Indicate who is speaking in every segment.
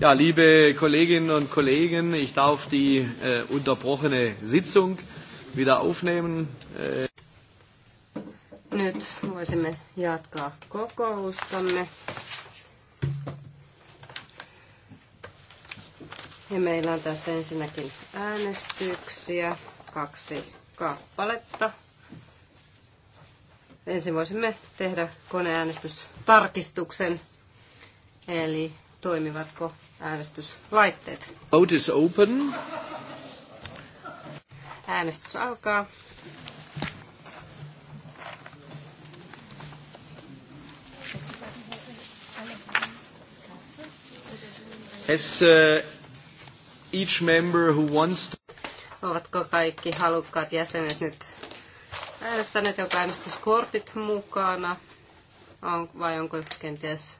Speaker 1: Ja, liebe Kolleginnen und Kollegen, ich darf die äh, unterbrochene Sitzung wieder aufnehmen. Äh
Speaker 2: Nyt voisimme jatkaa kokoustamme. Ja meillä on tässä ensinnäkin äänestyksiä, kaksi kappaletta. Ensin voisimme tehdä koneäänestystarkistuksen, eli toimivatko äänestyslaitteet. Vote is open. Äänestys alkaa.
Speaker 1: As uh, each member who wants to...
Speaker 2: Ovatko kaikki halukkaat jäsenet nyt äänestäneet, jonka äänestyskortit mukana? On, vai onko kenties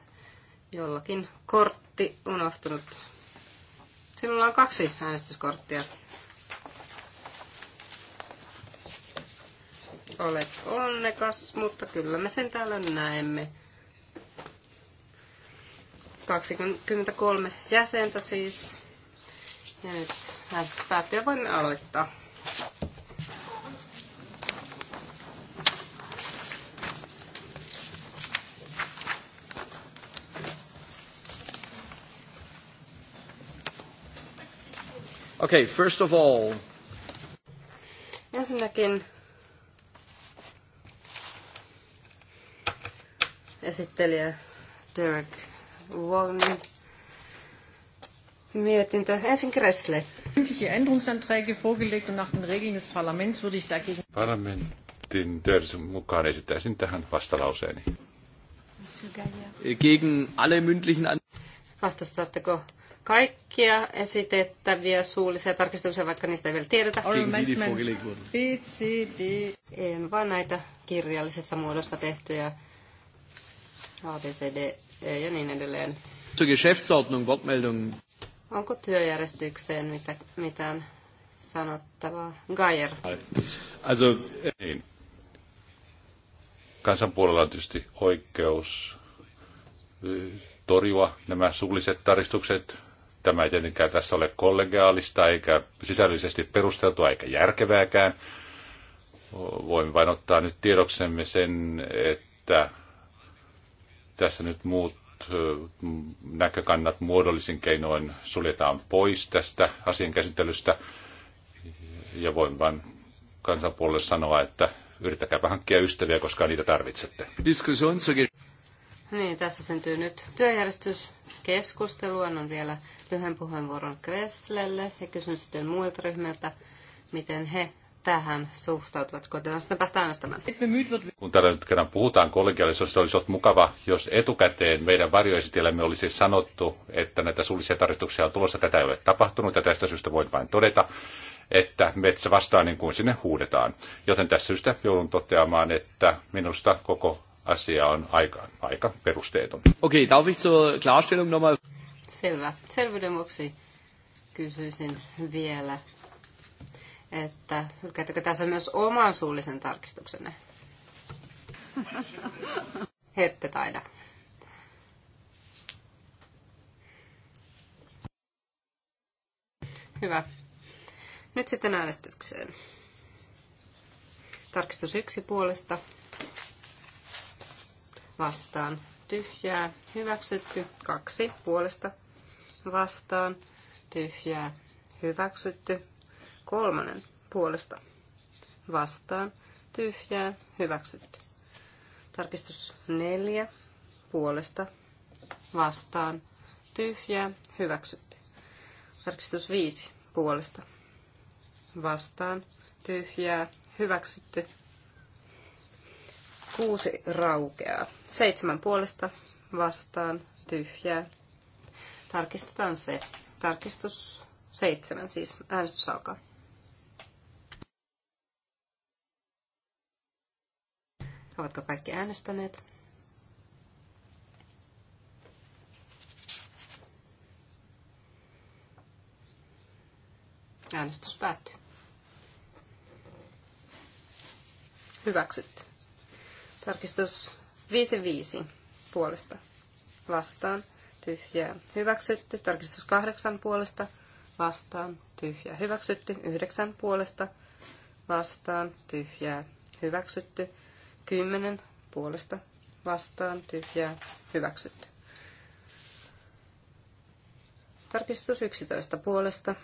Speaker 2: Jollakin kortti unohtunut. Sinulla on kaksi äänestyskorttia. Olet onnekas, mutta kyllä me sen täällä näemme. 23 jäsentä siis. Ja nyt äänestys voimme aloittaa.
Speaker 1: Okay, first of all.
Speaker 2: Ensinnäkin esittelijä Derek Wallin mietintö. Ensin Kressle.
Speaker 3: Mündliche Änderungsanträge vorgelegt und nach den Regeln des Parlaments würde ich dagegen...
Speaker 4: Parlamentin Dörsen mukaan esittäisin tähän vastalauseeni. Gegen alle mündlichen...
Speaker 2: Vastastatteko? kaikkia esitettäviä suullisia tarkistuksia, vaikka niistä ei vielä tiedetä. En vaan näitä kirjallisessa muodossa tehtyjä ABCD e ja niin edelleen.
Speaker 1: Zur Geschäftsordnung, Wortmeldung.
Speaker 2: Onko työjärjestykseen mitä, mitään sanottavaa? Geier.
Speaker 4: Also, äh, niin. Kansan puolella on tietysti oikeus äh, torjua nämä suulliset taristukset Tämä ei tietenkään tässä ole kollegiaalista, eikä sisällisesti perusteltua, eikä järkevääkään. Voimme vain ottaa nyt tiedoksemme sen, että tässä nyt muut näkökannat muodollisin keinoin suljetaan pois tästä asian käsittelystä. Ja voin vain kansanpuolelle sanoa, että yrittäkääpä hankkia ystäviä, koska niitä tarvitsette.
Speaker 2: Niin, tässä syntyy nyt työjärjestyskeskustelu, Keskustelu annan vielä lyhyen puheenvuoron Kresslelle ja kysyn sitten muilta ryhmiltä, miten he tähän suhtautuvat, Koitetaan sitten päästään äänestämään.
Speaker 4: Kun täällä nyt kerran puhutaan kollegiaalisuudesta, olisi ollut mukava, jos etukäteen meidän varjoesitellämme olisi sanottu, että näitä suullisia tarjouksia on tulossa. Tätä ei ole tapahtunut ja tästä syystä voin vain todeta, että metsä vastaa niin kuin sinne huudetaan. Joten tässä syystä joudun toteamaan, että minusta koko asia on aika, aika perusteeton. Okei, okay, tarvitsetko ich Klarstellung nochmal?
Speaker 2: Selvä. Selvyyden vuoksi kysyisin vielä, että hylkäättekö tässä myös oman suullisen tarkistuksenne? Hette taida. Hyvä. Nyt sitten äänestykseen. Tarkistus yksi puolesta vastaan tyhjää, hyväksytty, kaksi puolesta vastaan, tyhjää, hyväksytty, kolmannen puolesta vastaan, tyhjää, hyväksytty. Tarkistus neljä puolesta vastaan, tyhjää, hyväksytty. Tarkistus viisi puolesta vastaan, tyhjää, hyväksytty. Kuusi raukeaa. Seitsemän puolesta vastaan tyhjää. Tarkistetaan se. Tarkistus seitsemän, siis äänestys alkaa. Ovatko kaikki äänestäneet? Äänestys päättyy. Hyväksytty. Tarkistus 55 puolesta vastaan tyhjää hyväksytty. Tarkistus 8 puolesta vastaan tyhjää hyväksytty. 9 puolesta vastaan tyhjää hyväksytty. 10 puolesta vastaan tyhjää hyväksytty. Tarkistus 11 puolesta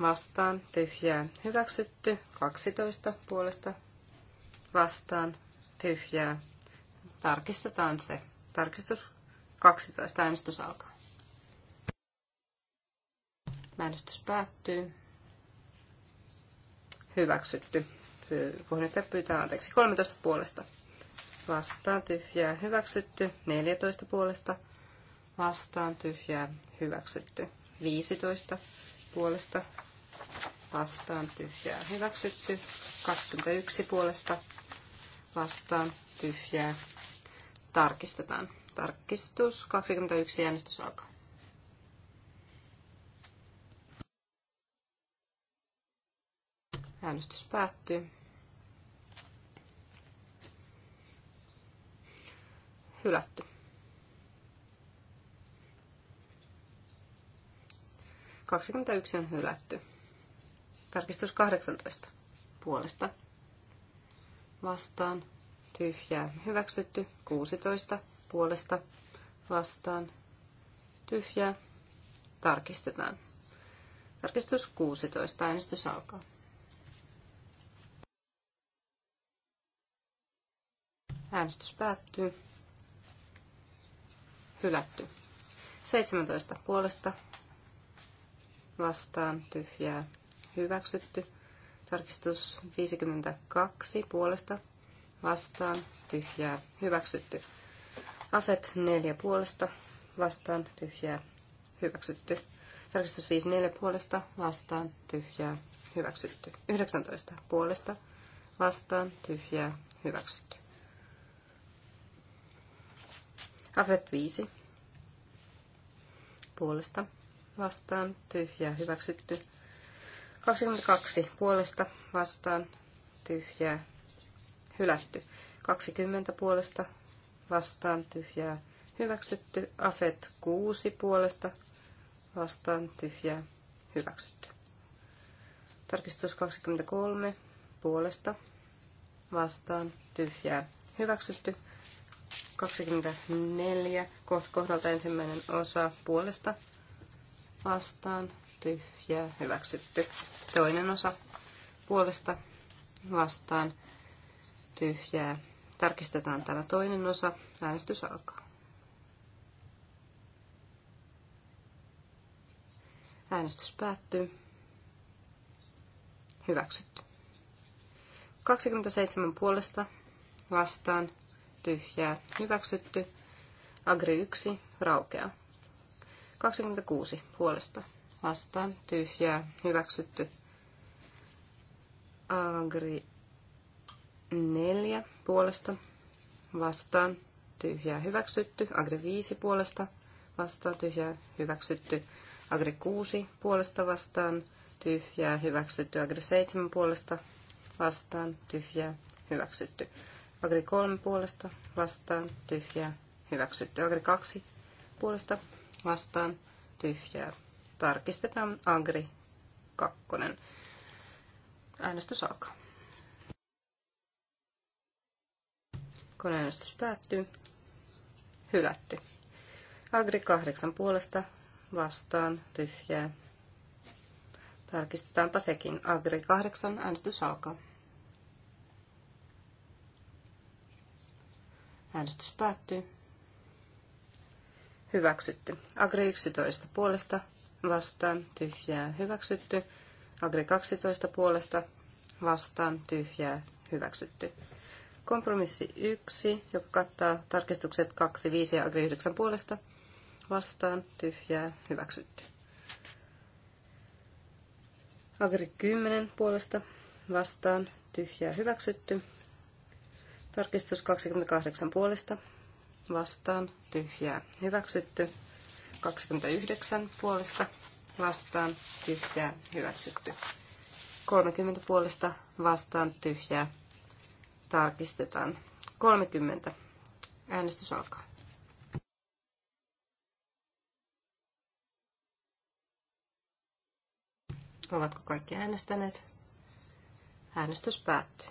Speaker 2: vastaan tyhjää hyväksytty. 12 puolesta vastaan tyhjää. Tarkistetaan se. Tarkistus 12. Äänestys alkaa. Äänestys päättyy. Hyväksytty. Puheenjohtaja pyytää anteeksi 13 puolesta. Vastaan tyhjää hyväksytty. 14 puolesta. Vastaan tyhjää hyväksytty. 15 puolesta. Vastaan tyhjää hyväksytty. 21 puolesta vastaan tyhjää. Tarkistetaan. Tarkistus 21 äänestys alkaa. Äänestys päättyy. Hylätty. 21 on hylätty. Tarkistus 18 puolesta vastaan, tyhjää. Hyväksytty 16 puolesta vastaan, tyhjää. Tarkistetaan. Tarkistus 16. Äänestys alkaa. Äänestys päättyy. Hylätty. 17 puolesta vastaan tyhjää. Hyväksytty. Tarkistus 52 puolesta vastaan tyhjää hyväksytty. Afet 4 puolesta vastaan tyhjää hyväksytty. Tarkistus 54 puolesta vastaan tyhjää hyväksytty. 19 puolesta vastaan tyhjää hyväksytty. Afet 5 puolesta vastaan tyhjää hyväksytty. 22 puolesta vastaan tyhjää hylätty. 20 puolesta vastaan tyhjää hyväksytty. Afet 6 puolesta vastaan tyhjää hyväksytty. Tarkistus 23 puolesta vastaan tyhjää hyväksytty. 24 kohdalta ensimmäinen osa puolesta vastaan tyhjää, hyväksytty. Toinen osa puolesta vastaan, tyhjää. Tarkistetaan tämä toinen osa. Äänestys alkaa. Äänestys päättyy. Hyväksytty. 27 puolesta vastaan tyhjää. Hyväksytty. Agri 1 raukeaa. 26 puolesta vastaan tyhjää hyväksytty. Agri 4 puolesta vastaan tyhjää hyväksytty. Agri 5 puolesta vastaan tyhjää hyväksytty. Agri 6 puolesta vastaan tyhjää hyväksytty. Agri 7 puolesta vastaan tyhjää hyväksytty. Agri 3 puolesta vastaan tyhjää hyväksytty. Agri 2 puolesta vastaan tyhjää Tarkistetaan Agri 2. Äänestys alkaa. Kun äänestys päättyy, hylätty. Agri 8 puolesta vastaan tyhjää. Tarkistetaanpa sekin. Agri 8, äänestys alkaa. Äänestys päättyy. Hyväksytty. Agri 11 puolesta vastaan tyhjää hyväksytty. Agri 12 puolesta vastaan tyhjää hyväksytty. Kompromissi 1, joka kattaa tarkistukset 2, 5 ja Agri 9 puolesta vastaan tyhjää hyväksytty. Agri 10 puolesta vastaan tyhjää hyväksytty. Tarkistus 28 puolesta vastaan tyhjää hyväksytty. 29 puolesta vastaan tyhjää hyväksytty. 30 puolesta vastaan tyhjää tarkistetaan. 30. Äänestys alkaa. Ovatko kaikki äänestäneet? Äänestys päättyy.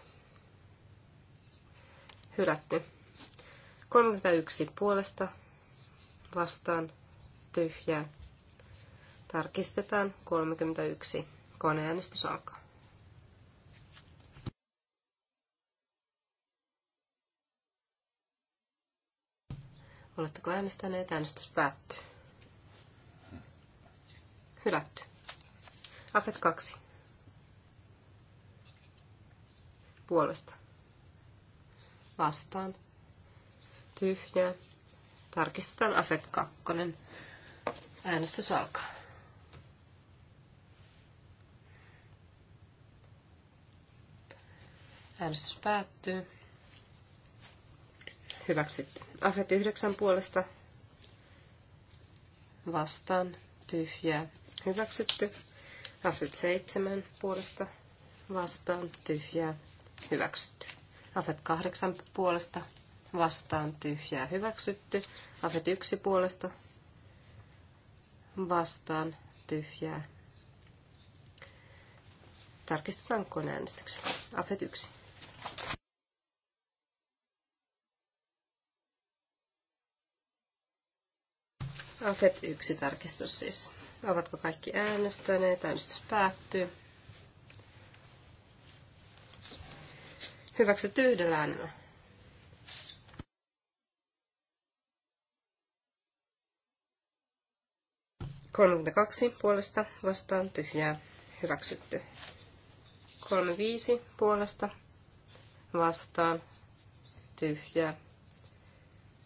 Speaker 2: Hylätty. 31 puolesta vastaan tyhjää. Tarkistetaan 31. Koneäänestys alkaa. Oletteko äänestäneet? Äänestys päättyy. Hylätty. Afet 2. Puolesta. Vastaan. Tyhjää. Tarkistetaan Afet 2. Äänestys alkaa. Äänestys päättyy. Hyväksytty. Afet 9 puolesta vastaan tyhjää. Hyväksytty. Afet 7 puolesta vastaan tyhjää. Hyväksytty. Afet 8 puolesta vastaan tyhjää. Hyväksytty. Afet 1 puolesta vastaan tyhjää. Tarkistetaan koneäänestyksellä. Afet 1. Afet 1 tarkistus siis. Ovatko kaikki äänestäneet? Äänestys päättyy. Hyväksytty yhdellä äänellä. 32 puolesta vastaan tyhjää hyväksytty. 35 puolesta vastaan tyhjää.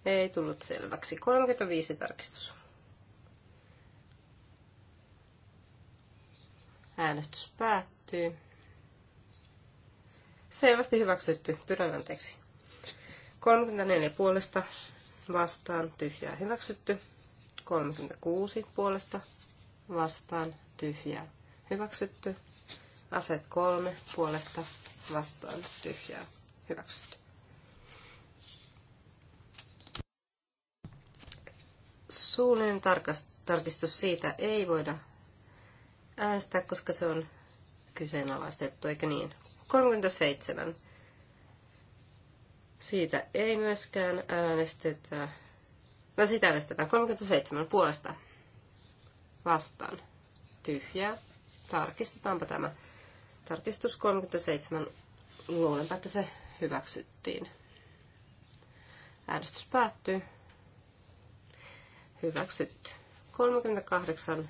Speaker 2: Ei tullut selväksi. 35 tarkistus. Äänestys päättyy. Selvästi hyväksytty. Pyydän anteeksi. 34 puolesta vastaan tyhjää hyväksytty. 36 puolesta vastaan tyhjää. Hyväksytty. Aset 3 puolesta vastaan tyhjää. Hyväksytty. Suullinen tarkistus siitä ei voida äänestää, koska se on kyseenalaistettu, eikä niin. 37. Siitä ei myöskään äänestetä. No sitä äänestetään 37 puolesta vastaan. Tyhjää. Tarkistetaanpa tämä. Tarkistus 37. Luulenpa, että se hyväksyttiin. Äänestys päättyy. Hyväksytty. 38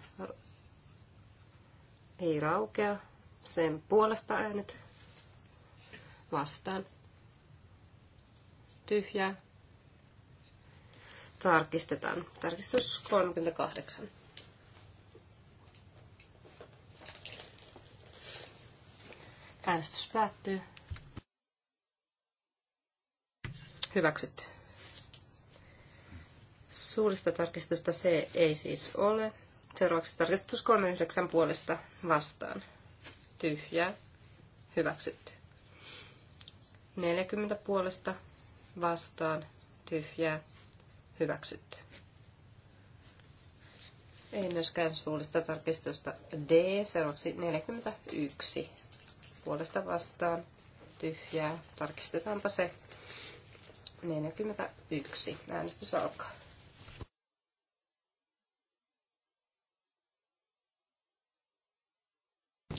Speaker 2: ei raukea. Sen puolesta äänet vastaan. Tyhjää tarkistetaan. Tarkistus 38. Äänestys päättyy. Hyväksytty. Suurista tarkistusta se ei siis ole. Seuraavaksi tarkistus 39 puolesta vastaan. Tyhjää. Hyväksytty. 40 puolesta vastaan. Tyhjää hyväksytty. Ei myöskään suullista tarkistusta D, seuraavaksi 41. Puolesta vastaan tyhjää. Tarkistetaanpa se. 41. Äänestys alkaa.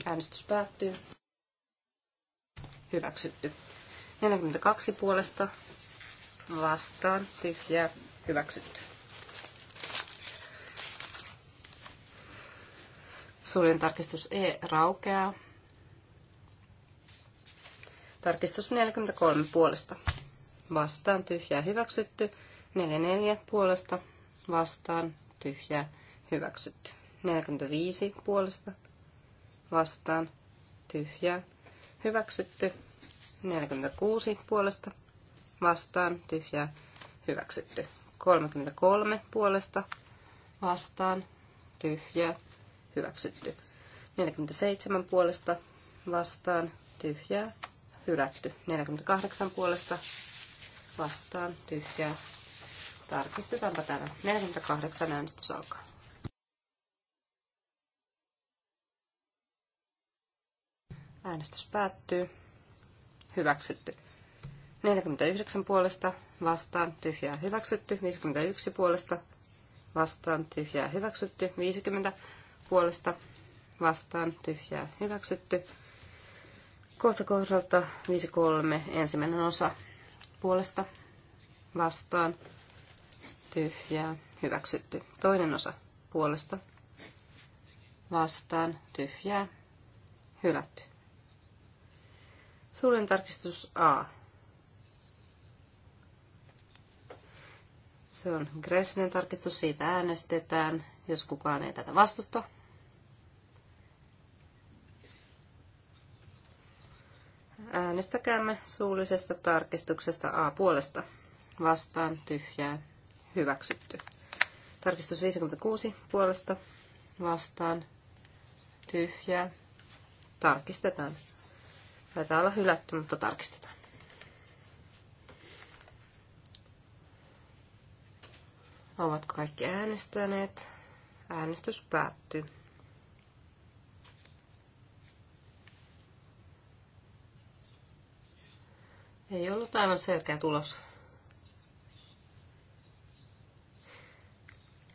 Speaker 2: Äänestys päättyy. Hyväksytty. 42 puolesta vastaan tyhjää hyväksytty. Suurin tarkistus E raukeaa. Tarkistus 43 puolesta. Vastaan tyhjää hyväksytty. 44 puolesta. Vastaan tyhjää hyväksytty. 45 puolesta. Vastaan tyhjää hyväksytty. 46 puolesta. Vastaan tyhjää hyväksytty. 33 puolesta vastaan tyhjä hyväksytty. 47 puolesta vastaan tyhjä, hylätty. 48 puolesta vastaan tyhjä Tarkistetaanpa tämä. 48 äänestys alkaa. Äänestys päättyy. Hyväksytty. 49 puolesta vastaan tyhjää hyväksytty, 51 puolesta vastaan tyhjää hyväksytty, 50 puolesta vastaan tyhjää hyväksytty. Kohta kohdalta 53 ensimmäinen osa puolesta vastaan tyhjää hyväksytty. Toinen osa puolesta vastaan tyhjää hylätty. Suuren tarkistus A Se on Gressinen tarkistus, siitä äänestetään, jos kukaan ei tätä vastusta. Äänestäkäämme suullisesta tarkistuksesta A puolesta. Vastaan tyhjää. Hyväksytty. Tarkistus 56 puolesta. Vastaan tyhjää. Tarkistetaan. Taitaa olla hylätty, mutta tarkistetaan. Ovatko kaikki äänestäneet? Äänestys päättyy. Ei ollut aivan selkeä tulos.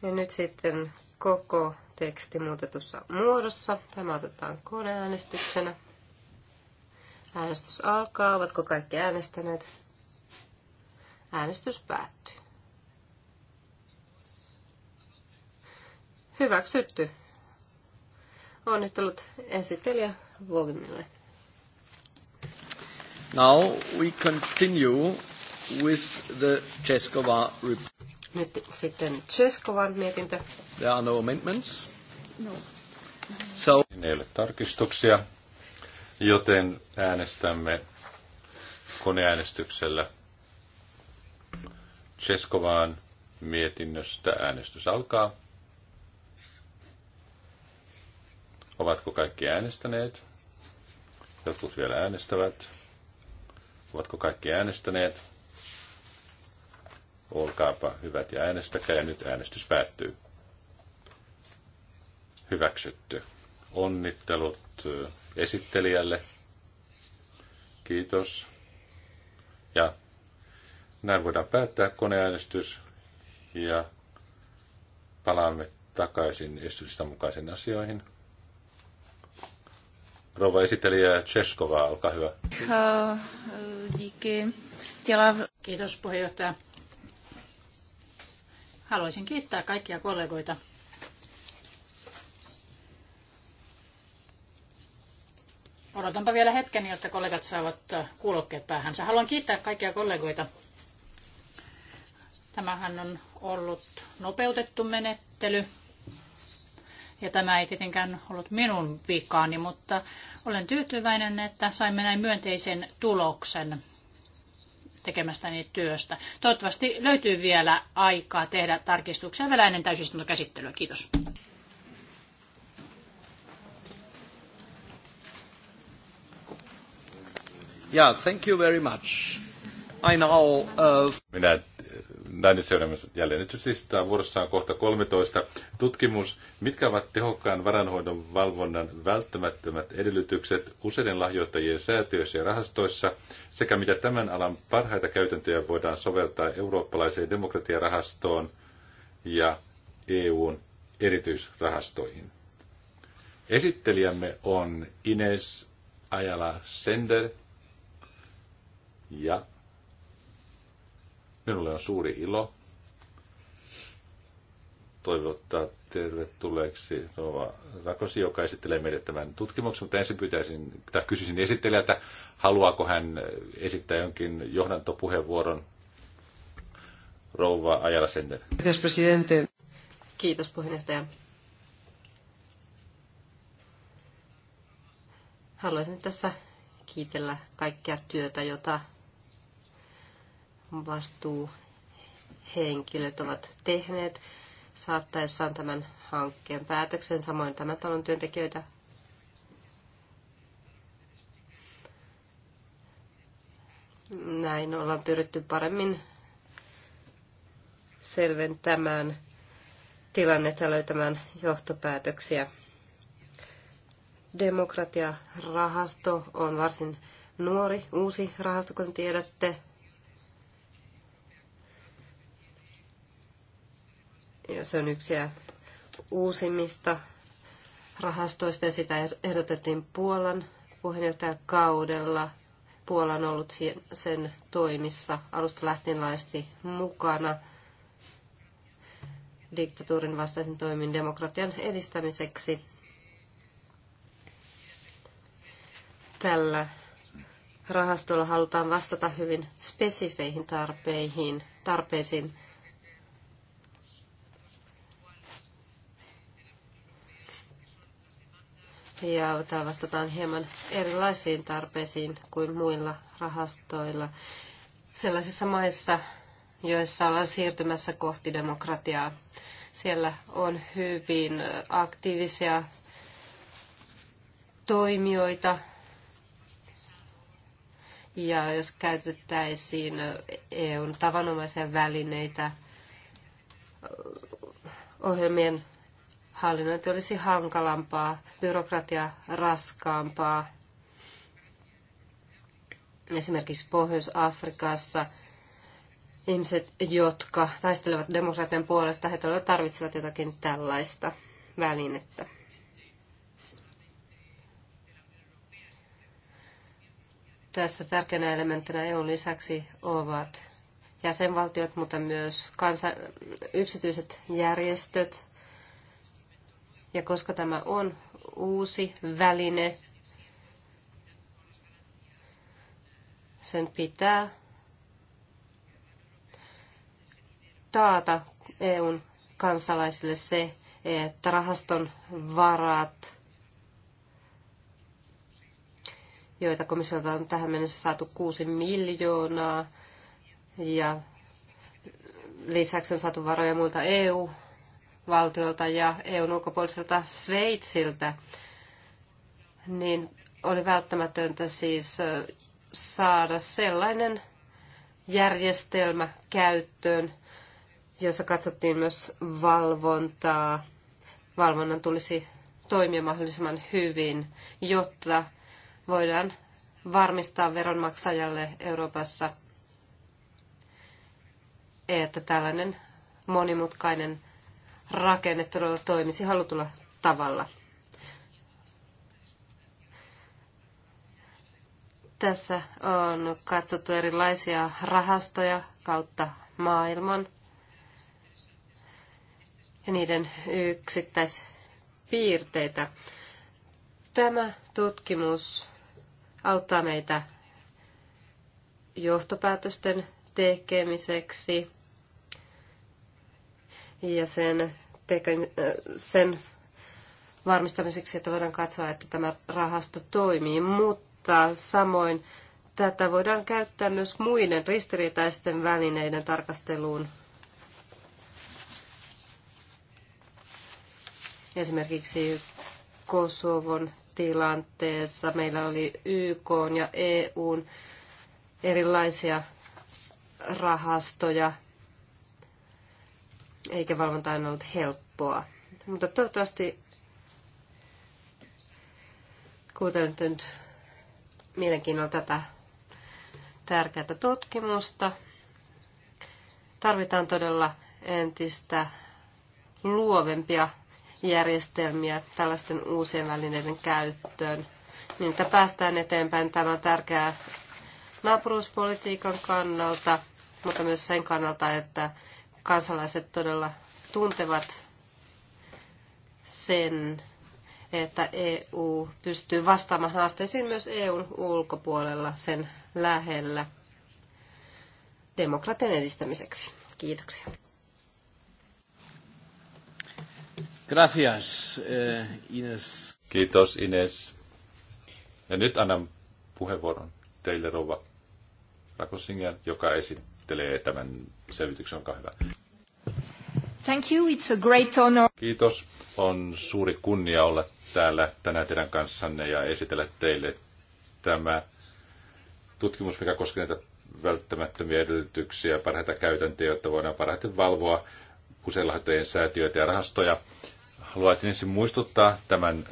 Speaker 2: Ja nyt sitten koko teksti muutetussa muodossa. Tämä otetaan koneäänestyksenä. Äänestys alkaa. Ovatko kaikki äänestäneet? Äänestys päättyy. Hyväksytty. Onnittelut esittelijä Vogimille.
Speaker 1: Now we continue with the Cheskova report.
Speaker 2: Nyt sitten Cheskovan mietintö.
Speaker 4: There are no amendments. No. So. Ei ole tarkistuksia, joten äänestämme koneäänestyksellä Cheskovaan mietinnöstä. Äänestys alkaa. Ovatko kaikki äänestäneet? Jotkut vielä äänestävät. Ovatko kaikki äänestäneet? Olkaapa hyvät ja äänestäkää. Ja nyt äänestys päättyy. Hyväksytty. Onnittelut äh, esittelijälle. Kiitos. Ja näin voidaan päättää koneäänestys ja palaamme takaisin esitystä mukaisiin asioihin. Rouva esittelijä Cheskova, olkaa hyvä.
Speaker 3: Kiitos puheenjohtaja. Haluaisin kiittää kaikkia kollegoita. Odotanpa vielä hetken, jotta kollegat saavat kuulokkeet päähänsä. Haluan kiittää kaikkia kollegoita. Tämähän on ollut nopeutettu menettely ja tämä ei tietenkään ollut minun vikaani, mutta olen tyytyväinen, että saimme näin myönteisen tuloksen tekemästäni työstä. Toivottavasti löytyy vielä aikaa tehdä tarkistuksia vielä ennen täysistuntokäsittelyä. Kiitos.
Speaker 4: Yeah, thank you very much. I know, uh... Minä näiden seuraamme jälleen nyt siis tämä vuorossa on kohta 13. Tutkimus, mitkä ovat tehokkaan varanhoidon valvonnan välttämättömät edellytykset useiden lahjoittajien säätiöissä ja rahastoissa, sekä mitä tämän alan parhaita käytäntöjä voidaan soveltaa eurooppalaiseen demokratiarahastoon ja EUn erityisrahastoihin. Esittelijämme on Ines Ajala Sender ja Minulle on suuri ilo toivottaa tervetulleeksi Rova Rakosi, joka esittelee meille tämän tutkimuksen, mutta ensin pyytäisin, tai kysyisin esittelijältä, haluaako hän esittää jonkin johdantopuheenvuoron Rouva Ajala Sender.
Speaker 2: Kiitos presidente. Kiitos puheenjohtaja. Haluaisin tässä kiitellä kaikkea työtä, jota vastuuhenkilöt ovat tehneet saattaessaan tämän hankkeen päätöksen, samoin tämän talon työntekijöitä. Näin ollaan pyritty paremmin selventämään tilannetta löytämään johtopäätöksiä. Demokratiarahasto on varsin nuori, uusi rahasto, kuten tiedätte. ja se on yksi uusimmista rahastoista ja sitä ehdotettiin Puolan puheenjohtajakaudella. Puola on ollut sen toimissa alusta lähtien laajasti mukana diktatuurin vastaisen toimin demokratian edistämiseksi. Tällä rahastolla halutaan vastata hyvin spesifeihin tarpeisiin tarpeisiin ja tämä vastataan hieman erilaisiin tarpeisiin kuin muilla rahastoilla sellaisissa maissa, joissa ollaan siirtymässä kohti demokratiaa. Siellä on hyvin aktiivisia toimijoita, ja jos käytettäisiin EUn tavanomaisia välineitä ohjelmien hallinnointi olisi hankalampaa, byrokratia raskaampaa. Esimerkiksi Pohjois-Afrikassa ihmiset, jotka taistelevat demokratian puolesta, he tarvitsevat jotakin tällaista välinettä. Tässä tärkeänä elementtinä EUn lisäksi ovat jäsenvaltiot, mutta myös kansa- yksityiset järjestöt, ja koska tämä on uusi väline, sen pitää taata EUn kansalaisille se, että rahaston varat, joita komissiolta on tähän mennessä saatu 6 miljoonaa, ja lisäksi on saatu varoja muilta EU- valtiolta ja EUn ulkopuoliselta Sveitsiltä, niin oli välttämätöntä siis saada sellainen järjestelmä käyttöön, jossa katsottiin myös valvontaa. Valvonnan tulisi toimia mahdollisimman hyvin, jotta voidaan varmistaa veronmaksajalle Euroopassa, että tällainen monimutkainen rakenne todella toimisi halutulla tavalla. Tässä on katsottu erilaisia rahastoja kautta maailman ja niiden yksittäispiirteitä. Tämä tutkimus auttaa meitä johtopäätösten tekemiseksi ja sen teikö sen varmistamiseksi, että voidaan katsoa, että tämä rahasto toimii, mutta samoin tätä voidaan käyttää myös muiden ristiriitaisten välineiden tarkasteluun. Esimerkiksi Kosovon tilanteessa meillä oli YK ja EUn erilaisia rahastoja – eikä valvonta aina ollut helppoa. Mutta toivottavasti kuuntelette nyt mielenkiinnolla tätä tärkeää tutkimusta. Tarvitaan todella entistä luovempia järjestelmiä tällaisten uusien välineiden käyttöön, niin että päästään eteenpäin. Tämä on tärkeää naapuruuspolitiikan kannalta, mutta myös sen kannalta, että kansalaiset todella tuntevat sen, että EU pystyy vastaamaan haasteisiin myös EUn ulkopuolella sen lähellä demokratian edistämiseksi. Kiitoksia.
Speaker 1: Gracias, eh, Ines.
Speaker 4: Kiitos, Ines. Ja nyt annan puheenvuoron teille, rouva Rakosinger, joka esittää esittelee tämän selvityksen. Olkaa hyvä.
Speaker 3: Thank you. It's a great honor.
Speaker 4: Kiitos. On suuri kunnia olla täällä tänään teidän kanssanne ja esitellä teille tämä tutkimus, mikä koskee näitä välttämättömiä edellytyksiä, parhaita käytäntöjä, jotta voidaan parhaiten valvoa useinlahoittajien säätiöitä ja rahastoja. Haluaisin ensin muistuttaa tämän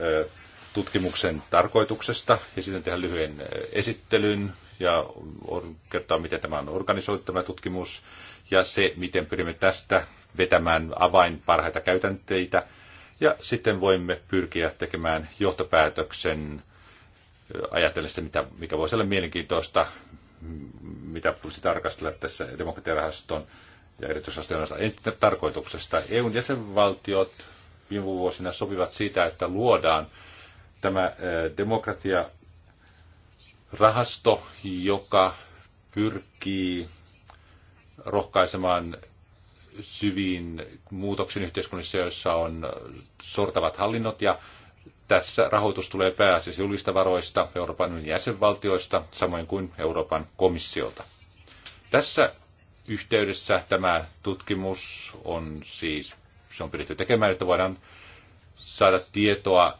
Speaker 4: tutkimuksen tarkoituksesta ja sitten tehdä lyhyen esittelyn ja on, kertoa, miten tämä on organisoitu tämä tutkimus ja se, miten pyrimme tästä vetämään avain parhaita käytänteitä. Ja sitten voimme pyrkiä tekemään johtopäätöksen ajatellen sitä, mitä, mikä voisi olla mielenkiintoista, mitä tulisi tarkastella tässä demokratiarahaston ja erityisrahaston ensin tarkoituksesta. EUn jäsenvaltiot viime vuosina sopivat siitä, että luodaan tämä demokratia rahasto, joka pyrkii rohkaisemaan syviin muutoksiin yhteiskunnissa, joissa on sortavat hallinnot ja tässä rahoitus tulee pääasiassa julkista varoista, Euroopan unionin jäsenvaltioista, samoin kuin Euroopan komissiolta. Tässä yhteydessä tämä tutkimus on siis, se on pyritty tekemään, että voidaan saada tietoa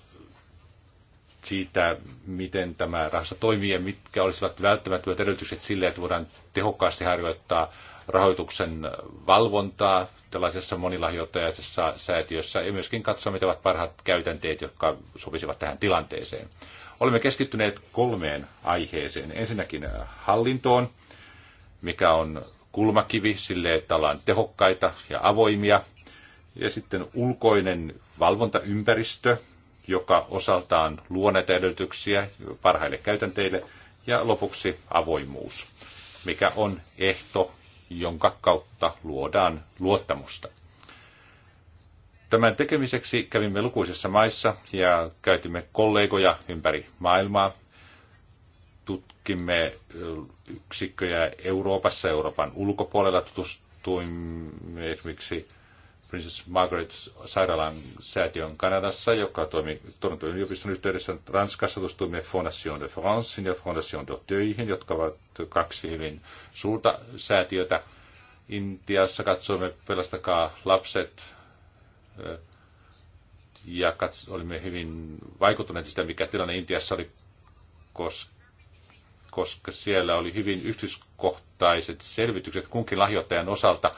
Speaker 4: siitä, miten tämä rahasto toimii ja mitkä olisivat välttämättömät edellytykset sille, että voidaan tehokkaasti harjoittaa rahoituksen valvontaa tällaisessa monilahjoittajaisessa säätiössä ja myöskin katsoa, mitä ovat parhaat käytänteet, jotka sopisivat tähän tilanteeseen. Olemme keskittyneet kolmeen aiheeseen. Ensinnäkin äh, hallintoon, mikä on kulmakivi sille, että ollaan tehokkaita ja avoimia. Ja sitten ulkoinen valvontaympäristö, joka osaltaan luo näitä edellytyksiä parhaille käytänteille. Ja lopuksi avoimuus, mikä on ehto, jonka kautta luodaan luottamusta. Tämän tekemiseksi kävimme lukuisissa maissa ja käytimme kollegoja ympäri maailmaa. Tutkimme yksikköjä Euroopassa, Euroopan ulkopuolella tutustuimme esimerkiksi Princess Margaret sairaalan säätiön Kanadassa, joka toimii Toronton yliopiston yhteydessä Ranskassa, tutustuimme Fondation de Francein ja Fondation Töihin, jotka ovat kaksi hyvin suurta säätiötä. Intiassa katsoimme Pelastakaa lapset ja kats- olimme hyvin vaikuttuneet sitä, mikä tilanne Intiassa oli, koska siellä oli hyvin yhtyskohtaiset selvitykset kunkin lahjoittajan osalta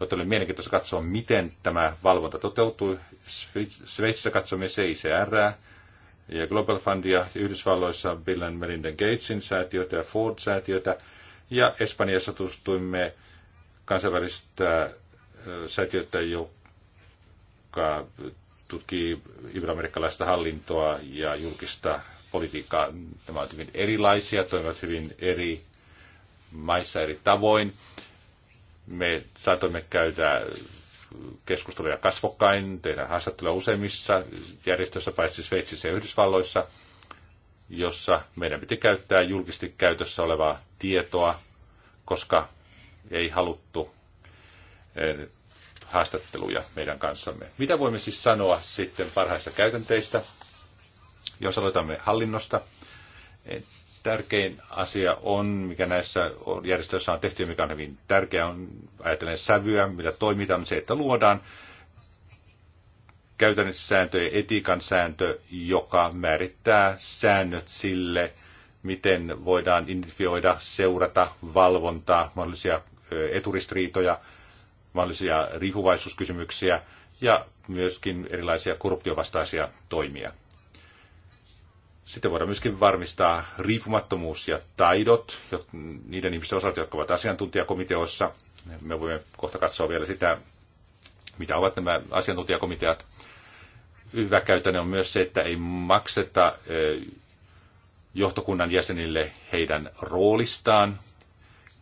Speaker 4: joten oli mielenkiintoista katsoa, miten tämä valvonta toteutui. Sveitsissä katsomme CICR ja Global Fundia, Yhdysvalloissa Bill and Melinda Gatesin säätiötä ja Ford-säätiötä, ja Espanjassa tutustuimme kansainvälistä säätiötä, joka tutkii iberoamerikkalaista hallintoa ja julkista politiikkaa. Nämä ovat hyvin erilaisia, toimivat hyvin eri maissa eri tavoin. Me saatoimme käydä keskusteluja kasvokkain, tehdä haastatteluja useimmissa järjestöissä, paitsi Sveitsissä ja Yhdysvalloissa, jossa meidän piti käyttää julkisesti käytössä olevaa tietoa, koska ei haluttu eh, haastatteluja meidän kanssamme. Mitä voimme siis sanoa sitten parhaista käytänteistä, jos aloitamme hallinnosta? tärkein asia on, mikä näissä järjestöissä on tehty ja mikä on hyvin tärkeää, on ajatellen sävyä, mitä toimitaan, on se, että luodaan käytännössä sääntö ja etiikan sääntö, joka määrittää säännöt sille, miten voidaan identifioida, seurata, valvontaa, mahdollisia eturistiriitoja, mahdollisia riippuvaisuuskysymyksiä ja myöskin erilaisia korruptiovastaisia toimia. Sitten voidaan myöskin varmistaa riippumattomuus ja taidot niiden ihmisten osalta, jotka ovat asiantuntijakomiteoissa. Me voimme kohta katsoa vielä sitä, mitä ovat nämä asiantuntijakomiteat. Hyvä käytäntö on myös se, että ei makseta johtokunnan jäsenille heidän roolistaan.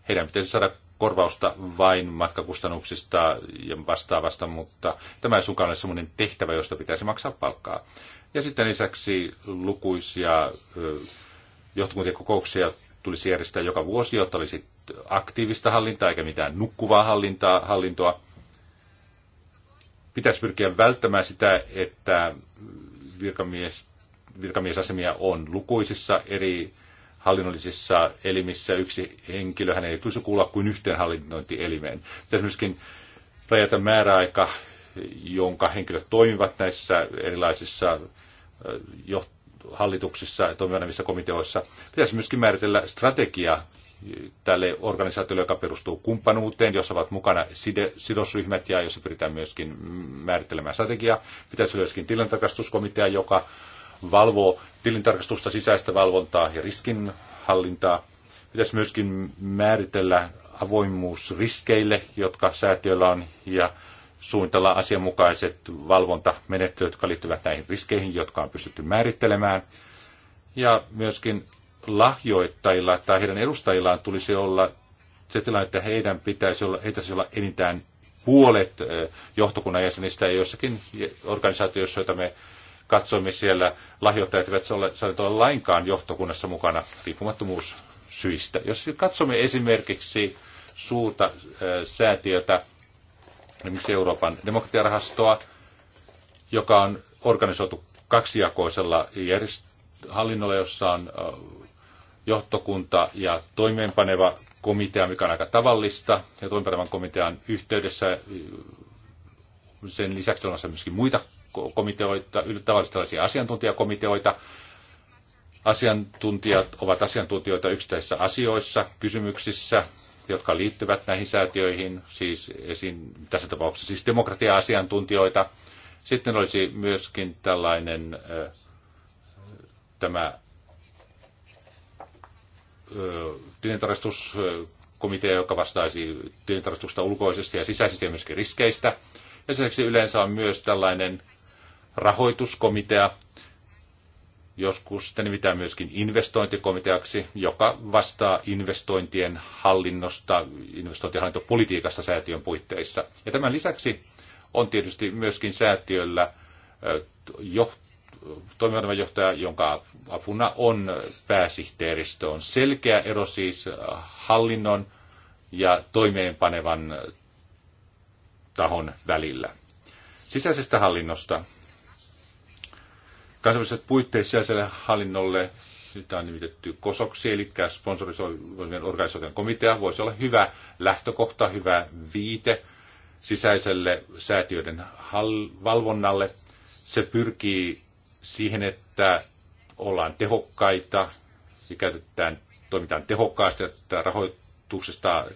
Speaker 4: Heidän pitäisi saada korvausta vain matkakustannuksista ja vastaavasta, mutta tämä ei suinkaan ole sellainen tehtävä, josta pitäisi maksaa palkkaa. Ja sitten lisäksi lukuisia johtokuntien kokouksia tulisi järjestää joka vuosi, jotta olisi aktiivista hallintaa eikä mitään nukkuvaa hallintaa, hallintoa. Pitäisi pyrkiä välttämään sitä, että virkamies, virkamiesasemia on lukuisissa eri hallinnollisissa elimissä. Yksi henkilö, hän ei tulisi kuulla kuin yhteen hallinnointielimeen. Pitäisi myöskin rajata määräaika, jonka henkilöt toimivat näissä erilaisissa hallituksissa ja toimivissa komiteoissa. Pitäisi myöskin määritellä strategia tälle organisaatiolle, joka perustuu kumppanuuteen, jossa ovat mukana sidosryhmät ja jossa pyritään myöskin määrittelemään strategiaa. Pitäisi myöskin tilintarkastuskomitea, joka valvoo tilintarkastusta, sisäistä valvontaa ja riskinhallintaa. Pitäisi myöskin määritellä avoimuus riskeille, jotka säätiöllä on, ja suunnitella asianmukaiset valvontamenettelyt, jotka liittyvät näihin riskeihin, jotka on pystytty määrittelemään. Ja myöskin lahjoittajilla tai heidän edustajillaan tulisi olla se tilanne, että heidän pitäisi olla, heitä olla enintään puolet johtokunnan jäsenistä ja jossakin organisaatioissa, joita me katsoimme siellä, lahjoittajat eivät saaneet olla lainkaan johtokunnassa mukana riippumattomuussyistä. Jos katsomme esimerkiksi suurta säätiötä, esimerkiksi Euroopan demokratiarahastoa, joka on organisoitu kaksijakoisella järjest- hallinnolla, jossa on johtokunta ja toimeenpaneva komitea, mikä on aika tavallista, ja toimeenpanevan komitean yhteydessä sen lisäksi on myöskin muita komiteoita, tavallisesti tällaisia asiantuntijakomiteoita. Asiantuntijat ovat asiantuntijoita yksittäisissä asioissa, kysymyksissä, jotka liittyvät näihin säätiöihin, siis esiin, tässä tapauksessa siis demokratia-asiantuntijoita. Sitten olisi myöskin tällainen tämä tilintarkastuskomitea, joka vastaisi tilintarkastusta ulkoisesti ja sisäisesti ja myöskin riskeistä. Ja lisäksi yleensä on myös tällainen rahoituskomitea, Joskus sitä nimitään myöskin investointikomiteaksi, joka vastaa investointien hallinnosta, investointihallintopolitiikasta säätiön puitteissa. Ja tämän lisäksi on tietysti myöskin säätiöllä jo, johtaja, jonka apuna on pääsihteeristö. On selkeä ero siis hallinnon ja toimeenpanevan tahon välillä. Sisäisestä hallinnosta Kansainväliset puitteet sisäiselle hallinnolle, sitä on nimitetty kosoksi, eli sponsorisoivien organisaation komitea voisi olla hyvä lähtökohta, hyvä viite sisäiselle säätiöiden valvonnalle. Se pyrkii siihen, että ollaan tehokkaita ja käytetään, toimitaan tehokkaasti, että rahoituksesta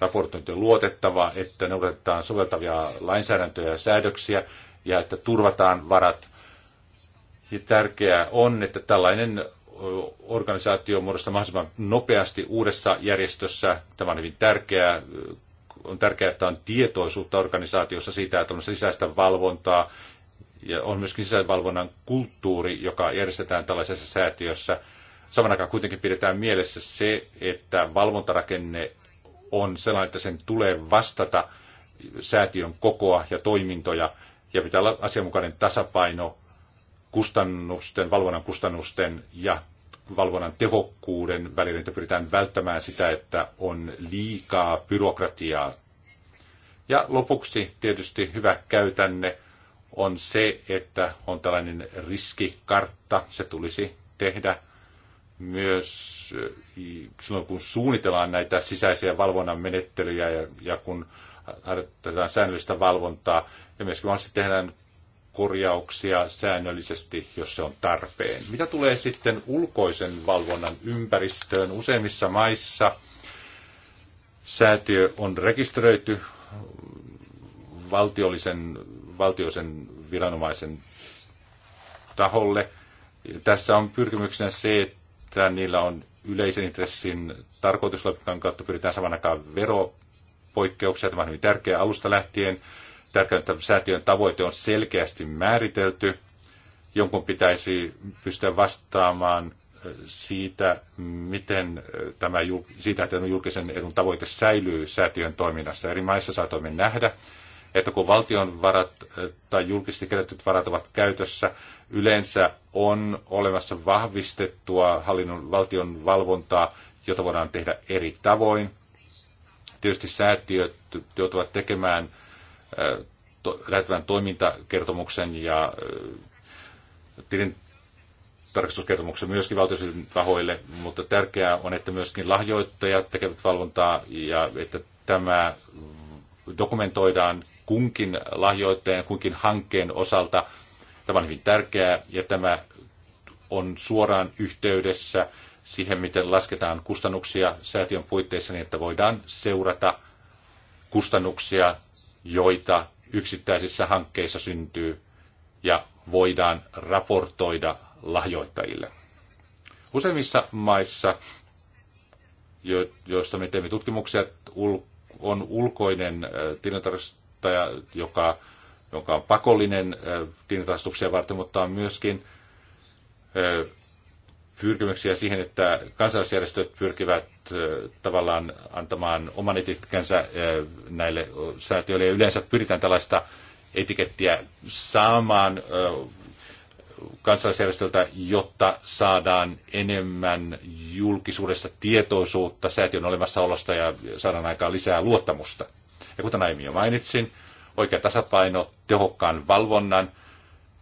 Speaker 4: raportointi on luotettava, että noudatetaan soveltavia lainsäädäntöjä ja säädöksiä ja että turvataan varat ja tärkeää on, että tällainen organisaatio muodostaa mahdollisimman nopeasti uudessa järjestössä. Tämä on hyvin tärkeää. On tärkeää, että on tietoisuutta organisaatiossa siitä, että on sisäistä valvontaa ja on myöskin valvonnan kulttuuri, joka järjestetään tällaisessa säätiössä. Saman aikaan kuitenkin pidetään mielessä se, että valvontarakenne on sellainen, että sen tulee vastata säätiön kokoa ja toimintoja ja pitää olla asianmukainen tasapaino kustannusten, valvonnan kustannusten ja valvonnan tehokkuuden välillä, että pyritään välttämään sitä, että on liikaa byrokratiaa. Ja lopuksi tietysti hyvä käytänne on se, että on tällainen riskikartta. Se tulisi tehdä myös eh, silloin, kun suunnitellaan näitä sisäisiä valvonnan menettelyjä ja, ja kun harjoitetaan säännöllistä valvontaa ja myöskin mahdollisesti tehdään korjauksia säännöllisesti, jos se on tarpeen. Mitä tulee sitten ulkoisen valvonnan ympäristöön useimmissa maissa, säätiö on rekisteröity valtiollisen, valtiollisen viranomaisen taholle. Tässä on pyrkimyksenä se, että niillä on yleisen intressin tarkoituslopikan kautta pyritään saman aikaan veropoikkeuksia. Tämä on hyvin tärkeä alusta lähtien tärkeintä että säätiön tavoite on selkeästi määritelty. Jonkun pitäisi pystyä vastaamaan siitä, miten tämä, siitä, että julkisen edun tavoite säilyy säätiön toiminnassa. Eri maissa saatoimme nähdä, että kun valtion varat tai julkisesti kerätyt varat ovat käytössä, yleensä on olemassa vahvistettua hallinnon, valtion valvontaa, jota voidaan tehdä eri tavoin. Tietysti säätiöt joutuvat tekemään to, lähettävän toimintakertomuksen ja tilin tarkastuskertomuksen myöskin valtiollisille tahoille, mutta tärkeää on, että myöskin lahjoittajat tekevät valvontaa ja että tämä dokumentoidaan kunkin lahjoittajan, kunkin hankkeen osalta. Tämä on hyvin tärkeää ja tämä on suoraan yhteydessä siihen, miten lasketaan kustannuksia säätiön puitteissa niin, että voidaan seurata kustannuksia joita yksittäisissä hankkeissa syntyy ja voidaan raportoida lahjoittajille. Useimmissa maissa, joista me teemme tutkimuksia, on ulkoinen tilintarkastaja, joka, joka on pakollinen tilintarkastuksia varten, mutta on myöskin pyrkimyksiä siihen, että kansalaisjärjestöt pyrkivät tavallaan antamaan oman etikettinsä näille säätiöille. Ja yleensä pyritään tällaista etikettiä saamaan kansalaisjärjestöltä, jotta saadaan enemmän julkisuudessa tietoisuutta säätiön olemassaolosta ja saadaan aikaan lisää luottamusta. Ja kuten aiemmin jo mainitsin, oikea tasapaino tehokkaan valvonnan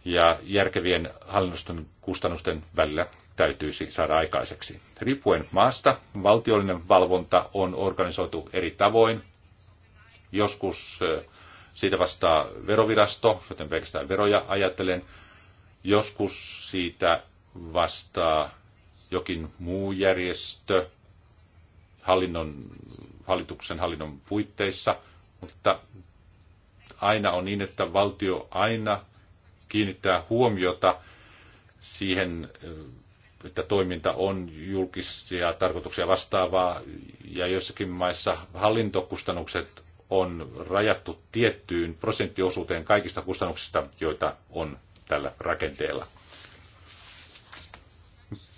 Speaker 4: ja järkevien hallinnosten kustannusten välillä täytyisi saada aikaiseksi. Riippuen maasta, valtiollinen valvonta on organisoitu eri tavoin. Joskus siitä vastaa verovirasto, joten pelkästään veroja ajattelen. Joskus siitä vastaa jokin muu järjestö hallinnon, hallituksen hallinnon puitteissa, mutta aina on niin, että valtio aina kiinnittää huomiota siihen että toiminta on julkisia tarkoituksia vastaavaa ja joissakin maissa hallintokustannukset on rajattu tiettyyn prosenttiosuuteen kaikista kustannuksista, joita on tällä rakenteella.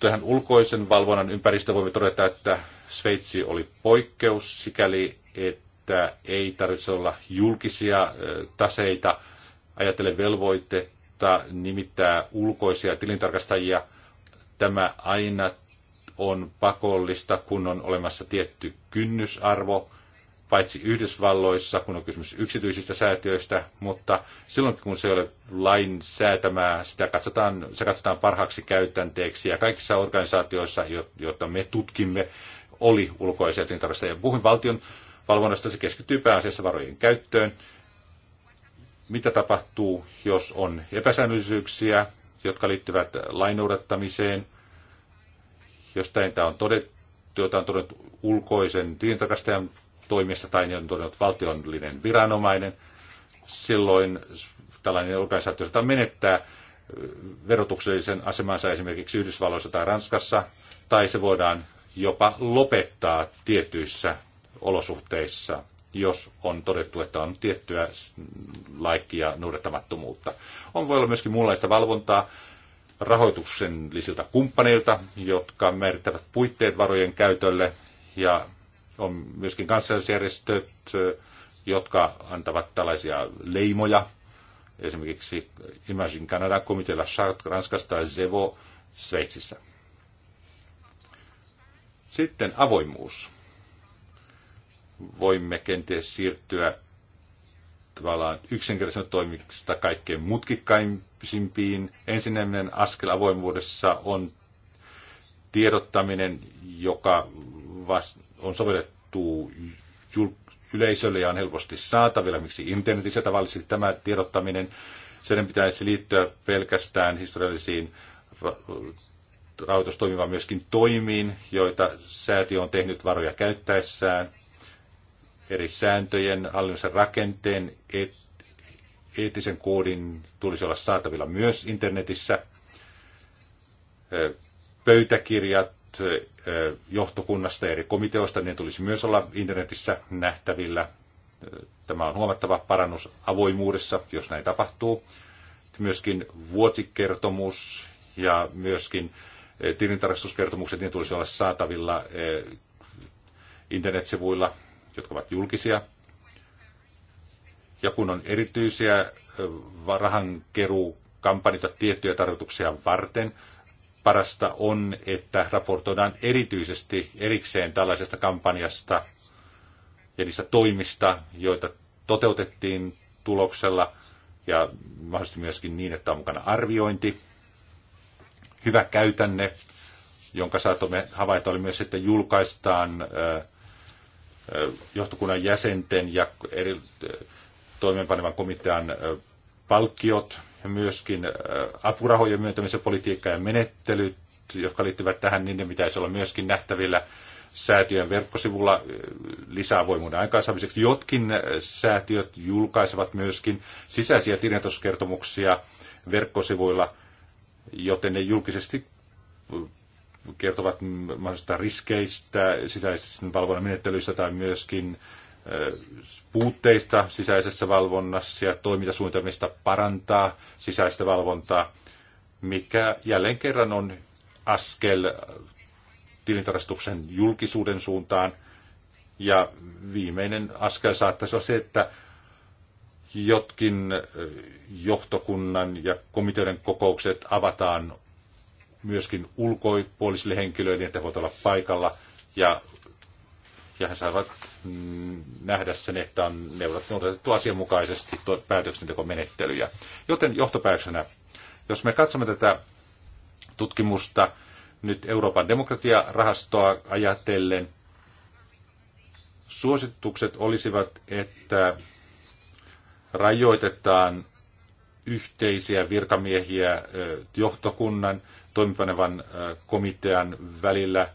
Speaker 4: Tähän ulkoisen valvonnan ympäristöön voimme todeta, että Sveitsi oli poikkeus sikäli, että ei tarvitse olla julkisia taseita. Ajattele velvoitetta nimittää ulkoisia tilintarkastajia – Tämä aina on pakollista, kun on olemassa tietty kynnysarvo, paitsi Yhdysvalloissa, kun on kysymys yksityisistä säätiöistä, mutta silloin kun se ei ole lain säätämää, sitä katsotaan, se katsotaan parhaaksi käytänteeksi ja kaikissa organisaatioissa, joita me tutkimme, oli ulkoisia tilintarkastajia. Puhuin valtion valvonnasta, se keskittyy pääasiassa varojen käyttöön. Mitä tapahtuu, jos on epäsäännöllisyyksiä, jotka liittyvät lain noudattamiseen, jostain tämä on todettu, jota on todettu ulkoisen tilintarkastajan toimesta tai ne on todennut valtionlinen viranomainen, silloin tällainen organisaatio saattaa menettää verotuksellisen asemansa esimerkiksi Yhdysvalloissa tai Ranskassa, tai se voidaan jopa lopettaa tietyissä olosuhteissa, jos on todettu, että on tiettyä laikkia noudattamattomuutta. On voi olla myöskin muunlaista valvontaa, rahoituksellisilta kumppaneilta, jotka määrittävät puitteet varojen käytölle ja on myöskin kansallisjärjestöt, jotka antavat tällaisia leimoja. Esimerkiksi Imagine Canada, Comité La Charte Ranskasta ja Zevo Sveitsissä. Sitten avoimuus. Voimme kenties siirtyä tavallaan yksinkertaisena toimista kaikkein mutkikkaimpiin. Ensinnäinen askel avoimuudessa on tiedottaminen, joka on sovellettu yleisölle ja on helposti saatavilla, miksi internetissä tavallisesti tämä tiedottaminen, sen pitäisi liittyä pelkästään historiallisiin rahoitustoimiva myöskin toimiin, joita säätiö on tehnyt varoja käyttäessään eri sääntöjen, hallinnollisen rakenteen, et, eettisen koodin tulisi olla saatavilla myös internetissä. Pöytäkirjat johtokunnasta ja eri komiteoista, ne tulisi myös olla internetissä nähtävillä. Tämä on huomattava parannus avoimuudessa, jos näin tapahtuu. Myöskin vuosikertomus ja myöskin tilintarkastuskertomukset, niin tulisi olla saatavilla internetsivuilla jotka ovat julkisia. Ja kun on erityisiä rahankeruukampanjoita tiettyjä tarkoituksia varten, parasta on, että raportoidaan erityisesti erikseen tällaisesta kampanjasta ja niistä toimista, joita toteutettiin tuloksella ja mahdollisesti myöskin niin, että on mukana arviointi, hyvä käytänne, jonka saatamme havaita oli myös, että julkaistaan johtokunnan jäsenten ja eri toimeenpanevan komitean palkkiot ja myöskin apurahojen myöntämisen politiikka ja menettelyt, jotka liittyvät tähän, niin ne pitäisi olla myöskin nähtävillä säätiön verkkosivulla lisää voimuuden aikaansaamiseksi. Jotkin säätiöt julkaisevat myöskin sisäisiä tilintaskertomuksia verkkosivuilla, joten ne julkisesti kertovat mahdollisista riskeistä sisäisessä valvonnan menettelyissä tai myöskin puutteista sisäisessä valvonnassa ja toimintasuunnitelmista parantaa sisäistä valvontaa, mikä jälleen kerran on askel tilintarkastuksen julkisuuden suuntaan. Ja viimeinen askel saattaisi olla se, että jotkin johtokunnan ja komiteoiden kokoukset avataan myöskin ulkopuolisille henkilöille, että he voivat olla paikalla ja, ja he saavat mm, nähdä sen, että on noudatettu asianmukaisesti päätöksentekomenettelyjä. Joten johtopäätöksenä, jos me katsomme tätä tutkimusta nyt Euroopan demokratiarahastoa ajatellen, suositukset olisivat, että rajoitetaan yhteisiä virkamiehiä johtokunnan toimipanevan äh, komitean välillä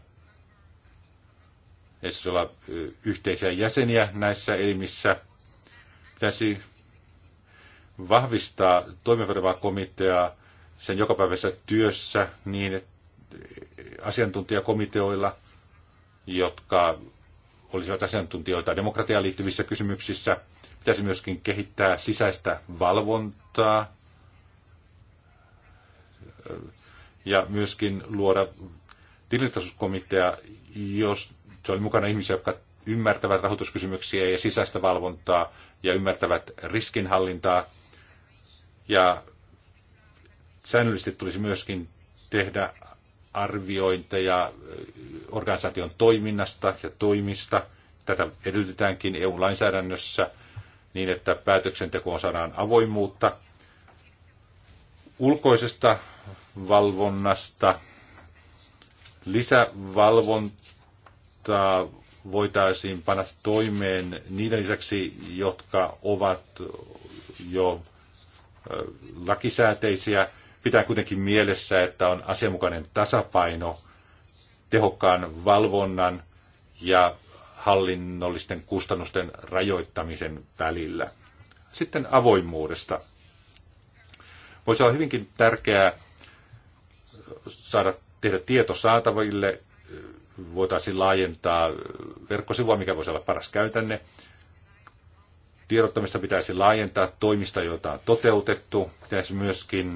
Speaker 4: ei siis olla äh, yhteisiä jäseniä näissä elimissä. Pitäisi vahvistaa toimivaa komiteaa sen jokapäiväisessä työssä niin äh, asiantuntijakomiteoilla, jotka olisivat asiantuntijoita demokratiaan liittyvissä kysymyksissä. Pitäisi myöskin kehittää sisäistä valvontaa ja myöskin luoda tilintasuskomitea, jos se oli mukana ihmisiä, jotka ymmärtävät rahoituskysymyksiä ja sisäistä valvontaa ja ymmärtävät riskinhallintaa. Ja säännöllisesti tulisi myöskin tehdä arviointeja organisaation toiminnasta ja toimista. Tätä edellytetäänkin EU-lainsäädännössä niin, että päätöksentekoon saadaan avoimuutta. Ulkoisesta valvonnasta. Lisävalvontaa voitaisiin panna toimeen niiden lisäksi, jotka ovat jo lakisääteisiä. Pitää kuitenkin mielessä, että on asianmukainen tasapaino tehokkaan valvonnan ja hallinnollisten kustannusten rajoittamisen välillä. Sitten avoimuudesta. Voisi olla hyvinkin tärkeää saada tehdä tieto saataville, voitaisiin laajentaa verkkosivua, mikä voisi olla paras käytänne. Tiedottamista pitäisi laajentaa toimista, joita on toteutettu. Pitäisi myöskin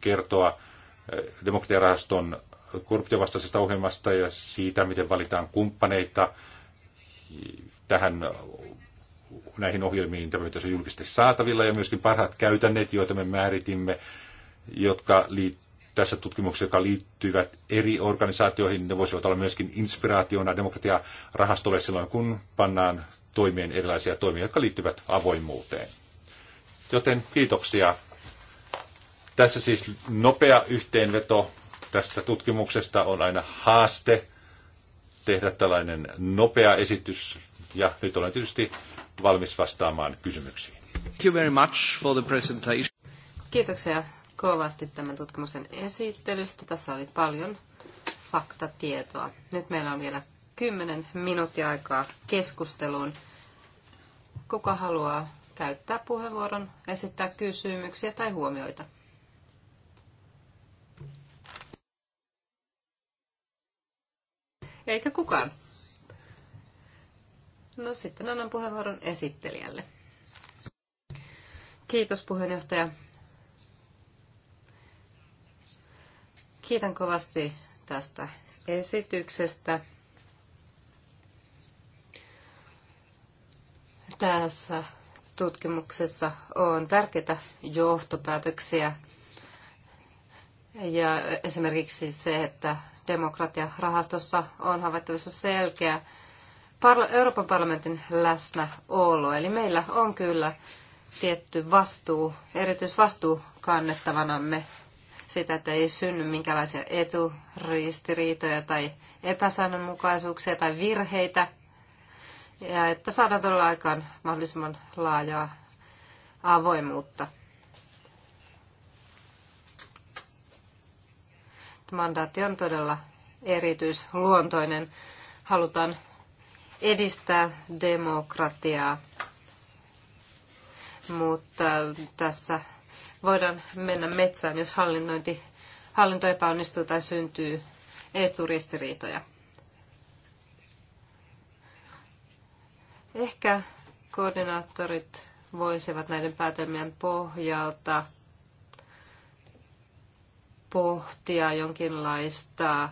Speaker 4: kertoa demokratiarahaston korruptiovastaisesta ohjelmasta ja siitä, miten valitaan kumppaneita tähän näihin ohjelmiin, tämä pitäisi julkisesti saatavilla, ja myöskin parhaat käytänneet, joita me määritimme, jotka liittyvät tässä tutkimuksessa, jotka liittyvät eri organisaatioihin. Ne voisivat olla myöskin inspiraationa demokratiarahastolle silloin, kun pannaan toimien erilaisia toimia, jotka liittyvät avoimuuteen. Joten kiitoksia. Tässä siis nopea yhteenveto tästä tutkimuksesta on aina haaste tehdä tällainen nopea esitys. Ja nyt olen tietysti valmis vastaamaan kysymyksiin. Thank you very much for the presentation.
Speaker 2: Kiitoksia kovasti tämän tutkimuksen esittelystä. Tässä oli paljon faktatietoa. Nyt meillä on vielä 10 minuuttia aikaa keskusteluun. Kuka haluaa käyttää puheenvuoron, esittää kysymyksiä tai huomioita? Eikä kukaan. No sitten annan puheenvuoron esittelijälle. Kiitos puheenjohtaja. Kiitän kovasti tästä esityksestä. Tässä tutkimuksessa on tärkeitä johtopäätöksiä. Ja esimerkiksi se, että demokratia rahastossa on havaittavissa selkeä Euroopan parlamentin läsnäolo. Eli meillä on kyllä tietty vastuu, erityisvastuu kannettavanamme sitä, että ei synny minkälaisia eturistiriitoja tai epäsäännönmukaisuuksia tai virheitä, ja että saadaan todella aikaan mahdollisimman laajaa avoimuutta. Mandaatti on todella erityisluontoinen. Halutaan edistää demokratiaa, mutta tässä voidaan mennä metsään, jos hallinnointi, hallinto epäonnistuu tai syntyy eturistiriitoja. Ehkä koordinaattorit voisivat näiden päätelmien pohjalta pohtia jonkinlaista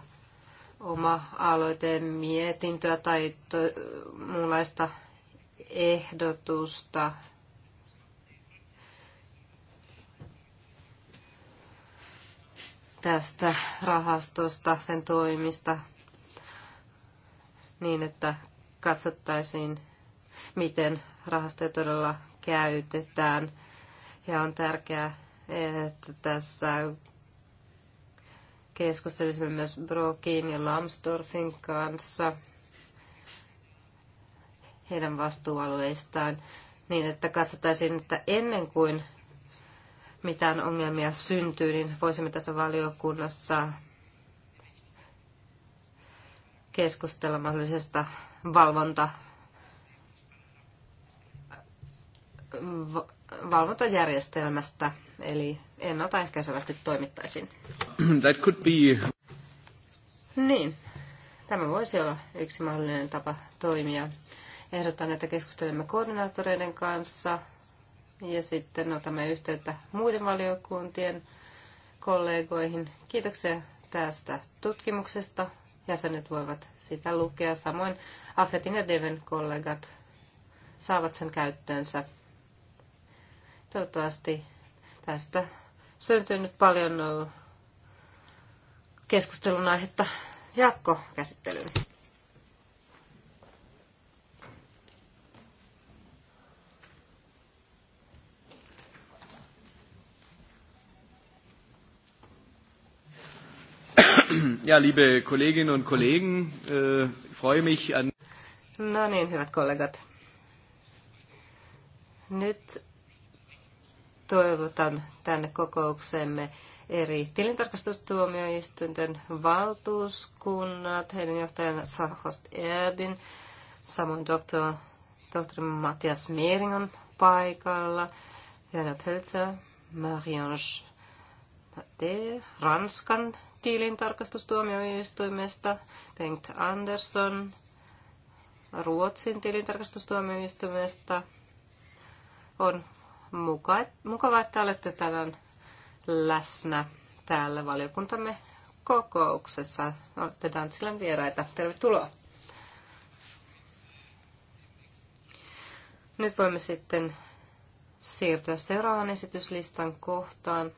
Speaker 2: oma-aloiteen mietintöä tai to- muunlaista ehdotusta tästä rahastosta, sen toimista, niin että katsottaisiin, miten rahastoja todella käytetään. Ja on tärkeää, että tässä keskustelisimme myös Brokin ja Lambsdorffin kanssa heidän vastuualueistaan niin, että katsottaisiin, että ennen kuin mitään ongelmia syntyy, niin voisimme tässä valiokunnassa keskustella mahdollisesta valvonta, valvontajärjestelmästä, eli ennaltaehkäisevästi toimittaisiin.
Speaker 1: That could be...
Speaker 2: Niin, tämä voisi olla yksi mahdollinen tapa toimia. Ehdotan, että keskustelemme koordinaattoreiden kanssa – ja sitten otamme yhteyttä muiden valiokuntien kollegoihin. Kiitoksia tästä tutkimuksesta. Jäsenet voivat sitä lukea. Samoin Afetin ja Deven kollegat saavat sen käyttöönsä. Toivottavasti tästä syntyy nyt paljon keskustelun aihetta jatkokäsittelyyn.
Speaker 1: ja, liebe Kolleginnen und Kollegen, äh, freue mich an...
Speaker 2: No niin, hyvät kollegat. Nyt toivotan tänne kokouksemme eri tilintarkastustuomioistuinten valtuuskunnat, heidän johtajansa Sarhost Erbin, samoin doktor, tohtori Matias Meering on paikalla, Werner Pölzer, Marion Ranskan tilintarkastustuomioistuimesta, Bengt Andersson Ruotsin tilintarkastustuomioistuimesta. On mukava, että olette tänään läsnä täällä valiokuntamme kokouksessa. Olette Dantsilän vieraita. Tervetuloa. Nyt voimme sitten siirtyä seuraavan esityslistan kohtaan –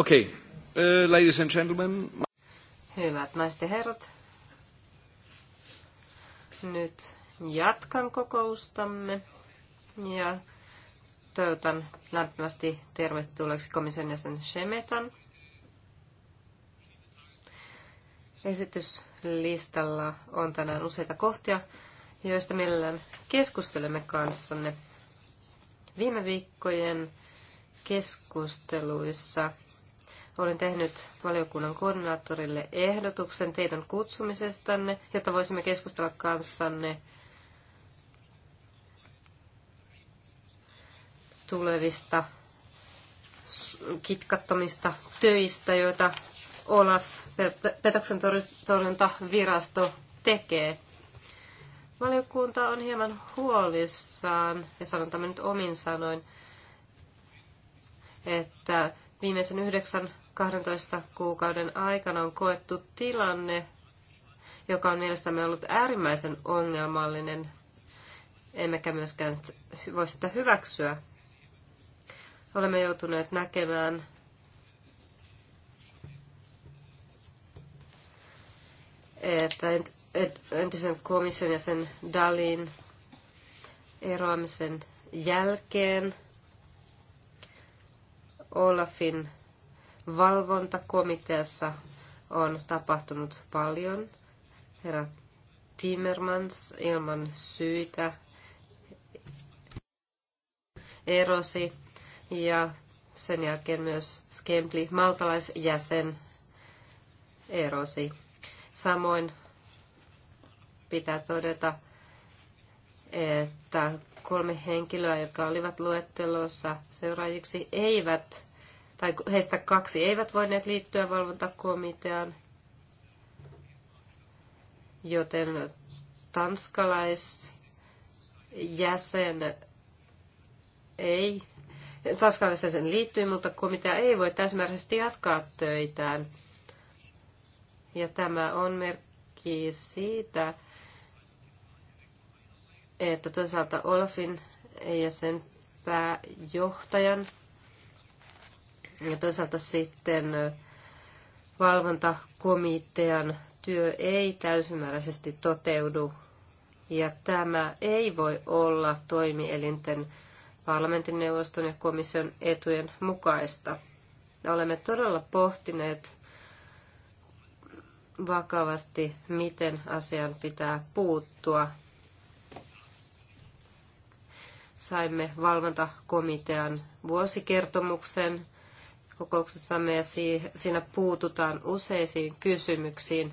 Speaker 1: Okei, okay. uh, ladies and gentlemen.
Speaker 2: Hyvät naiset ja herrat. Nyt jatkan kokoustamme ja toivotan lämpimästi tervetulleeksi komission jäsen Shemetan. Esityslistalla on tänään useita kohtia, joista mielellään keskustelemme kanssanne. Viime viikkojen keskusteluissa olen tehnyt valiokunnan koordinaattorille ehdotuksen teidän kutsumisestanne, jotta voisimme keskustella kanssanne tulevista kitkattomista töistä, joita Olaf, petoksen torjuntavirasto, tekee. Valiokunta on hieman huolissaan, ja sanon tämän nyt omin sanoin, että viimeisen yhdeksän 12 kuukauden aikana on koettu tilanne, joka on mielestämme ollut äärimmäisen ongelmallinen, emmekä myöskään voi sitä hyväksyä. Olemme joutuneet näkemään että entisen komission ja sen Dalin eroamisen jälkeen Olafin Valvontakomiteassa on tapahtunut paljon. Herra Timmermans ilman syitä erosi ja sen jälkeen myös Skempli, maltalaisjäsen, erosi. Samoin pitää todeta, että kolme henkilöä, jotka olivat luettelossa seuraajiksi, eivät tai heistä kaksi eivät voineet liittyä valvontakomiteaan, joten tanskalaisjäsen ei, tanskalaisjäsen liittyi, mutta komitea ei voi täysimääräisesti jatkaa töitään. Ja tämä on merkki siitä, että toisaalta Olafin ja sen pääjohtajan ja toisaalta sitten valvontakomitean työ ei täysimääräisesti toteudu. Ja tämä ei voi olla toimielinten parlamentin neuvoston ja komission etujen mukaista. Olemme todella pohtineet vakavasti, miten asian pitää puuttua. Saimme valvontakomitean vuosikertomuksen kokouksessamme ja siinä puututaan useisiin kysymyksiin.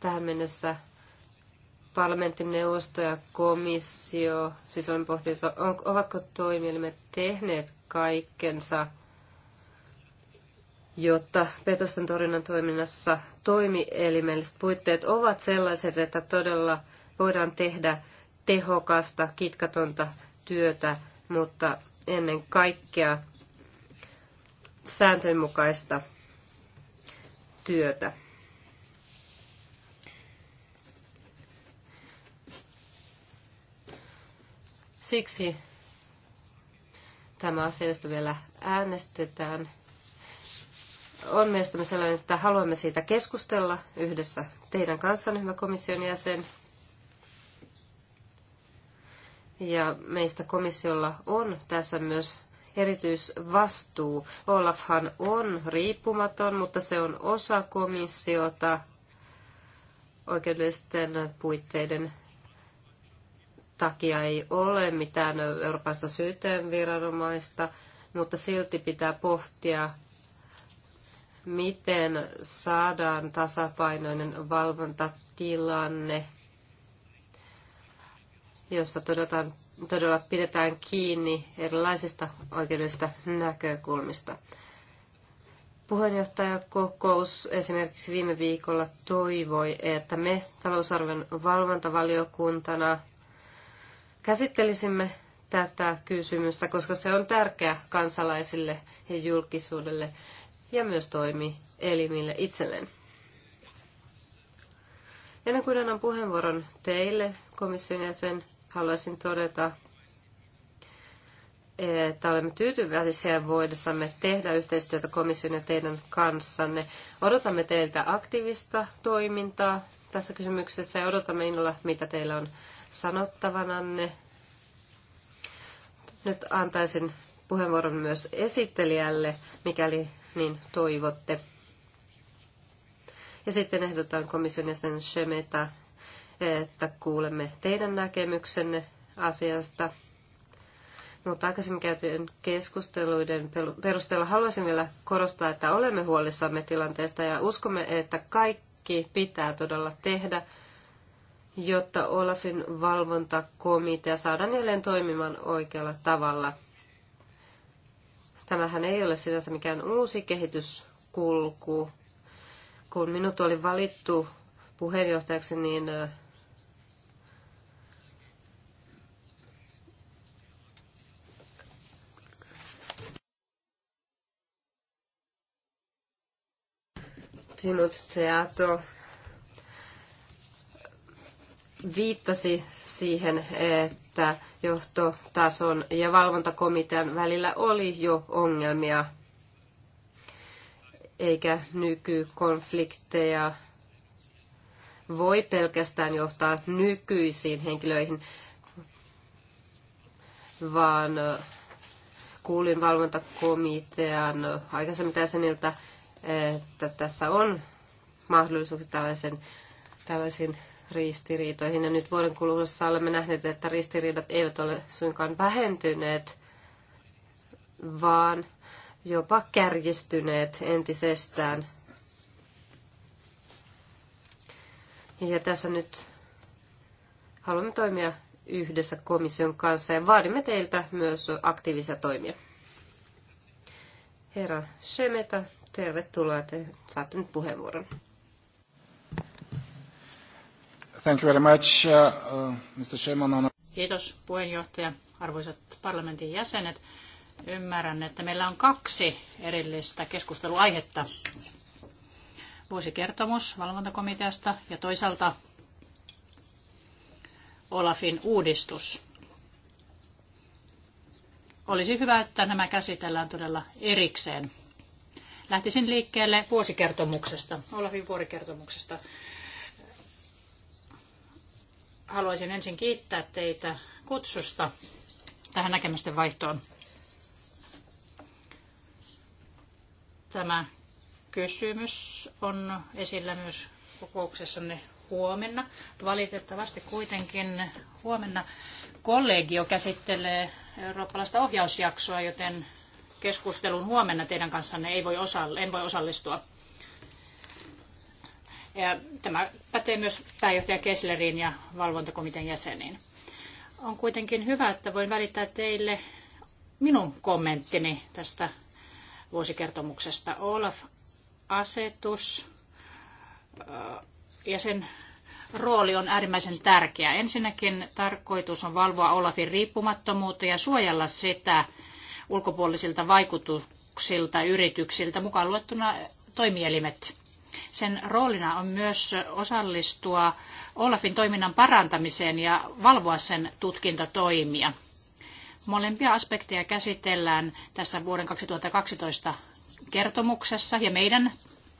Speaker 2: Tähän mennessä neuvosto ja komissio, siis olen pohtinut, ovatko toimielimet tehneet kaikkensa, jotta petosten torjunnan toiminnassa toimielimelliset puitteet ovat sellaiset, että todella voidaan tehdä tehokasta, kitkatonta työtä, mutta ennen kaikkea sääntöjen työtä. Siksi tämä asia, josta vielä äänestetään, on mielestäni sellainen, että haluamme siitä keskustella yhdessä teidän kanssanne, hyvä komission jäsen, ja meistä komissiolla on tässä myös erityisvastuu. Olafhan on riippumaton, mutta se on osa komissiota oikeudellisten puitteiden takia ei ole mitään Euroopasta syyteen viranomaista, mutta silti pitää pohtia, miten saadaan tasapainoinen valvontatilanne jossa todetaan, todella pidetään kiinni erilaisista oikeudellisista näkökulmista. Puheenjohtajakokous esimerkiksi viime viikolla toivoi, että me talousarven valvontavaliokuntana käsittelisimme tätä kysymystä, koska se on tärkeä kansalaisille ja julkisuudelle ja myös toimii elimille itselleen. Ennen kuin annan puheenvuoron teille, komission jäsen haluaisin todeta, että olemme tyytyväisiä voidessamme tehdä yhteistyötä komission ja teidän kanssanne. Odotamme teiltä aktiivista toimintaa tässä kysymyksessä ja odotamme innolla, mitä teillä on sanottavananne. Nyt antaisin puheenvuoron myös esittelijälle, mikäli niin toivotte. Ja sitten ehdotan komission jäsen Shemeta että kuulemme teidän näkemyksenne asiasta. Mutta aikaisemmin käytyjen keskusteluiden perusteella haluaisin vielä korostaa, että olemme huolissamme tilanteesta ja uskomme, että kaikki pitää todella tehdä, jotta Olafin valvontakomitea saadaan jälleen toimimaan oikealla tavalla. Tämähän ei ole sinänsä mikään uusi kehityskulku. Kun minut oli valittu puheenjohtajaksi, niin sinut, Teato viittasi siihen, että johtotason ja valvontakomitean välillä oli jo ongelmia, eikä nykykonflikteja voi pelkästään johtaa nykyisiin henkilöihin, vaan kuulin valvontakomitean aikaisemmin jäseniltä, että tässä on mahdollisuus tällaisen, tällaisiin ristiriitoihin. Ja nyt vuoden kuluessa olemme nähneet, että ristiriidat eivät ole suinkaan vähentyneet, vaan jopa kärjistyneet entisestään. Ja tässä nyt haluamme toimia yhdessä komission kanssa ja vaadimme teiltä myös aktiivisia toimia. Herra Shemeta Tervetuloa, te saatte nyt puheenvuoron.
Speaker 5: Thank you very much, uh, uh Mr. Chairman.
Speaker 3: Kiitos puheenjohtaja, arvoisat parlamentin jäsenet. Ymmärrän, että meillä on kaksi erillistä keskusteluaihetta. Vuosikertomus valvontakomiteasta ja toisaalta Olafin uudistus. Olisi hyvä, että nämä käsitellään todella erikseen. Lähtisin liikkeelle vuosikertomuksesta, Olafin vuorikertomuksesta. Haluaisin ensin kiittää teitä kutsusta tähän näkemysten vaihtoon. Tämä kysymys on esillä myös kokouksessanne huomenna. Valitettavasti kuitenkin huomenna kollegio käsittelee eurooppalaista ohjausjaksoa, joten keskustelun huomenna teidän kanssanne ei voi osall- en voi osallistua. Ja tämä pätee myös pääjohtaja Kessleriin ja valvontakomitean jäseniin. On kuitenkin hyvä, että voin välittää teille minun kommenttini tästä vuosikertomuksesta. Olaf-asetus ja sen rooli on äärimmäisen tärkeä. Ensinnäkin tarkoitus on valvoa Olafin riippumattomuutta ja suojella sitä ulkopuolisilta vaikutuksilta yrityksiltä, mukaan luettuna toimielimet. Sen roolina on myös osallistua Olafin toiminnan parantamiseen ja valvoa sen tutkintatoimia. Molempia aspekteja käsitellään tässä vuoden 2012 kertomuksessa ja meidän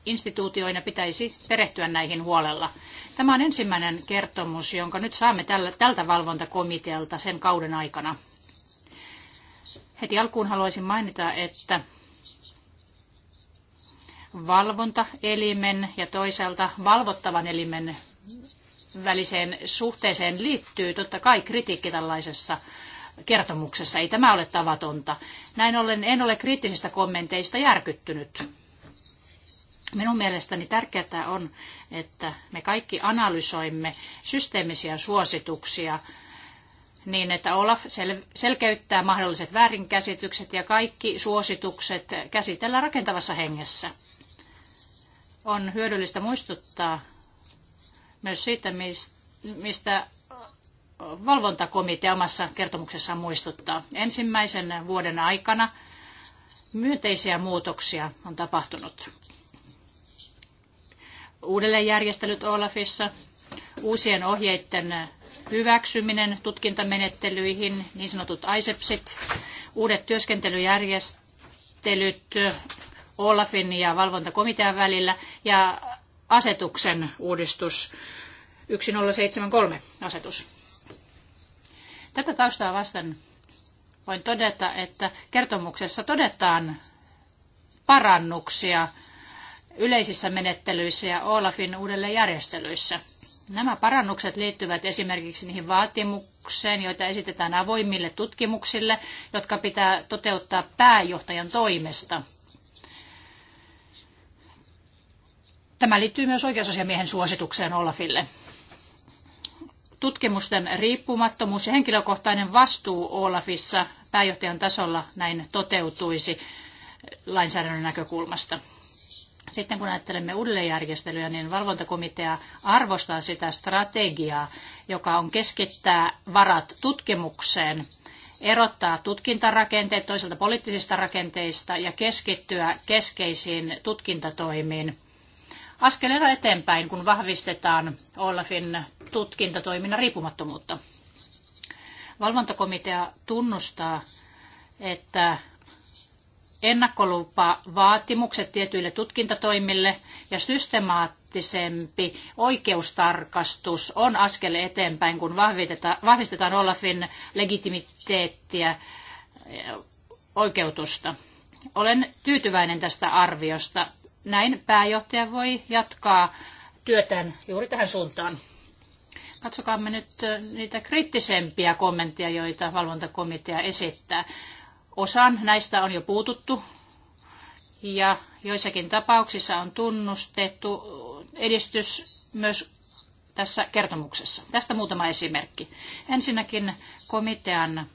Speaker 3: instituutioina pitäisi perehtyä näihin huolella. Tämä on ensimmäinen kertomus, jonka nyt saamme tältä valvontakomitealta sen kauden aikana. Heti alkuun haluaisin mainita, että valvontaelimen ja toisaalta valvottavan elimen väliseen suhteeseen liittyy totta kai kritiikki tällaisessa kertomuksessa. Ei tämä ole tavatonta. Näin ollen en ole kriittisistä kommenteista järkyttynyt. Minun mielestäni tärkeää on, että me kaikki analysoimme systeemisiä suosituksia niin, että Olaf sel- selkeyttää mahdolliset väärinkäsitykset ja kaikki suositukset käsitellään rakentavassa hengessä. On hyödyllistä muistuttaa myös siitä, mistä valvontakomitea omassa kertomuksessaan muistuttaa. Ensimmäisen vuoden aikana myönteisiä muutoksia on tapahtunut. Uudelleenjärjestelyt Olafissa, uusien ohjeiden hyväksyminen tutkintamenettelyihin, niin sanotut ISEPSit, uudet työskentelyjärjestelyt Olafin ja valvontakomitean välillä ja asetuksen uudistus 1073 asetus. Tätä taustaa vasten voin todeta, että kertomuksessa todetaan parannuksia yleisissä menettelyissä ja Olafin uudelleenjärjestelyissä. Nämä parannukset liittyvät esimerkiksi niihin vaatimukseen, joita esitetään avoimille tutkimuksille, jotka pitää toteuttaa pääjohtajan toimesta. Tämä liittyy myös oikeusasiamiehen suositukseen Olafille. Tutkimusten riippumattomuus ja henkilökohtainen vastuu Olafissa pääjohtajan tasolla näin toteutuisi lainsäädännön näkökulmasta. Sitten kun ajattelemme uudelleenjärjestelyä, niin valvontakomitea arvostaa sitä strategiaa, joka on keskittää varat tutkimukseen, erottaa tutkintarakenteet toisaalta poliittisista rakenteista ja keskittyä keskeisiin tutkintatoimiin. Askeleena eteenpäin, kun vahvistetaan Olafin tutkintatoiminnan riippumattomuutta. Valvontakomitea tunnustaa, että ennakkolupa vaatimukset tietyille tutkintatoimille ja systemaattisempi oikeustarkastus on askel eteenpäin, kun vahvistetaan Olafin legitimiteettiä oikeutusta. Olen tyytyväinen tästä arviosta. Näin pääjohtaja voi jatkaa työtään juuri tähän suuntaan. Katsokaamme nyt niitä kriittisempiä kommentteja, joita valvontakomitea esittää. Osaan näistä on jo puututtu ja joissakin tapauksissa on tunnustettu edistys myös tässä kertomuksessa. Tästä muutama esimerkki. Ensinnäkin komitean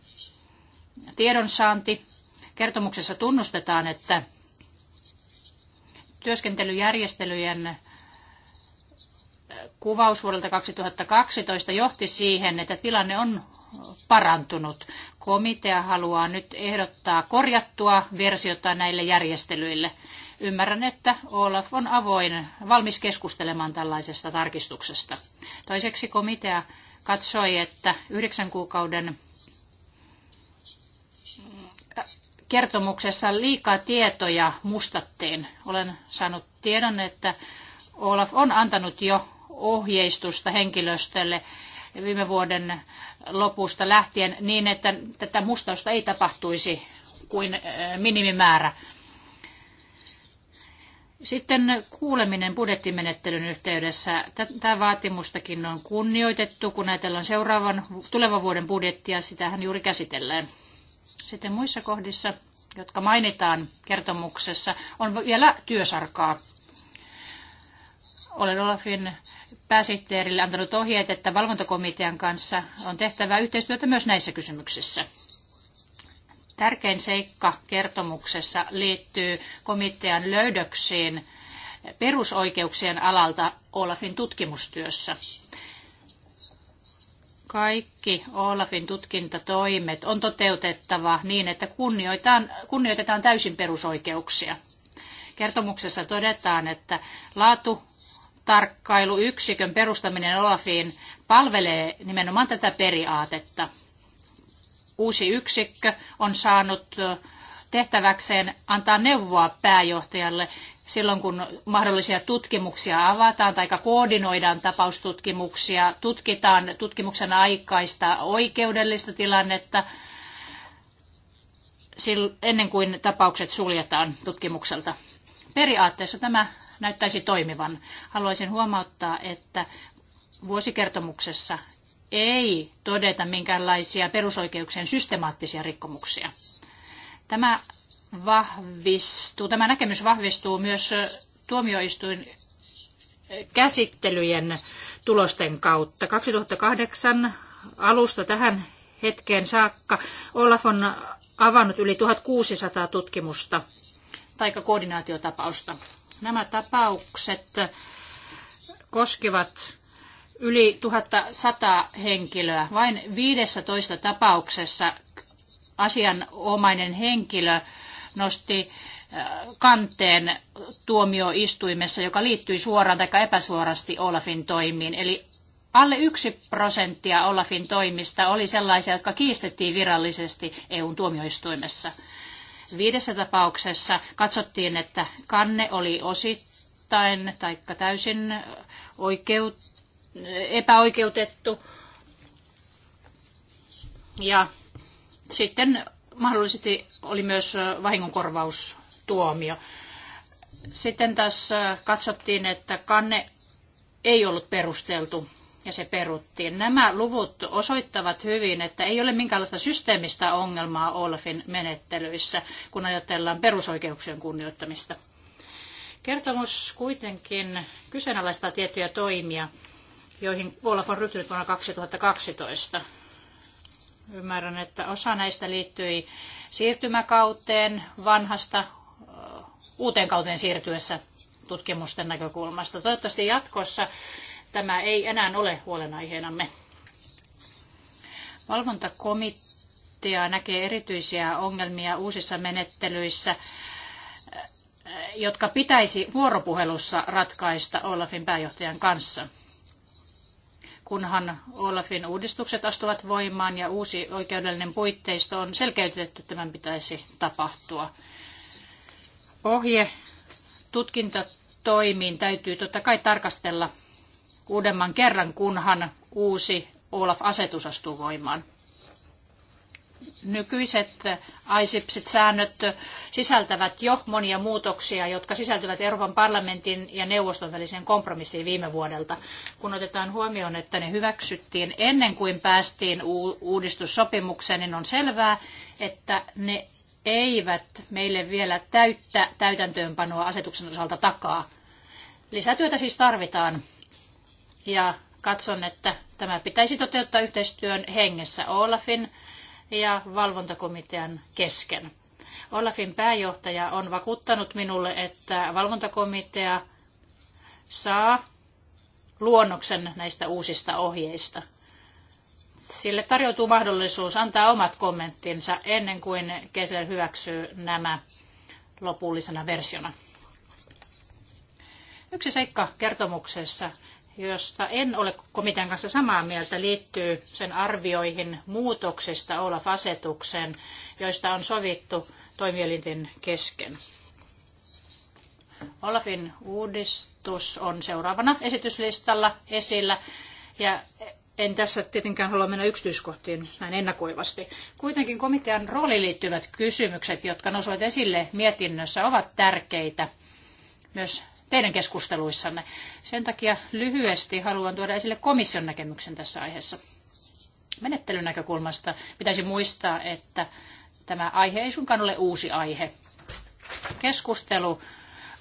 Speaker 3: tiedonsaanti. Kertomuksessa tunnustetaan, että työskentelyjärjestelyjen kuvaus vuodelta 2012 johti siihen, että tilanne on parantunut. Komitea haluaa nyt ehdottaa korjattua versiota näille järjestelyille. Ymmärrän, että Olaf on avoin, valmis keskustelemaan tällaisesta tarkistuksesta. Toiseksi komitea katsoi, että yhdeksän kuukauden kertomuksessa liikaa tietoja mustattiin. Olen saanut tiedon, että Olaf on antanut jo ohjeistusta henkilöstölle viime vuoden lopusta lähtien niin, että tätä mustausta ei tapahtuisi kuin minimimäärä. Sitten kuuleminen budjettimenettelyn yhteydessä. Tätä vaatimustakin on kunnioitettu, kun ajatellaan seuraavan tulevan vuoden budjettia. Sitähän juuri käsitellään. Sitten muissa kohdissa, jotka mainitaan kertomuksessa, on vielä työsarkaa. Olen Olafin pääsihteerille antanut ohjeet, että valvontakomitean kanssa on tehtävä yhteistyötä myös näissä kysymyksissä. Tärkein seikka kertomuksessa liittyy komitean löydöksiin perusoikeuksien alalta Olafin tutkimustyössä. Kaikki Olafin tutkintatoimet on toteutettava niin, että kunnioitetaan, kunnioitetaan täysin perusoikeuksia. Kertomuksessa todetaan, että laatu tarkkailuyksikön perustaminen Olafiin palvelee nimenomaan tätä periaatetta. Uusi yksikkö on saanut tehtäväkseen antaa neuvoa pääjohtajalle silloin, kun mahdollisia tutkimuksia avataan tai koordinoidaan tapaustutkimuksia, tutkitaan tutkimuksen aikaista oikeudellista tilannetta ennen kuin tapaukset suljetaan tutkimukselta. Periaatteessa tämä näyttäisi toimivan. Haluaisin huomauttaa, että vuosikertomuksessa ei todeta minkäänlaisia perusoikeuksien systemaattisia rikkomuksia. Tämä, vahvistuu, tämä näkemys vahvistuu myös tuomioistuin käsittelyjen tulosten kautta. 2008 alusta tähän hetkeen saakka Olaf on avannut yli 1600 tutkimusta tai koordinaatiotapausta. Nämä tapaukset koskivat yli 1100 henkilöä. Vain 15 tapauksessa asianomainen henkilö nosti äh, kanteen tuomioistuimessa, joka liittyi suoraan tai epäsuorasti Olafin toimiin. Eli alle yksi prosenttia Olafin toimista oli sellaisia, jotka kiistettiin virallisesti EUn tuomioistuimessa viidessä tapauksessa katsottiin, että kanne oli osittain tai täysin oikeut, epäoikeutettu. Ja sitten mahdollisesti oli myös vahingonkorvaustuomio. Sitten taas katsottiin, että kanne ei ollut perusteltu ja se peruttiin. Nämä luvut osoittavat hyvin, että ei ole minkäänlaista systeemistä ongelmaa Olafin menettelyissä, kun ajatellaan perusoikeuksien kunnioittamista. Kertomus kuitenkin kyseenalaistaa tiettyjä toimia, joihin Olaf on ryhtynyt vuonna 2012. Ymmärrän, että osa näistä liittyi siirtymäkauteen vanhasta uuteen kauteen siirtyessä tutkimusten näkökulmasta. Toivottavasti jatkossa tämä ei enää ole huolenaiheenamme. Valvontakomitea näkee erityisiä ongelmia uusissa menettelyissä, jotka pitäisi vuoropuhelussa ratkaista Olafin pääjohtajan kanssa kunhan Olafin uudistukset astuvat voimaan ja uusi oikeudellinen puitteisto on selkeytetty, tämän pitäisi tapahtua. Ohje tutkintatoimiin täytyy totta kai tarkastella uudemman kerran, kunhan uusi Olaf-asetus astuu voimaan. Nykyiset ISIPSit säännöt sisältävät jo monia muutoksia, jotka sisältyvät Euroopan parlamentin ja neuvoston väliseen kompromissiin viime vuodelta, kun otetaan huomioon, että ne hyväksyttiin ennen kuin päästiin uudistussopimukseen, niin on selvää, että ne eivät meille vielä täyttä täytäntöönpanoa asetuksen osalta takaa. Lisätyötä siis tarvitaan ja katson, että tämä pitäisi toteuttaa yhteistyön hengessä Olafin ja valvontakomitean kesken. Olafin pääjohtaja on vakuuttanut minulle, että valvontakomitea saa luonnoksen näistä uusista ohjeista. Sille tarjoutuu mahdollisuus antaa omat kommenttinsa ennen kuin Kessler hyväksyy nämä lopullisena versiona. Yksi seikka kertomuksessa josta en ole komitean kanssa samaa mieltä, liittyy sen arvioihin muutoksista Olaf-asetukseen, joista on sovittu toimielinten kesken. Olafin uudistus on seuraavana esityslistalla esillä ja en tässä tietenkään halua mennä yksityiskohtiin näin ennakoivasti. Kuitenkin komitean rooliin liittyvät kysymykset, jotka nousivat esille mietinnössä, ovat tärkeitä myös teidän keskusteluissanne. Sen takia lyhyesti haluan tuoda esille komission näkemyksen tässä aiheessa. Menettelyn näkökulmasta pitäisi muistaa, että tämä aihe ei suinkaan ole uusi aihe. Keskustelu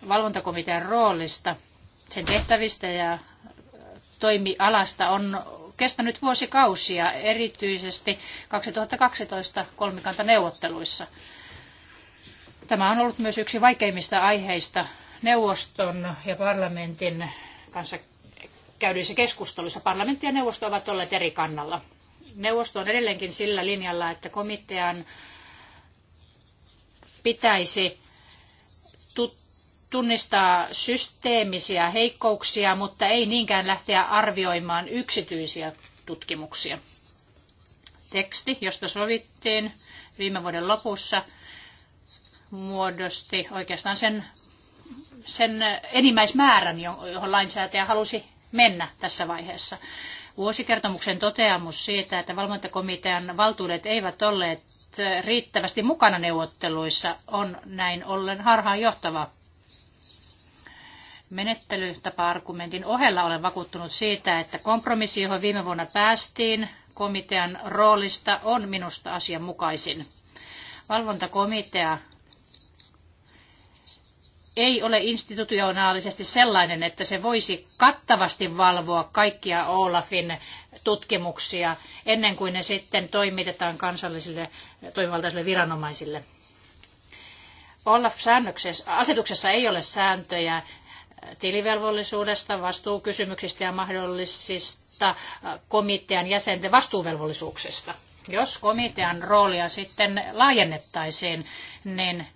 Speaker 3: valvontakomitean roolista, sen tehtävistä ja toimialasta on kestänyt vuosikausia, erityisesti 2012 kolmikantaneuvotteluissa. Tämä on ollut myös yksi vaikeimmista aiheista neuvoston ja parlamentin kanssa käydyissä keskusteluissa parlamentti ja neuvosto ovat olleet eri kannalla. Neuvosto on edelleenkin sillä linjalla, että komitean pitäisi tunnistaa systeemisiä heikkouksia, mutta ei niinkään lähteä arvioimaan yksityisiä tutkimuksia. Teksti, josta sovittiin viime vuoden lopussa, muodosti oikeastaan sen sen enimmäismäärän, johon lainsäätäjä halusi mennä tässä vaiheessa. Vuosikertomuksen toteamus siitä, että valvontakomitean valtuudet eivät olleet riittävästi mukana neuvotteluissa, on näin ollen harhaanjohtava. Menettelytapa-argumentin ohella olen vakuuttunut siitä, että kompromissi, johon viime vuonna päästiin, komitean roolista on minusta asianmukaisin. Valvontakomitea ei ole institutionaalisesti sellainen, että se voisi kattavasti valvoa kaikkia Olafin tutkimuksia ennen kuin ne sitten toimitetaan kansallisille toimivaltaisille viranomaisille. olaf asetuksessa ei ole sääntöjä tilivelvollisuudesta, vastuukysymyksistä ja mahdollisista äh, komitean jäsenten vastuuvelvollisuuksista. Jos komitean roolia sitten laajennettaisiin, niin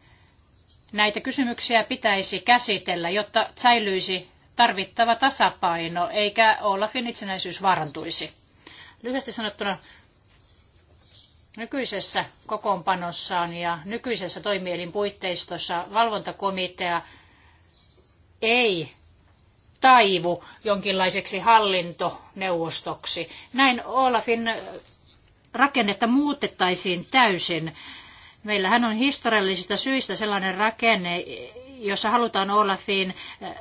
Speaker 3: Näitä kysymyksiä pitäisi käsitellä, jotta säilyisi tarvittava tasapaino, eikä Olafin itsenäisyys vaarantuisi. Lyhyesti sanottuna nykyisessä kokoonpanossaan ja nykyisessä toimielinpuitteistossa valvontakomitea ei taivu jonkinlaiseksi hallintoneuvostoksi. Näin Olafin rakennetta muutettaisiin täysin. Meillähän on historiallisista syistä sellainen rakenne, jossa halutaan Olafin eh,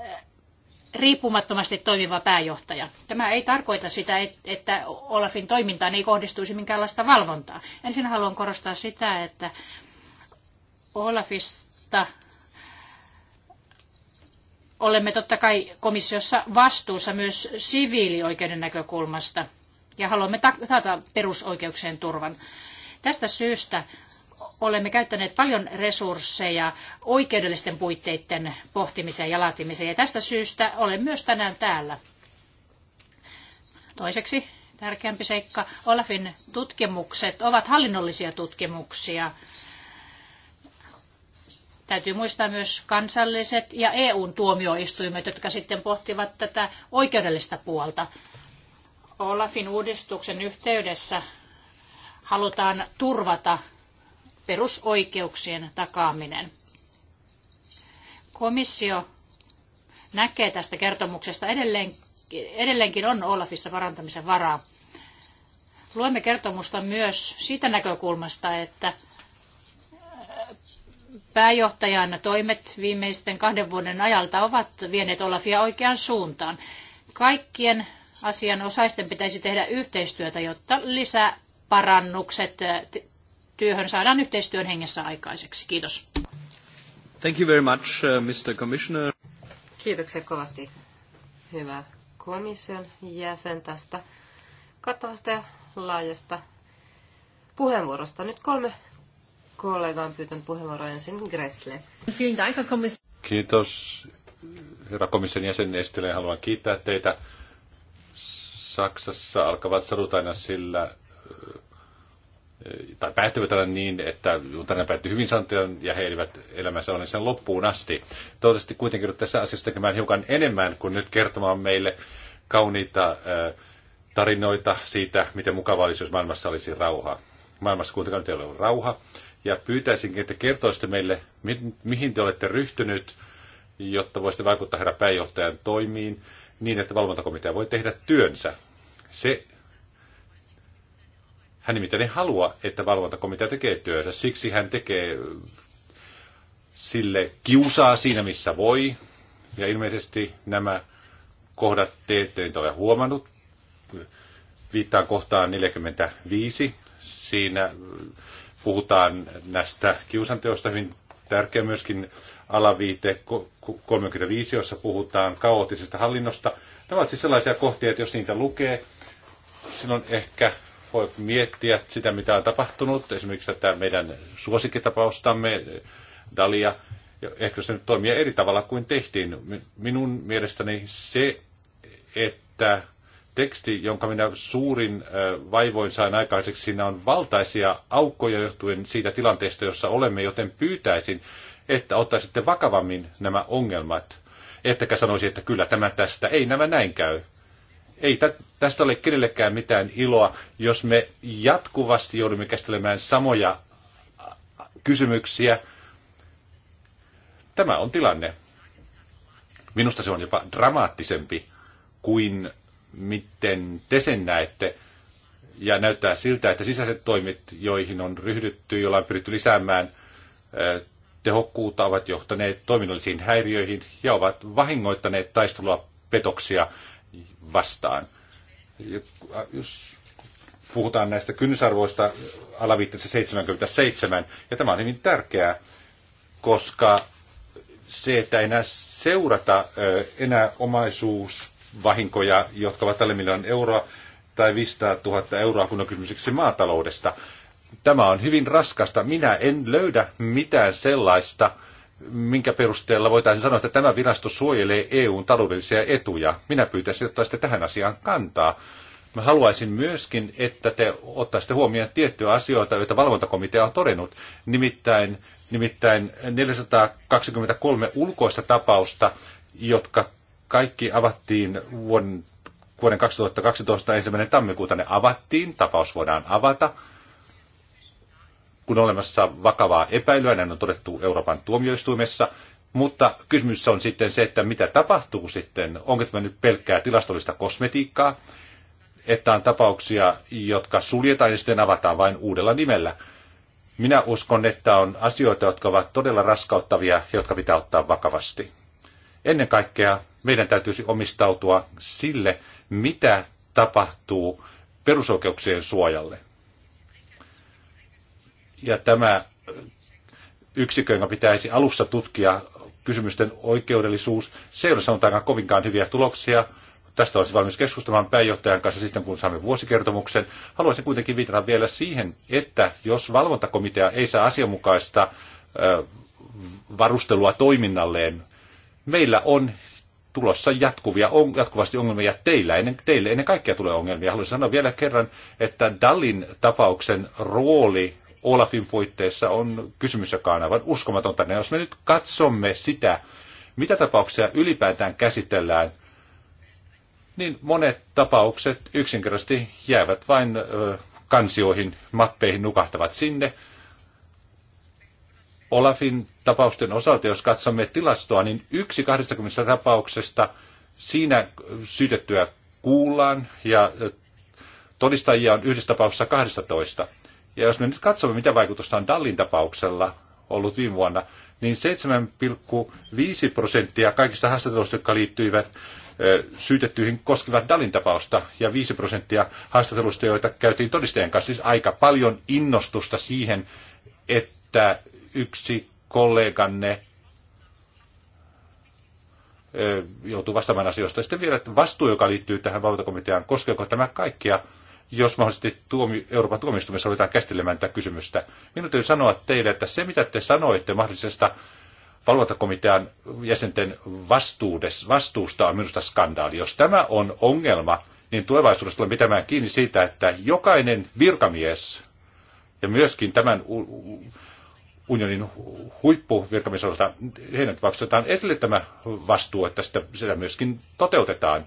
Speaker 3: riippumattomasti toimiva pääjohtaja. Tämä ei tarkoita sitä, että Olafin toimintaan ei kohdistuisi minkäänlaista valvontaa. Ensin haluan korostaa sitä, että Olafista olemme totta kai komissiossa vastuussa myös siviilioikeuden näkökulmasta ja haluamme taata perusoikeuksien turvan. Tästä syystä olemme käyttäneet paljon resursseja oikeudellisten puitteiden pohtimiseen ja laatimiseen. Ja tästä syystä olen myös tänään täällä. Toiseksi tärkeämpi seikka, Olafin tutkimukset ovat hallinnollisia tutkimuksia. Täytyy muistaa myös kansalliset ja EUn tuomioistuimet, jotka sitten pohtivat tätä oikeudellista puolta. Olafin uudistuksen yhteydessä halutaan turvata perusoikeuksien takaaminen. Komissio näkee tästä kertomuksesta edelleen, edelleenkin on Olafissa parantamisen varaa. Luemme kertomusta myös siitä näkökulmasta, että äh, pääjohtajan toimet viimeisten kahden vuoden ajalta ovat vieneet Olafia oikeaan suuntaan. Kaikkien asianosaisten pitäisi tehdä yhteistyötä, jotta lisäparannukset äh, työhön saadaan yhteistyön hengessä aikaiseksi. Kiitos.
Speaker 1: Thank you very much, uh, Mr. Commissioner.
Speaker 2: Kiitoksia kovasti, hyvä komission jäsen tästä kattavasta ja laajasta puheenvuorosta. Nyt kolme kollegaa on pyytänyt puheenvuoroa ensin Gressle.
Speaker 4: Kiitos, herra komission jäsen Estilä. Haluan kiittää teitä. Saksassa alkavat sadut aina sillä tai päättyvät tällä niin, että tänään päättyi hyvin santion ja he elivät elämänsä olen sen loppuun asti. Toivottavasti kuitenkin tässä asiassa tekemään hiukan enemmän kuin nyt kertomaan meille kauniita tarinoita siitä, miten mukava olisi, jos maailmassa olisi rauha. Maailmassa kuitenkaan nyt ei ole rauha. Ja pyytäisinkin, että kertoisitte meille, mihin te olette ryhtynyt, jotta voisitte vaikuttaa herra pääjohtajan toimiin niin, että valvontakomitea voi tehdä työnsä. Se hän nimittäin ei halua, että valvontakomitea tekee työtä, Siksi hän tekee sille kiusaa siinä, missä voi. Ja ilmeisesti nämä kohdat te ette ole huomannut. Viittaan kohtaan 45. Siinä puhutaan näistä kiusanteosta hyvin tärkeä myöskin alaviite 35, jossa puhutaan kaoottisesta hallinnosta. Nämä ovat siis sellaisia kohtia, että jos niitä lukee, silloin ehkä voi miettiä sitä, mitä on tapahtunut, esimerkiksi tätä meidän suosikkitapaustamme, Dalia, ehkä se nyt toimii eri tavalla kuin tehtiin. Minun mielestäni se, että teksti, jonka minä suurin vaivoin sain aikaiseksi, siinä on valtaisia aukkoja johtuen siitä tilanteesta, jossa olemme, joten pyytäisin, että ottaisitte vakavammin nämä ongelmat. Ettekä sanoisi, että kyllä tämä tästä, ei nämä näin käy ei tästä ole kenellekään mitään iloa, jos me jatkuvasti joudumme käsittelemään samoja kysymyksiä. Tämä on tilanne. Minusta se on jopa dramaattisempi kuin miten te sen näette. Ja näyttää siltä, että sisäiset toimit, joihin on ryhdytty, joilla on pyritty lisäämään tehokkuutta, ovat johtaneet toiminnallisiin häiriöihin ja ovat vahingoittaneet taistelua petoksia vastaan. Jos puhutaan näistä kynnysarvoista alaviitteessä 77, ja tämä on hyvin tärkeää, koska se, että enää seurata enää omaisuusvahinkoja, jotka ovat tälle miljoonan euroa tai 500 000 euroa, kun on kysymys maataloudesta. Tämä on hyvin raskasta. Minä en löydä mitään sellaista minkä perusteella voitaisiin sanoa, että tämä virasto suojelee EUn taloudellisia etuja. Minä pyytäisin, että ottaisitte tähän asiaan kantaa. Mä haluaisin myöskin, että te ottaisitte huomioon tiettyjä asioita, joita valvontakomitea on todennut. Nimittäin, nimittäin 423 ulkoista tapausta, jotka kaikki avattiin vuoden, vuoden 2012 ensimmäinen tammikuuta. Ne avattiin, tapaus voidaan avata – kun on olemassa vakavaa epäilyä, näin on todettu Euroopan tuomioistuimessa, mutta kysymys on sitten se, että mitä tapahtuu sitten, onko tämä nyt pelkkää tilastollista kosmetiikkaa, että on tapauksia, jotka suljetaan ja sitten avataan vain uudella nimellä. Minä uskon, että on asioita, jotka ovat todella raskauttavia, jotka pitää ottaa vakavasti. Ennen kaikkea meidän täytyisi omistautua sille, mitä tapahtuu perusoikeuksien suojalle. Ja tämä yksikkö, jonka pitäisi alussa tutkia kysymysten oikeudellisuus, se ei ole sanotaankaan kovinkaan hyviä tuloksia. Tästä olisi valmis keskustelemaan pääjohtajan kanssa sitten, kun saamme vuosikertomuksen. Haluaisin kuitenkin viitata vielä siihen, että jos valvontakomitea ei saa asianmukaista varustelua toiminnalleen, meillä on tulossa jatkuvia, on, jatkuvasti ongelmia teillä, ennen, teille ennen kaikkea tulee ongelmia. Haluaisin sanoa vielä kerran, että Dallin tapauksen rooli Olafin puitteissa on kysymys, joka on aivan uskomatonta. Ja jos me nyt katsomme sitä, mitä tapauksia ylipäätään käsitellään, niin monet tapaukset yksinkertaisesti jäävät vain ö, kansioihin, mappeihin nukahtavat sinne. Olafin tapausten osalta, jos katsomme tilastoa, niin yksi 20 tapauksesta siinä syytettyä kuullaan ja todistajia on yhdessä tapauksessa 12. Ja jos me nyt katsomme, mitä vaikutusta on Dallin tapauksella ollut viime vuonna, niin 7,5 prosenttia kaikista haastatteluista, jotka liittyivät syytettyihin koskivat Dalin tapausta ja 5 prosenttia haastatteluista, joita käytiin todistajien kanssa. Siis aika paljon innostusta siihen, että yksi kolleganne joutuu vastaamaan asioista. Sitten vielä vastuu, joka liittyy tähän valtakomiteaan, koskeeko tämä kaikkia jos mahdollisesti tuomi, Euroopan tuomioistuimessa aletaan käsittelemään tätä kysymystä. Minun täytyy sanoa teille, että se mitä te sanoitte mahdollisesta valvontakomitean jäsenten vastuusta on minusta skandaali. Jos tämä on ongelma, niin tulevaisuudessa tulee pitämään kiinni siitä, että jokainen virkamies ja myöskin tämän unionin huippuvirkamiesolta, heidän maksetaan esille tämä vastuu, että sitä, sitä myöskin toteutetaan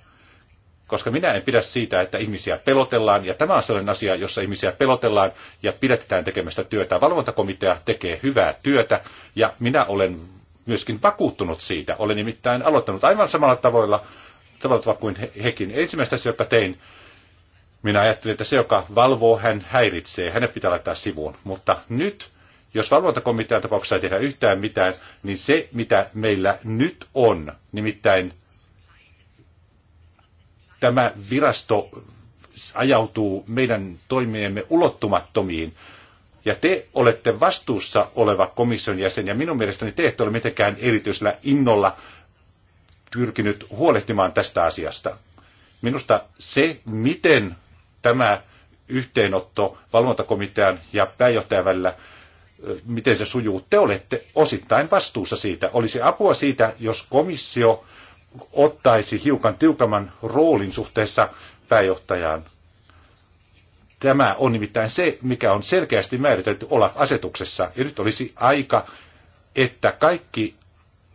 Speaker 4: koska minä en pidä siitä, että ihmisiä pelotellaan, ja tämä on sellainen asia, jossa ihmisiä pelotellaan ja pidetään tekemästä työtä. Valvontakomitea tekee hyvää työtä, ja minä olen myöskin vakuuttunut siitä. Olen nimittäin aloittanut aivan samalla tavalla, tavalla kuin he, hekin. Ensimmäistä se, joka tein, minä ajattelin, että se, joka valvoo, hän häiritsee, hänet pitää laittaa sivuun. Mutta nyt, jos valvontakomitean tapauksessa ei tehdä yhtään mitään, niin se, mitä meillä nyt on, nimittäin tämä virasto ajautuu meidän toimiemme ulottumattomiin. Ja te olette vastuussa oleva komission jäsen, ja minun mielestäni te ette ole mitenkään erityisellä innolla pyrkinyt huolehtimaan tästä asiasta. Minusta se, miten tämä yhteenotto valvontakomitean ja pääjohtajan välillä, miten se sujuu, te olette osittain vastuussa siitä. Olisi apua siitä, jos komissio ottaisi hiukan tiukemman roolin suhteessa pääjohtajaan. Tämä on nimittäin se, mikä on selkeästi määritelty Olaf-asetuksessa. Ja nyt olisi aika, että kaikki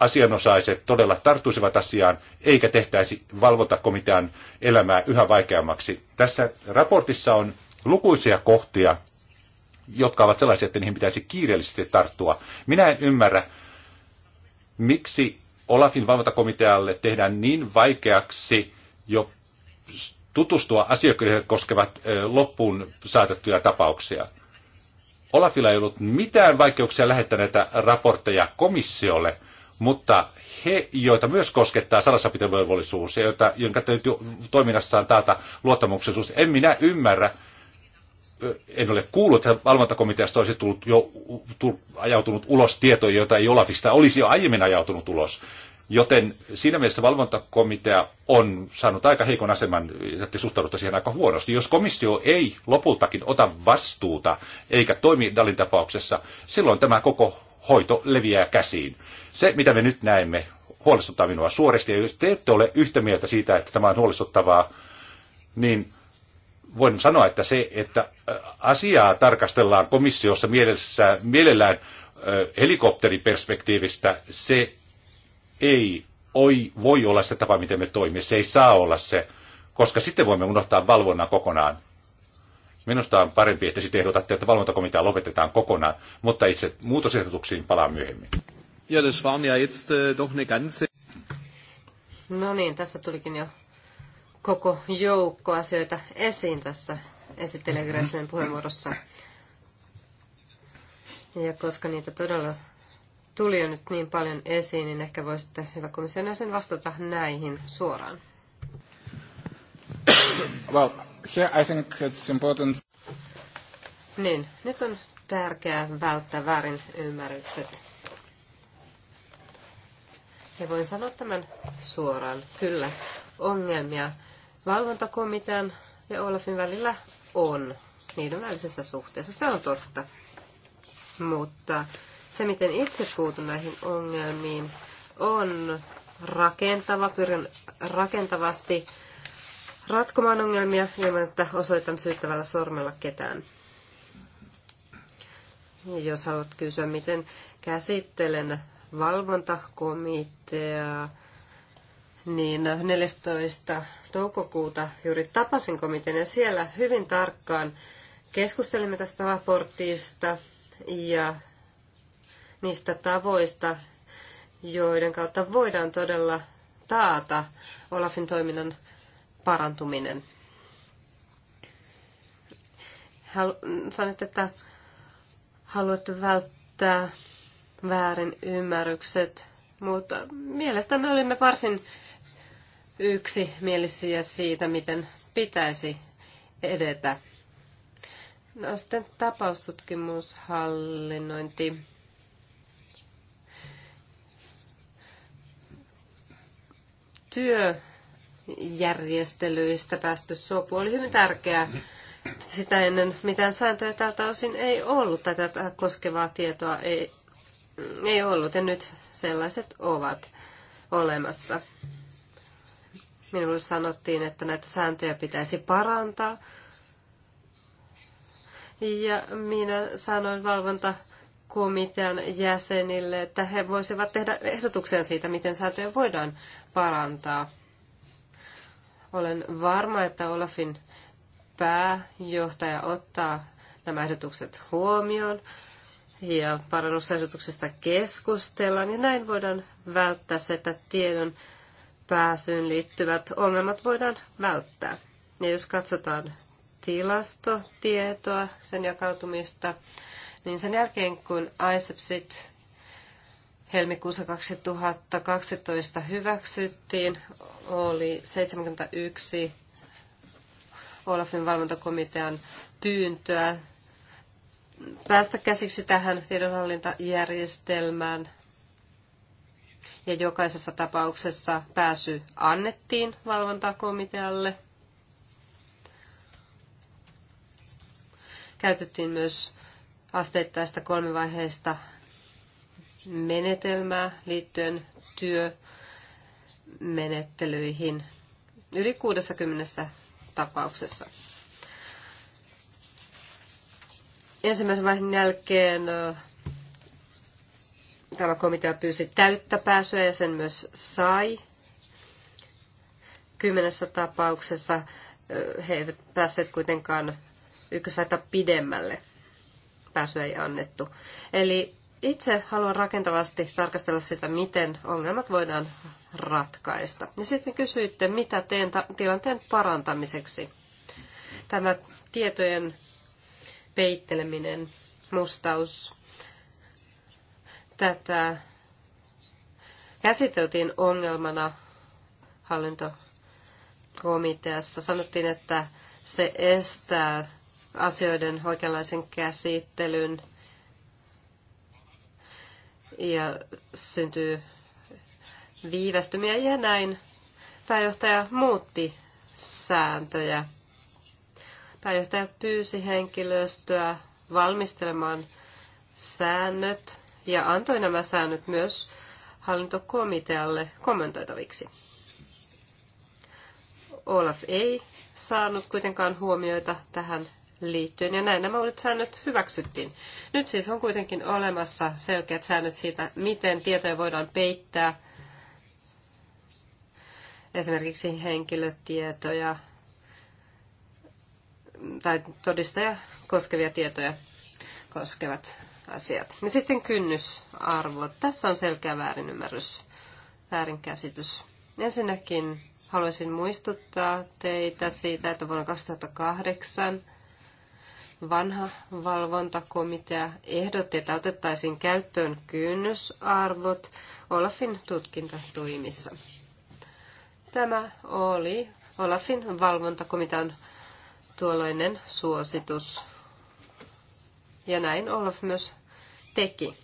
Speaker 4: asianosaiset todella tarttuisivat asiaan, eikä tehtäisi valvontakomitean elämää yhä vaikeammaksi. Tässä raportissa on lukuisia kohtia, jotka ovat sellaisia, että niihin pitäisi kiireellisesti tarttua. Minä en ymmärrä, miksi Olafin valvontakomitealle tehdään niin vaikeaksi jo tutustua asiakirjoihin koskevat loppuun saatettuja tapauksia. Olafilla ei ollut mitään vaikeuksia lähettää näitä raportteja komissiolle, mutta he, joita myös koskettaa salasapitovelvollisuus ja joita, jonka täytyy toiminnassaan taata luottamuksellisuus, en minä ymmärrä, en ole kuullut, että valvontakomiteasta olisi tullut jo tu, ajautunut ulos tietoja, joita ei Olafista olisi jo aiemmin ajautunut ulos. Joten siinä mielessä valvontakomitea on saanut aika heikon aseman, että suhtaudutta siihen aika huonosti. Jos komissio ei lopultakin ota vastuuta eikä toimi Dalin tapauksessa, silloin tämä koko hoito leviää käsiin. Se, mitä me nyt näemme, huolestuttaa minua suorasti. Ja jos te ette ole yhtä mieltä siitä, että tämä on huolestuttavaa, niin voin sanoa, että se, että asiaa tarkastellaan komissiossa mielessä, mielellään helikopteriperspektiivistä, se ei oi, voi olla se tapa, miten me toimimme. Se ei saa olla se, koska sitten voimme unohtaa valvonnan kokonaan. Minusta on parempi, että sitten ehdotatte, että valvontakomitea lopetetaan kokonaan, mutta itse muutosehdotuksiin palaan myöhemmin.
Speaker 1: Ja, das waren ja jetzt äh, doch eine ganze...
Speaker 2: No niin, tässä tulikin jo koko joukko asioita esiin tässä esittelee Greslen puheenvuorossa. Ja koska niitä todella tuli jo nyt niin paljon esiin, niin ehkä voisitte, hyvä komission jäsen, vastata näihin suoraan.
Speaker 5: Well, here I think it's important.
Speaker 2: Niin, nyt on tärkeää välttää väärin ymmärrykset. Ja voin sanoa tämän suoraan. Kyllä, ongelmia valvontakomitean ja Olafin välillä on niiden välisessä suhteessa. Se on totta. Mutta se, miten itse puutun näihin ongelmiin, on rakentava. Pyrin rakentavasti ratkomaan ongelmia ilman, että osoitan syyttävällä sormella ketään. Jos haluat kysyä, miten käsittelen valvontakomitea niin 14. toukokuuta juuri tapasin komitean ja siellä hyvin tarkkaan keskustelimme tästä raportista ja niistä tavoista, joiden kautta voidaan todella taata Olafin toiminnan parantuminen. Sanoit, että haluatte välttää väärin ymmärrykset, mutta mielestäni olimme varsin yksimielisiä siitä, miten pitäisi edetä. No sitten tapaustutkimushallinnointi. Työjärjestelyistä päästy sopu oli hyvin tärkeää. Sitä ennen mitään sääntöjä tältä osin ei ollut. Tätä koskevaa tietoa ei, ei ollut ja nyt sellaiset ovat olemassa. Minulle sanottiin, että näitä sääntöjä pitäisi parantaa. Ja minä sanoin valvontakomitean jäsenille, että he voisivat tehdä ehdotuksen siitä, miten sääntöjä voidaan parantaa. Olen varma, että Olafin pääjohtaja ottaa nämä ehdotukset huomioon ja parannusehdotuksesta keskustellaan ja näin voidaan välttää se, että tiedon pääsyyn liittyvät ongelmat voidaan välttää. Ja jos katsotaan tilastotietoa, sen jakautumista, niin sen jälkeen kun ISEPSit helmikuussa 2012 hyväksyttiin, oli 71 Olafin valvontakomitean pyyntöä päästä käsiksi tähän tiedonhallintajärjestelmään – ja jokaisessa tapauksessa pääsy annettiin valvontakomitealle. Käytettiin myös asteittaista kolmivaiheista menetelmää liittyen työmenettelyihin yli 60 tapauksessa. Ensimmäisen vaiheen jälkeen tämä komitea pyysi täyttä pääsyä ja sen myös sai. Kymmenessä tapauksessa he eivät päässeet kuitenkaan ykkösvaihetta pidemmälle. Pääsyä ei annettu. Eli itse haluan rakentavasti tarkastella sitä, miten ongelmat voidaan ratkaista. Ja sitten kysyitte, mitä teen tilanteen parantamiseksi. Tämä tietojen peitteleminen, mustaus, Tätä käsiteltiin ongelmana hallintokomiteassa. Sanottiin, että se estää asioiden oikeanlaisen käsittelyn ja syntyy viivästymiä ja näin pääjohtaja muutti sääntöjä. Pääjohtaja pyysi henkilöstöä valmistelemaan säännöt ja antoi nämä säännöt myös hallintokomitealle kommentoitaviksi. Olaf ei saanut kuitenkaan huomioita tähän liittyen, ja näin nämä uudet säännöt hyväksyttiin. Nyt siis on kuitenkin olemassa selkeät säännöt siitä, miten tietoja voidaan peittää, esimerkiksi henkilötietoja tai todistaja koskevia tietoja koskevat asiat. Ja sitten kynnysarvot. Tässä on selkeä väärinymmärrys, väärinkäsitys. Ensinnäkin haluaisin muistuttaa teitä siitä, että vuonna 2008 vanha valvontakomitea ehdotti, että otettaisiin käyttöön kynnysarvot Olafin tutkintatoimissa. Tämä oli Olafin valvontakomitean tuolloinen suositus. Ja näin Olaf myös teki.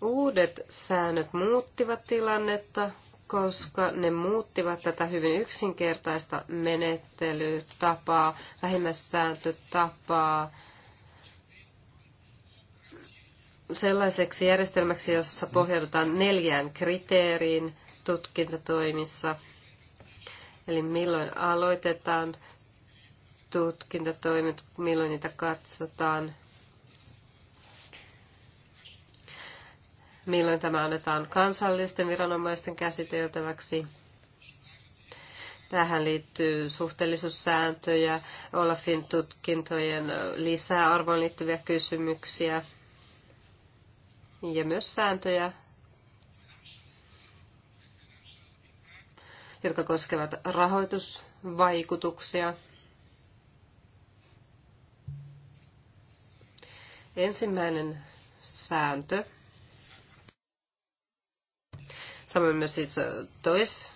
Speaker 2: Uudet säännöt muuttivat tilannetta, koska ne muuttivat tätä hyvin yksinkertaista menettelytapaa, vähimmäissääntötapaa sellaiseksi järjestelmäksi, jossa pohjaudutaan neljään kriteeriin tutkintatoimissa. Eli milloin aloitetaan tutkintatoimet, milloin niitä katsotaan milloin tämä annetaan kansallisten viranomaisten käsiteltäväksi. Tähän liittyy suhteellisuussääntöjä, Olafin tutkintojen lisäarvoon liittyviä kysymyksiä ja myös sääntöjä, jotka koskevat rahoitusvaikutuksia. Ensimmäinen sääntö Samoin myös siis äh, tois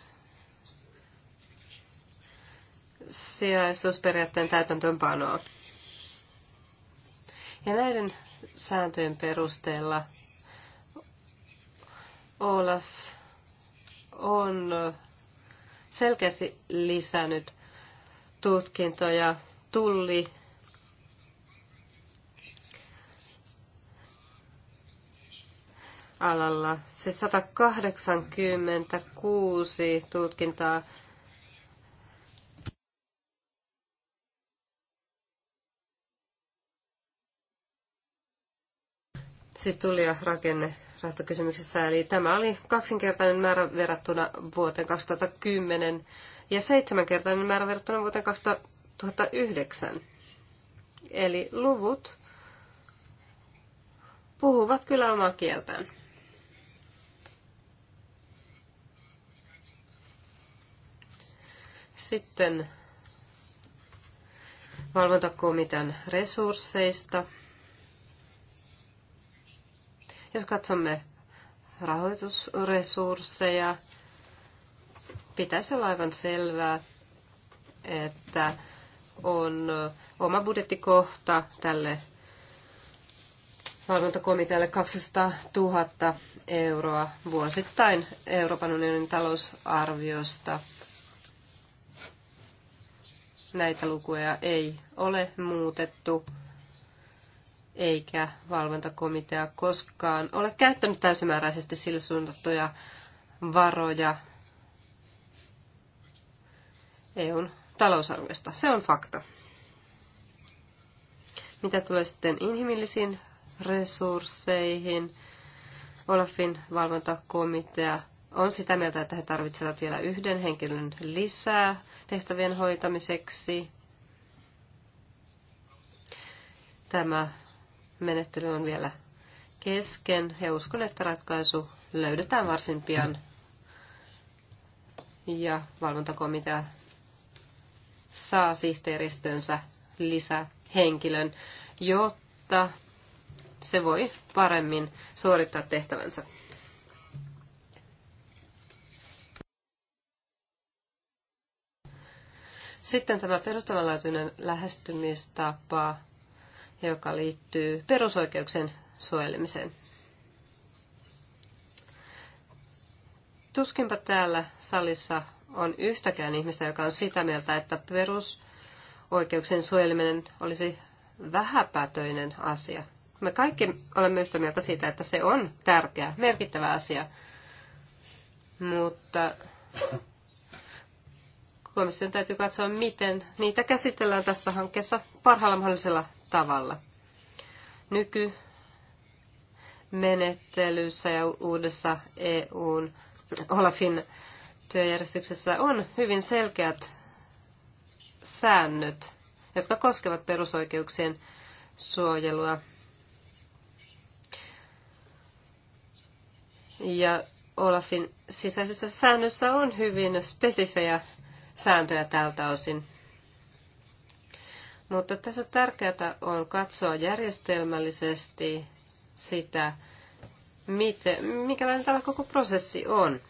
Speaker 2: sijaisuusperiaatteen täytäntöönpanoa. Ja näiden sääntöjen perusteella Olaf on äh, selkeästi lisännyt tutkintoja tulli alalla. Se 186 tutkintaa siis tuli ja rakenne rahastokysymyksessä. Eli tämä oli kaksinkertainen määrä verrattuna vuoteen 2010 ja seitsemänkertainen määrä verrattuna vuoteen 2009. Eli luvut puhuvat kyllä omaa kieltään. Sitten valvontakomitean resursseista. Jos katsomme rahoitusresursseja, pitäisi olla aivan selvää, että on oma budjettikohta tälle valvontakomitealle 200 000 euroa vuosittain Euroopan unionin talousarviosta – näitä lukuja ei ole muutettu, eikä valvontakomitea koskaan ole käyttänyt täysimääräisesti sille suunnattuja varoja EUn talousarviosta. Se on fakta. Mitä tulee sitten inhimillisiin resursseihin, Olafin valvontakomitea on sitä mieltä, että he tarvitsevat vielä yhden henkilön lisää tehtävien hoitamiseksi. Tämä menettely on vielä kesken ja uskon, että ratkaisu löydetään varsin pian. Ja valvontakomitea saa sihteeristönsä lisähenkilön, jotta se voi paremmin suorittaa tehtävänsä. Sitten tämä perustavanlaatuinen lähestymistapa, joka liittyy perusoikeuksien suojelemiseen. Tuskinpa täällä salissa on yhtäkään ihmistä, joka on sitä mieltä, että perusoikeuksien suojeleminen olisi vähäpätöinen asia. Me kaikki olemme yhtä mieltä siitä, että se on tärkeä, merkittävä asia. Mutta komission täytyy katsoa, miten niitä käsitellään tässä hankkeessa parhaalla mahdollisella tavalla. Nyky menettelyssä ja uudessa EUn Olafin työjärjestyksessä on hyvin selkeät säännöt, jotka koskevat perusoikeuksien suojelua. Ja Olafin sisäisissä säännöissä on hyvin spesifejä sääntöjä tältä osin. Mutta tässä tärkeää on katsoa järjestelmällisesti sitä, miten, mikälainen tämä koko prosessi on.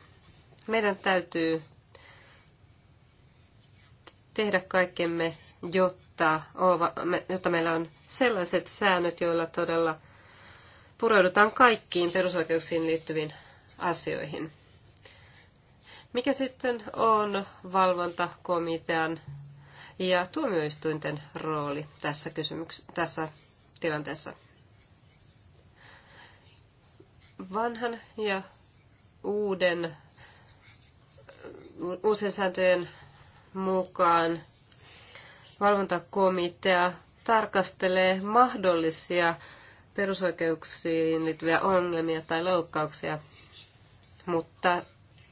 Speaker 2: Meidän täytyy tehdä kaikkemme, jotta, jotta meillä on sellaiset säännöt, joilla todella pureudutaan kaikkiin perusoikeuksiin liittyviin asioihin mikä sitten on valvontakomitean ja tuomioistuinten rooli tässä, kysymyks- tässä tilanteessa? Vanhan ja uuden, uusien sääntöjen mukaan valvontakomitea tarkastelee mahdollisia perusoikeuksiin liittyviä ongelmia tai loukkauksia, mutta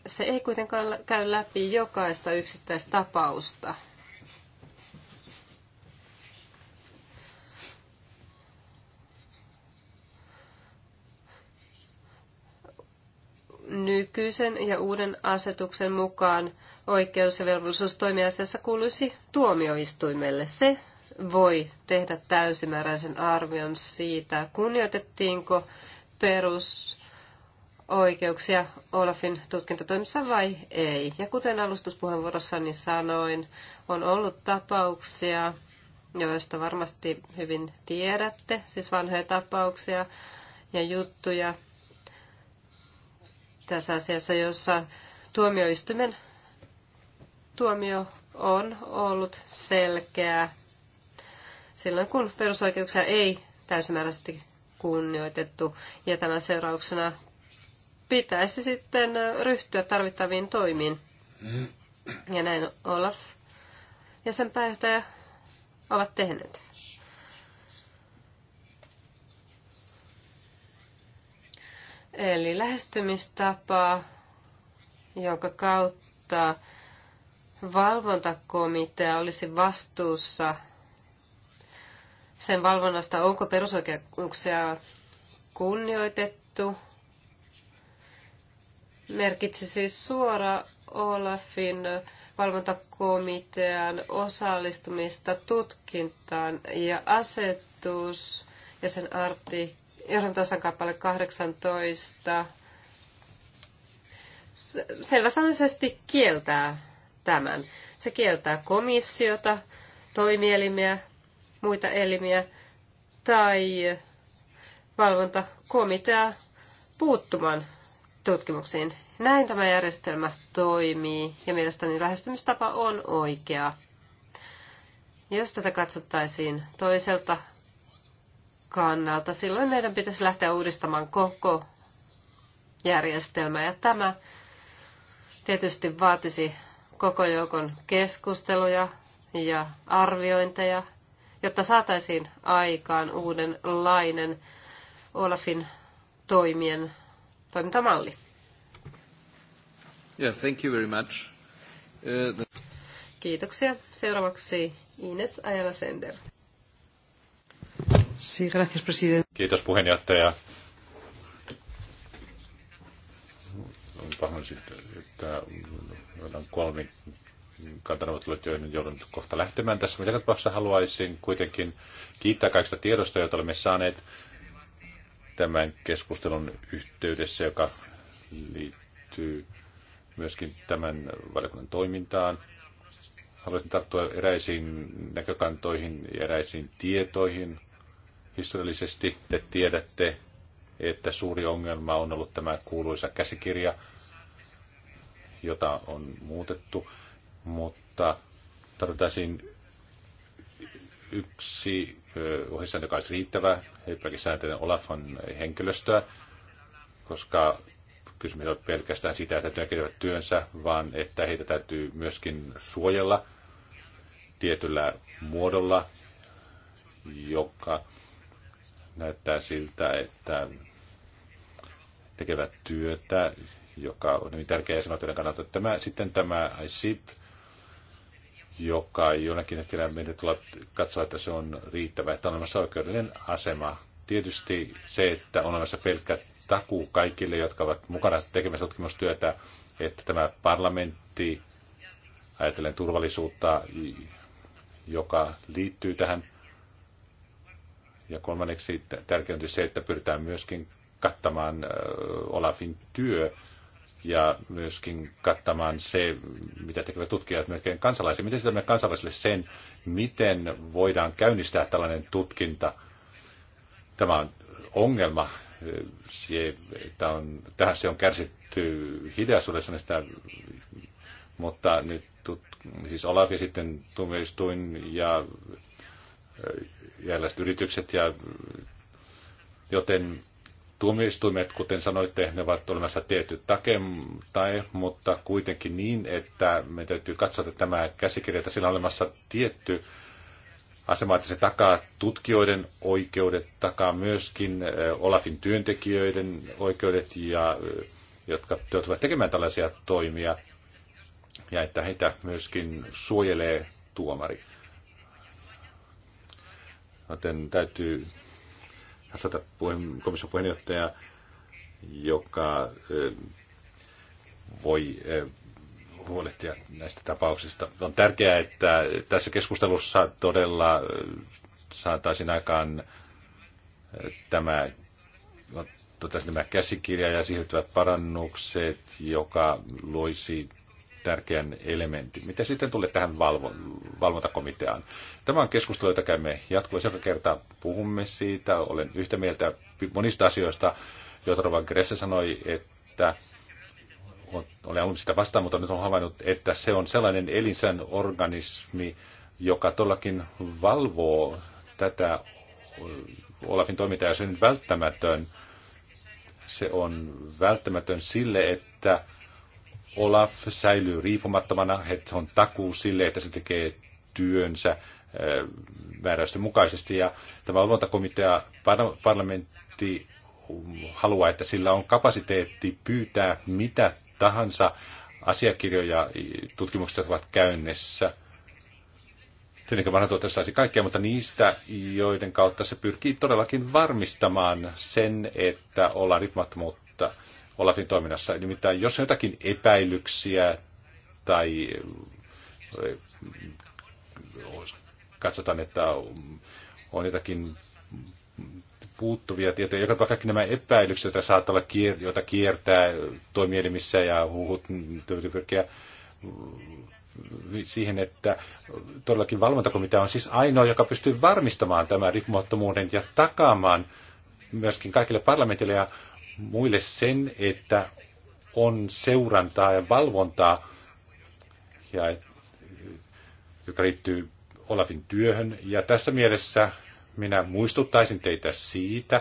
Speaker 2: se ei kuitenkaan käy läpi jokaista yksittäistä tapausta. Nykyisen ja uuden asetuksen mukaan oikeus ja velvollisuus toimiasiassa kuuluisi tuomioistuimelle. Se voi tehdä täysimääräisen arvion siitä, kunnioitettiinko perus oikeuksia Olafin tutkintatoimissa vai ei. Ja kuten alustuspuheenvuorossani sanoin, on ollut tapauksia, joista varmasti hyvin tiedätte, siis vanhoja tapauksia ja juttuja tässä asiassa, jossa tuomioistuimen tuomio on ollut selkeä silloin, kun perusoikeuksia ei täysimääräisesti kunnioitettu. Ja tämän seurauksena pitäisi sitten ryhtyä tarvittaviin toimiin. Ja näin Olaf ja sen pääjohtaja ovat tehneet. Eli lähestymistapa, jonka kautta valvontakomitea olisi vastuussa sen valvonnasta, onko perusoikeuksia kunnioitettu siis suora Olafin valvontakomitean osallistumista tutkintaan ja asetus ja sen arti, tasan kappale 18 selväsanaisesti kieltää tämän. Se kieltää komissiota, toimielimiä, muita elimiä tai valvontakomitea puuttumaan tutkimuksiin. Näin tämä järjestelmä toimii ja mielestäni lähestymistapa on oikea. Jos tätä katsottaisiin toiselta kannalta, silloin meidän pitäisi lähteä uudistamaan koko järjestelmää ja tämä tietysti vaatisi koko joukon keskusteluja ja arviointeja, jotta saataisiin aikaan uudenlainen Olafin toimien toimintamalli.
Speaker 1: Yeah, thank you
Speaker 4: very much. Uh, the...
Speaker 2: Kiitoksia. Seuraavaksi Ines Ajala-Sender. Sí, gracias,
Speaker 4: presidente. Kiitos puheenjohtaja. Pahoin sitten, että meillä on kolmi kantaneuvottelut, joihin joudun kohta lähtemään tässä. Mitä tapauksessa haluaisin kuitenkin kiittää kaikista tiedosta, joita olemme saaneet tämän keskustelun yhteydessä, joka liittyy myöskin tämän valiokunnan toimintaan. Haluaisin tarttua eräisiin näkökantoihin ja eräisiin tietoihin. Historiallisesti te tiedätte, että suuri ongelma on ollut tämä kuuluisa käsikirja, jota on muutettu, mutta tarvitaan yksi ohjeisääntö, joka olisi riittävä ei pelkästään Olafan henkilöstöä, koska kysymys on pelkästään sitä, että he tekevät työnsä, vaan että heitä täytyy myöskin suojella tietyllä muodolla, joka näyttää siltä, että tekevät työtä, joka on hyvin tärkeä jäsenvaltioiden kannalta. Tämä, sitten tämä ISIP, joka jonakin hetkellä meidän tulee katsoa, että se on riittävä, että on olemassa oikeudellinen asema. Tietysti se, että on olemassa pelkkä takuu kaikille, jotka ovat mukana tekemässä tutkimustyötä, että tämä parlamentti, ajatellen turvallisuutta, joka liittyy tähän. Ja kolmanneksi tärkeintä on se, että pyritään myöskin kattamaan äh, Olafin työ ja myöskin kattamaan se, mitä tekevät tutkijat melkein kansalaisia. Miten sitä kansalaisille sen, miten voidaan käynnistää tällainen tutkinta? Tämä on ongelma. Se, että on, tähän se on kärsitty hiljaisuudessa, mutta nyt tut, siis Olaf ja sitten tuomioistuin ja äh, järjestyritykset ja, joten Tuomioistuimet, kuten sanoitte, ne ovat olemassa tietty take, tai, mutta kuitenkin niin, että me täytyy katsoa, että tämä käsikirja, että sillä on olemassa tietty asema, että se takaa tutkijoiden oikeudet, takaa myöskin Olafin työntekijöiden oikeudet, ja, jotka joutuvat tekemään tällaisia toimia, ja että heitä myöskin suojelee tuomari. Joten täytyy Hassata puheen, komission puheenjohtaja, joka voi huolehtia näistä tapauksista. On tärkeää, että tässä keskustelussa todella saataisiin aikaan tämä, tämä käsikirja ja siirtyvät parannukset, joka loisi tärkeän elementin. Mitä sitten tulee tähän valvo- valvontakomiteaan? Tämä on keskustelu, jota käymme jatkuvasti joka kerta. Puhumme siitä, olen yhtä mieltä monista asioista, joita Rovan Gresse sanoi, että olen ollut sitä vastaan, mutta nyt on havainnut, että se on sellainen elinsän organismi, joka todellakin valvoo tätä Olafin toimintaa, ja se on välttämätön. Se on välttämätön sille, että Olaf säilyy riippumattomana, että on takuu sille, että se tekee työnsä äh, määräysten mukaisesti. Ja tämä valvontakomitea parlamentti haluaa, että sillä on kapasiteetti pyytää mitä tahansa asiakirjoja tutkimukset ovat käynnissä. Tietenkin vanha tuote saisi kaikkea, mutta niistä, joiden kautta se pyrkii todellakin varmistamaan sen, että ollaan riippumattomuutta Olafin toiminnassa. Nimittäin jos on jotakin epäilyksiä tai eh, katsotaan, että on jotakin puuttuvia tietoja, joka kaikki nämä epäilykset, joita saattaa olla, joita kiertää toimielimissä ja huhut pyrkiä siihen, että todellakin valvontakomitea on siis ainoa, joka pystyy varmistamaan tämän rikmoittomuuden ja takaamaan myöskin kaikille parlamentille ja muille sen, että on seurantaa ja valvontaa, ja, joka liittyy Olafin työhön. Ja tässä mielessä minä muistuttaisin teitä siitä,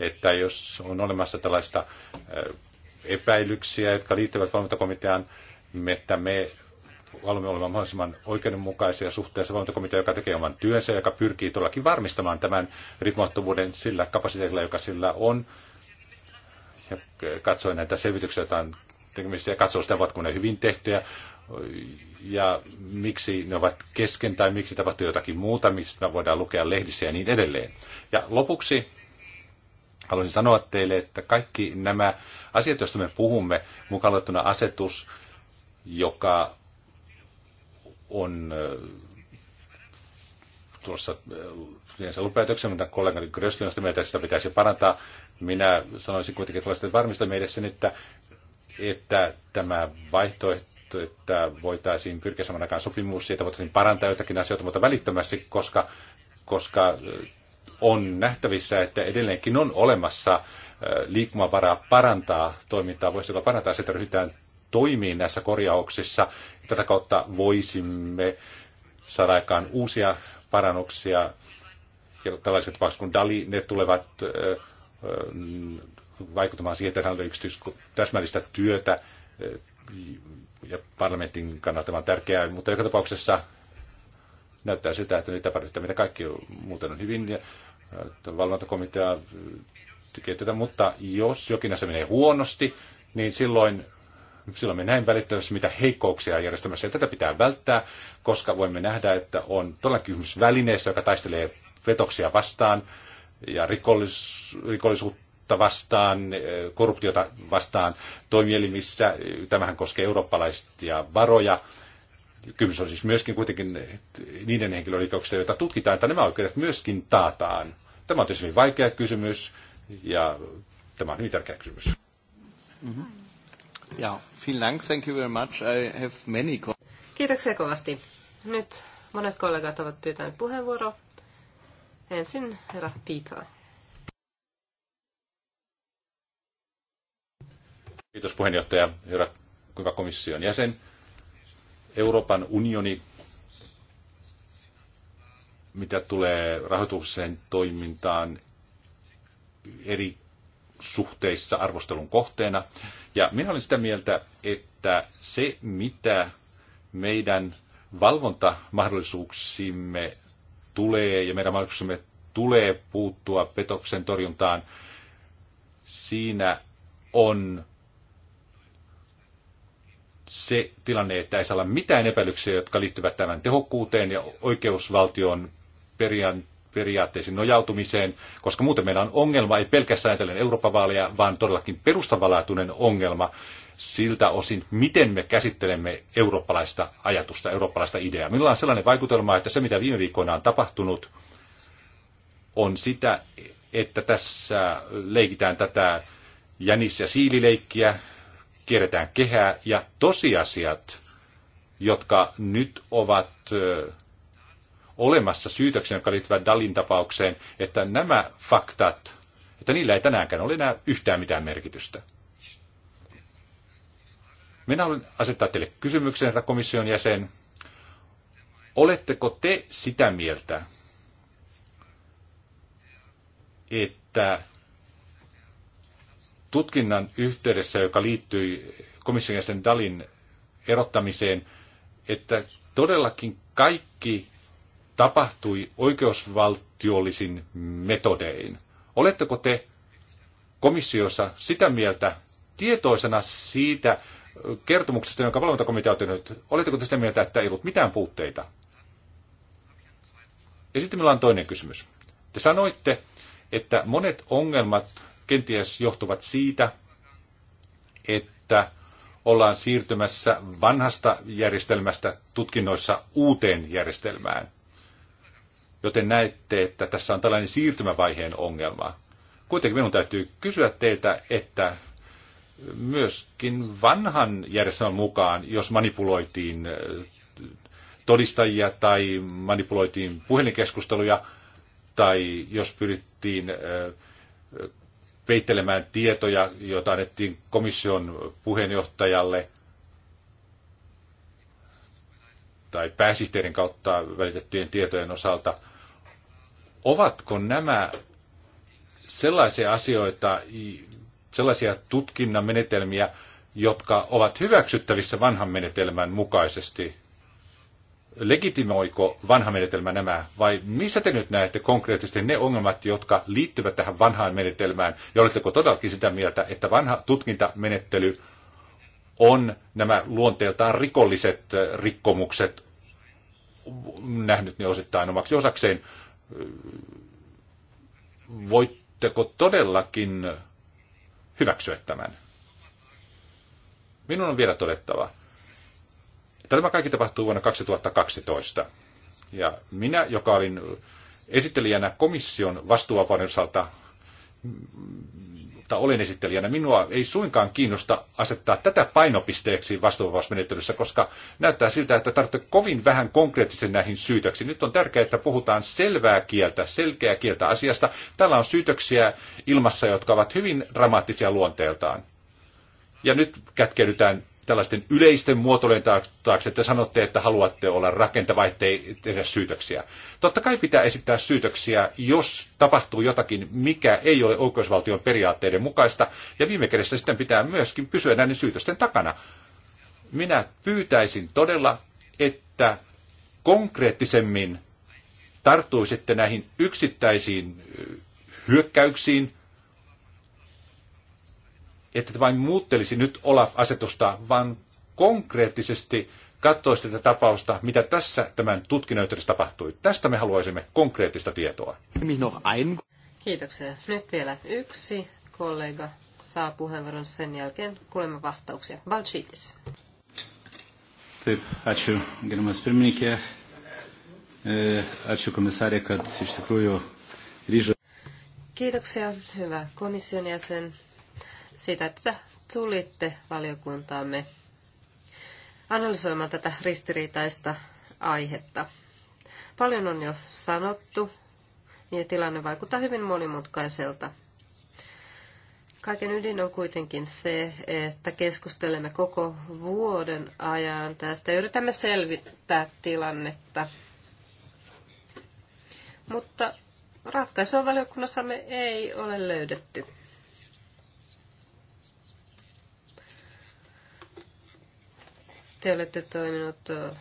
Speaker 4: että jos on olemassa tällaista epäilyksiä, jotka liittyvät valvontakomiteaan, että me haluamme olemaan mahdollisimman oikeudenmukaisia suhteessa valvontakomitea, joka tekee oman työnsä, joka pyrkii todellakin varmistamaan tämän rikmoittuvuuden sillä kapasiteetilla, joka sillä on, ja katsoin näitä selvityksiä, joita on tekemistä ja katsoin sitä, ovatko ne hyvin tehtyjä ja miksi ne ovat kesken tai miksi tapahtuu jotakin muuta, mistä voidaan lukea lehdissä ja niin edelleen. Ja lopuksi haluaisin sanoa teille, että kaikki nämä asiat, joista me puhumme, mukaan asetus, joka on tuossa yleensä lupäätöksen, mutta kollegani Gröslin on sitä mieltä, että sitä pitäisi parantaa. Minä sanoisin kuitenkin, että tällaisten varmista meille sen, että, että tämä vaihtoehto, että voitaisiin pyrkiä saman aikaan sopimus, että voitaisiin parantaa jotakin asioita, mutta välittömästi, koska, koska on nähtävissä, että edelleenkin on olemassa liikkumavaraa parantaa toimintaa, voisi olla parantaa, että ryhdytään toimiin näissä korjauksissa. Tätä kautta voisimme saada aikaan uusia parannuksia. Ja tällaiset tapauksessa, kun DALI, ne tulevat vaikuttamaan siihen, että hän oli täsmällistä työtä ja parlamentin kannalta tämä on tärkeää, mutta joka tapauksessa näyttää siltä, että nyt tapahtuu mitä kaikki muuten on hyvin ja valvontakomitea tekee tätä, mutta jos jokin asia menee huonosti, niin silloin silloin me näin välittävästi, mitä heikkouksia on järjestelmässä. Ja tätä pitää välttää, koska voimme nähdä, että on todella kysymys välineestä, joka taistelee vetoksia vastaan ja rikollis, rikollisuutta vastaan, eh, korruptiota vastaan toimielimissä. Tämähän koskee eurooppalaisia varoja. Kysymys on siis myöskin kuitenkin niiden henkilörikoksista, joita tutkitaan, että nämä oikeudet myöskin taataan. Tämä on tietysti vaikea kysymys ja tämä on hyvin tärkeä kysymys.
Speaker 1: Mm-hmm. vielen Dank, thank you very much. I have many...
Speaker 2: Kiitoksia kovasti. Nyt monet kollegat ovat pyytäneet puheenvuoroa. Ensin herra Piipää.
Speaker 4: Kiitos puheenjohtaja, herra hyvä komission jäsen. Euroopan unioni, mitä tulee rahoitukseen toimintaan eri suhteissa arvostelun kohteena. Ja minä olen sitä mieltä, että se mitä meidän valvontamahdollisuuksimme tulee ja meidän mahdollisuuksemme tulee puuttua petoksen torjuntaan, siinä on se tilanne, että ei saa olla mitään epäilyksiä, jotka liittyvät tämän tehokkuuteen ja oikeusvaltion perian, periaatteisiin nojautumiseen, koska muuten meillä on ongelma, ei pelkästään ajatellen Euroopan vaaleja, vaan todellakin perustavanlaatuinen ongelma siltä osin, miten me käsittelemme eurooppalaista ajatusta, eurooppalaista ideaa. Minulla on sellainen vaikutelma, että se mitä viime viikkoina on tapahtunut, on sitä, että tässä leikitään tätä jänis- ja siilileikkiä, kierretään kehää ja tosiasiat, jotka nyt ovat olemassa syytöksiä, jotka liittyvät Dalin tapaukseen, että nämä faktat, että niillä ei tänäänkään ole enää yhtään mitään merkitystä. Minä haluan asettaa teille kysymyksen, herra komission jäsen. Oletteko te sitä mieltä, että tutkinnan yhteydessä, joka liittyi komission jäsen Dalin erottamiseen, että todellakin kaikki tapahtui oikeusvaltiollisin metodein. Oletteko te komissiossa sitä mieltä tietoisena siitä kertomuksesta, jonka valvontakomitea on tehnyt, oletteko te sitä mieltä, että ei ollut mitään puutteita? Ja sitten meillä on toinen kysymys. Te sanoitte, että monet ongelmat kenties johtuvat siitä, että ollaan siirtymässä vanhasta järjestelmästä tutkinnoissa uuteen järjestelmään. Joten näette, että tässä on tällainen siirtymävaiheen ongelma. Kuitenkin minun täytyy kysyä teiltä, että myöskin vanhan järjestelmän mukaan, jos manipuloitiin todistajia tai manipuloitiin puhelinkeskusteluja, tai jos pyrittiin peittelemään tietoja, joita annettiin komission puheenjohtajalle tai pääsihteerin kautta välitettyjen tietojen osalta – Ovatko nämä sellaisia asioita, sellaisia tutkinnan menetelmiä, jotka ovat hyväksyttävissä vanhan menetelmän mukaisesti? Legitimoiko vanha menetelmä nämä vai missä te nyt näette konkreettisesti ne ongelmat, jotka liittyvät tähän vanhaan menetelmään? Ja oletteko todellakin sitä mieltä, että vanha tutkintamenettely on nämä luonteeltaan rikolliset äh, rikkomukset nähnyt ne osittain omaksi osakseen Voitteko todellakin hyväksyä tämän? Minun on vielä todettava. Tämä kaikki tapahtuu vuonna 2012. Ja minä, joka olin esittelijänä komission vastuuvapauden osalta, josta olen esittelijänä, minua ei suinkaan kiinnosta asettaa tätä painopisteeksi vastuuvapausmenettelyssä, koska näyttää siltä, että tarvitsee kovin vähän konkreettisen näihin syytöksiin. Nyt on tärkeää, että puhutaan selvää kieltä, selkeää kieltä asiasta. Täällä on syytöksiä ilmassa, jotka ovat hyvin dramaattisia luonteeltaan. Ja nyt kätkeydytään tällaisten yleisten muotoilujen taakse, että sanotte, että haluatte olla rakentava, ettei tehdä syytöksiä. Totta kai pitää esittää syytöksiä, jos tapahtuu jotakin, mikä ei ole oikeusvaltion periaatteiden mukaista, ja viime kädessä sitten pitää myöskin pysyä näiden syytösten takana. Minä pyytäisin todella, että konkreettisemmin tarttuisitte näihin yksittäisiin hyökkäyksiin, että vain muuttelisi nyt Olaf-asetusta, vaan konkreettisesti katsoisi tätä tapausta, mitä tässä tämän tutkinnon yhteydessä tapahtui. Tästä me haluaisimme konkreettista tietoa. No
Speaker 2: Kiitoksia. Nyt vielä yksi kollega saa puheenvuoron sen jälkeen. Kuulemme vastauksia. Balchitis.
Speaker 4: Taip, ačiū, gerimas pirmininkė. E, ačiū komisarė, kad iš tikrųjų ryžo.
Speaker 2: Kiitoksia, hyvä komission jäsen siitä, että tulitte valiokuntaamme analysoimaan tätä ristiriitaista aihetta. Paljon on jo sanottu ja tilanne vaikuttaa hyvin monimutkaiselta. Kaiken ydin on kuitenkin se, että keskustelemme koko vuoden ajan tästä ja yritämme selvittää tilannetta. Mutta ratkaisua valiokunnassamme ei ole löydetty. Te olette toiminut äh,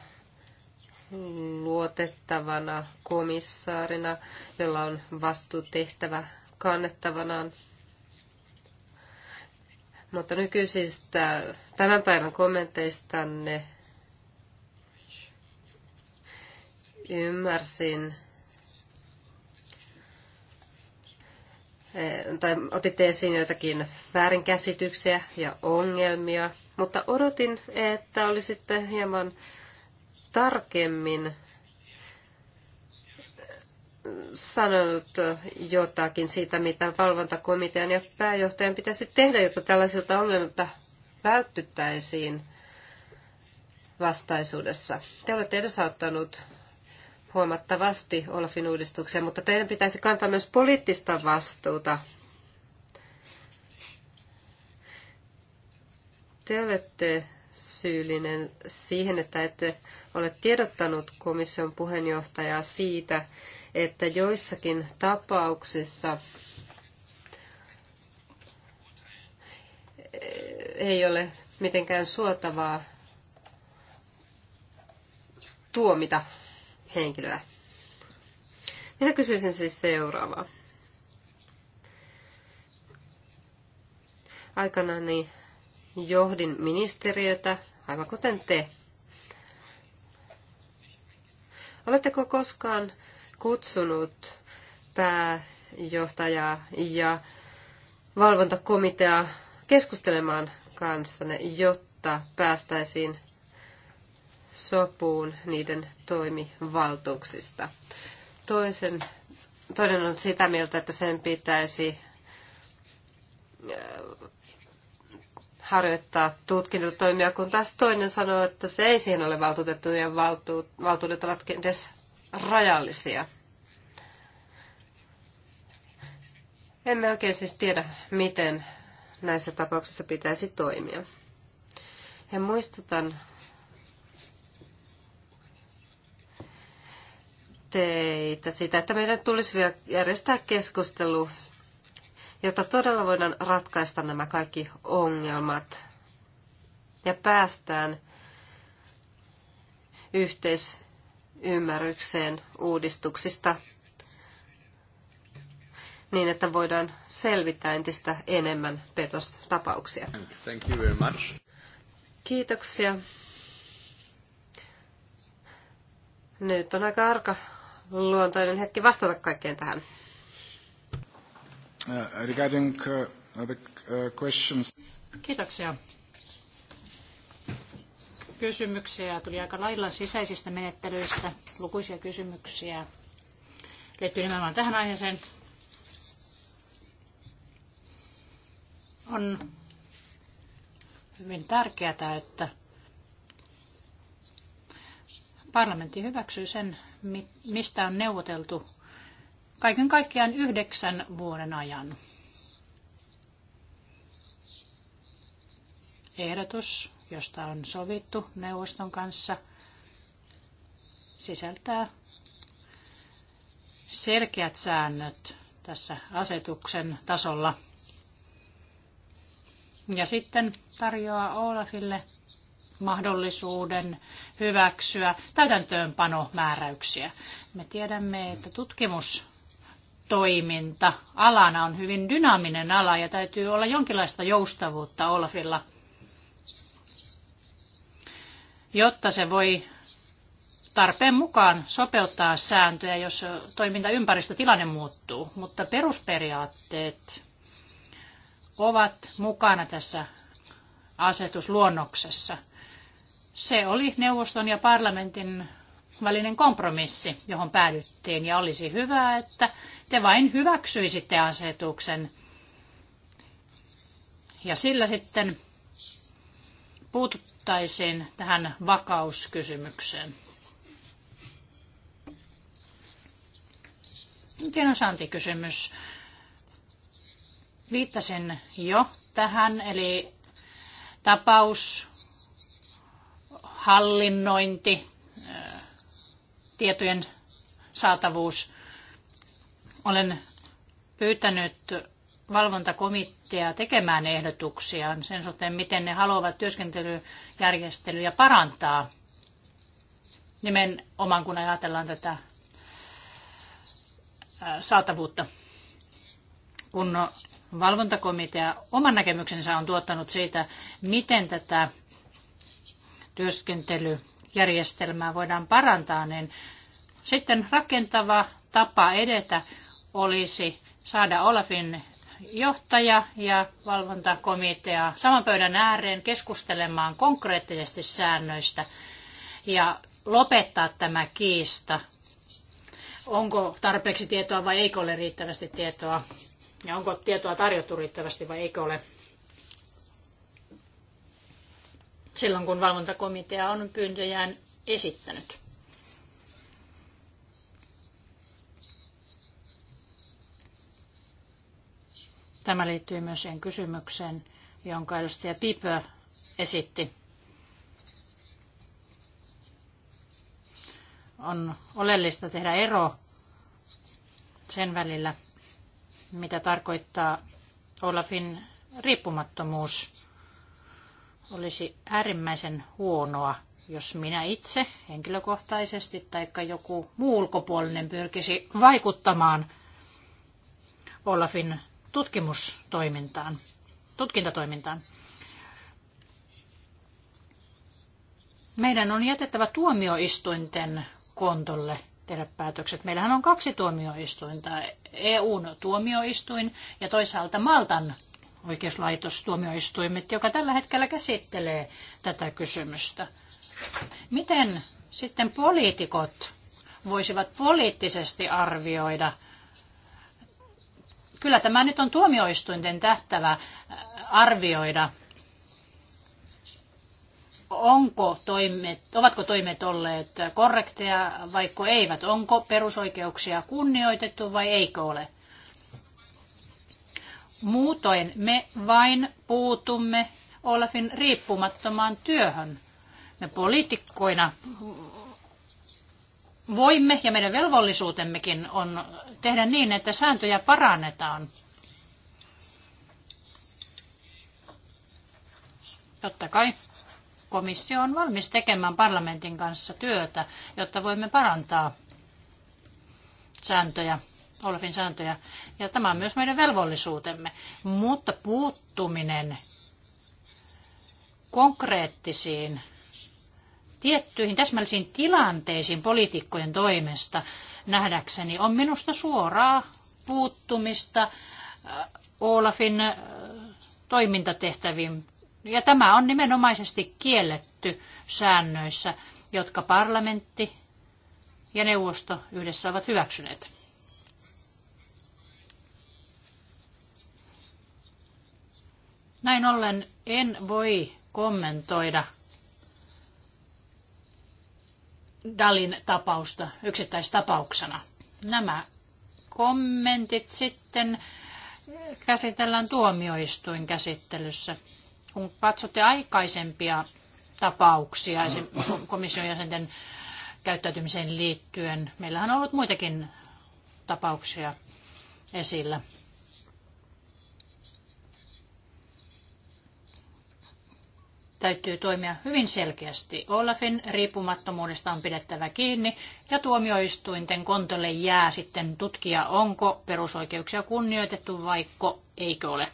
Speaker 2: luotettavana komissaarina, jolla on vastuutehtävä kannettavanaan. Mutta nykyisistä tämän päivän kommenteistanne ymmärsin, eh, tai otitte esiin joitakin väärinkäsityksiä ja ongelmia – mutta odotin, että olisitte hieman tarkemmin sanonut jotakin siitä, mitä valvontakomitean ja pääjohtajan pitäisi tehdä, jotta tällaisilta ongelmilta välttyttäisiin vastaisuudessa. Te olette edesauttanut huomattavasti Olafin uudistuksia, mutta teidän pitäisi kantaa myös poliittista vastuuta te olette syyllinen siihen, että ette ole tiedottanut komission puheenjohtajaa siitä, että joissakin tapauksissa ei ole mitenkään suotavaa tuomita henkilöä. Minä kysyisin siis seuraavaa. niin johdin ministeriötä, aivan kuten te. Oletteko koskaan kutsunut pääjohtajaa ja valvontakomitea keskustelemaan kanssanne, jotta päästäisiin sopuun niiden toimivaltuuksista. Toisen, toinen on sitä mieltä, että sen pitäisi harjoittaa tutkintatoimia, kun taas toinen sanoo, että se ei siihen ole valtuutettu ja valtuudet ovat kenties rajallisia. Emme oikein siis tiedä, miten näissä tapauksissa pitäisi toimia. Ja muistutan teitä siitä, että meidän tulisi vielä järjestää keskustelu jotta todella voidaan ratkaista nämä kaikki ongelmat ja päästään yhteisymmärrykseen uudistuksista niin, että voidaan selvittää entistä enemmän petostapauksia.
Speaker 1: Thank you very much.
Speaker 2: Kiitoksia. Nyt on aika arka luontoinen hetki vastata kaikkeen tähän.
Speaker 5: Uh, regarding uh, the uh, questions.
Speaker 3: Kiitoksia. Kysymyksiä tuli aika lailla sisäisistä menettelyistä, lukuisia kysymyksiä liittyy nimenomaan tähän aiheeseen. On hyvin tärkeää, että parlamentti hyväksyy sen, mistä on neuvoteltu kaiken kaikkiaan yhdeksän vuoden ajan. Ehdotus, josta on sovittu neuvoston kanssa, sisältää selkeät säännöt tässä asetuksen tasolla. Ja sitten tarjoaa Olafille mahdollisuuden hyväksyä täytäntöönpanomääräyksiä. Me tiedämme, että tutkimus toiminta alana on hyvin dynaaminen ala ja täytyy olla jonkinlaista joustavuutta Olafilla, jotta se voi tarpeen mukaan sopeuttaa sääntöjä, jos toimintaympäristö tilanne muuttuu. Mutta perusperiaatteet ovat mukana tässä asetusluonnoksessa. Se oli neuvoston ja parlamentin välinen kompromissi, johon päädyttiin. Ja olisi hyvä, että te vain hyväksyisitte asetuksen. Ja sillä sitten puututtaisiin tähän vakauskysymykseen. Tiedonsaantikysymys. Viittasin jo tähän, eli tapaus, hallinnointi, tietojen saatavuus. Olen pyytänyt valvontakomitea tekemään ehdotuksia sen suhteen, miten ne haluavat työskentelyjärjestelyjä parantaa. Nimenomaan kun ajatellaan tätä saatavuutta. Kun valvontakomitea oman näkemyksensä on tuottanut siitä, miten tätä työskentely järjestelmää voidaan parantaa, niin sitten rakentava tapa edetä olisi saada Olafin johtaja ja valvontakomitea saman pöydän ääreen keskustelemaan konkreettisesti säännöistä ja lopettaa tämä kiista. Onko tarpeeksi tietoa vai eikö ole riittävästi tietoa? Ja onko tietoa tarjottu riittävästi vai eikö ole? silloin, kun valvontakomitea on pyyntöjään esittänyt. Tämä liittyy myös sen kysymykseen, jonka edustaja Pipö esitti. On oleellista tehdä ero sen välillä, mitä tarkoittaa Olafin riippumattomuus olisi äärimmäisen huonoa, jos minä itse henkilökohtaisesti tai joku muu ulkopuolinen pyrkisi vaikuttamaan Olafin tutkimustoimintaan, tutkintatoimintaan. Meidän on jätettävä tuomioistuinten kontolle tehdä päätökset. Meillähän on kaksi tuomioistuinta, EUn e tuomioistuin ja toisaalta Maltan oikeuslaitos, tuomioistuimet, joka tällä hetkellä käsittelee tätä kysymystä. Miten sitten poliitikot voisivat poliittisesti arvioida? Kyllä tämä nyt on tuomioistuinten tähtävä äh, arvioida, onko toimet, ovatko toimet olleet korrekteja vai eivät, onko perusoikeuksia kunnioitettu vai eikö ole. Muutoin me vain puutumme Olafin riippumattomaan työhön. Me poliitikkoina voimme ja meidän velvollisuutemmekin on tehdä niin, että sääntöjä parannetaan. Totta kai komissio on valmis tekemään parlamentin kanssa työtä, jotta voimme parantaa sääntöjä Olafin sääntöjä. Ja tämä on myös meidän velvollisuutemme. Mutta puuttuminen konkreettisiin, tiettyihin täsmällisiin tilanteisiin poliitikkojen toimesta nähdäkseni on minusta suoraa puuttumista äh, Olafin äh, toimintatehtäviin. Ja tämä on nimenomaisesti kielletty säännöissä, jotka parlamentti ja neuvosto yhdessä ovat hyväksyneet. Näin ollen en voi kommentoida Dalin tapausta yksittäistapauksena. Nämä kommentit sitten käsitellään tuomioistuin käsittelyssä. Kun katsotte aikaisempia tapauksia komission jäsenten käyttäytymiseen liittyen, meillähän on ollut muitakin tapauksia esillä. täytyy toimia hyvin selkeästi. Olafin riippumattomuudesta on pidettävä kiinni ja tuomioistuinten kontolle jää sitten tutkia, onko perusoikeuksia kunnioitettu vaikka eikö ole.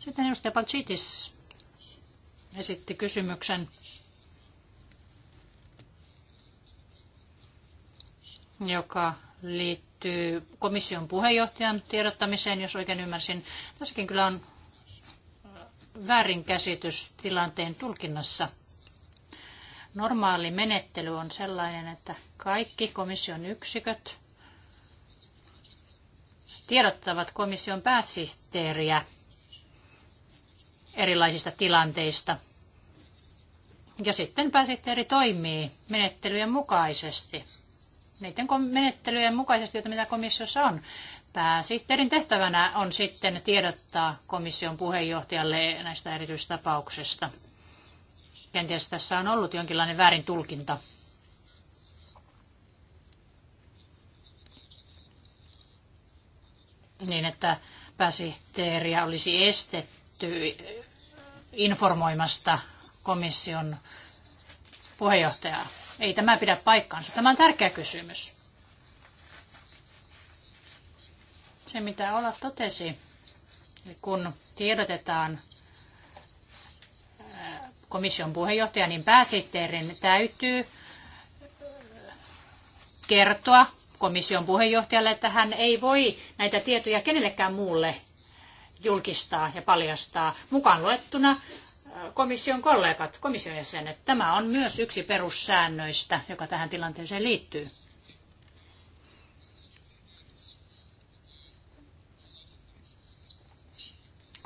Speaker 3: Sitten edustaja Palcitis esitti kysymyksen, joka liittyy komission puheenjohtajan tiedottamiseen, jos oikein ymmärsin. Tässäkin kyllä on väärinkäsitys tilanteen tulkinnassa. Normaali menettely on sellainen, että kaikki komission yksiköt tiedottavat komission pääsihteeriä erilaisista tilanteista. Ja sitten pääsihteeri toimii menettelyjen mukaisesti niiden menettelyjen mukaisesti, joita mitä komissiossa on. Pääsihteerin tehtävänä on sitten tiedottaa komission puheenjohtajalle näistä erityistapauksista. Kenties tässä on ollut jonkinlainen väärin tulkinta. Niin, että pääsihteeriä olisi estetty informoimasta komission puheenjohtajaa. Ei tämä pidä paikkaansa. Tämä on tärkeä kysymys. Se, mitä Ola totesi, kun tiedotetaan äh, komission puheenjohtaja, niin pääsihteerin täytyy äh, kertoa komission puheenjohtajalle, että hän ei voi näitä tietoja kenellekään muulle julkistaa ja paljastaa, mukaan luettuna äh, komission kollegat, komission jäsenet. Tämä on myös yksi perussäännöistä, joka tähän tilanteeseen liittyy.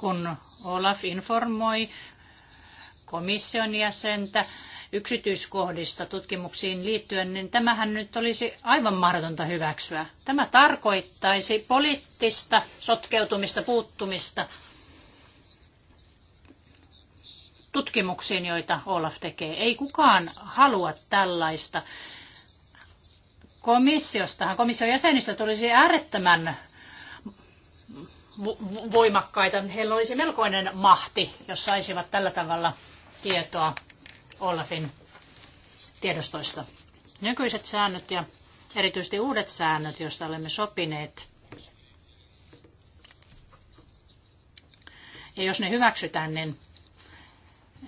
Speaker 3: kun Olaf informoi komission jäsentä yksityiskohdista tutkimuksiin liittyen, niin tämähän nyt olisi aivan mahdotonta hyväksyä. Tämä tarkoittaisi poliittista sotkeutumista, puuttumista tutkimuksiin, joita Olaf tekee. Ei kukaan halua tällaista. Komissiostahan, komission jäsenistä tulisi äärettömän voimakkaita. Heillä olisi melkoinen mahti, jos saisivat tällä tavalla tietoa Olafin tiedostoista. Nykyiset säännöt ja erityisesti uudet säännöt, joista olemme sopineet, ja jos ne hyväksytään, niin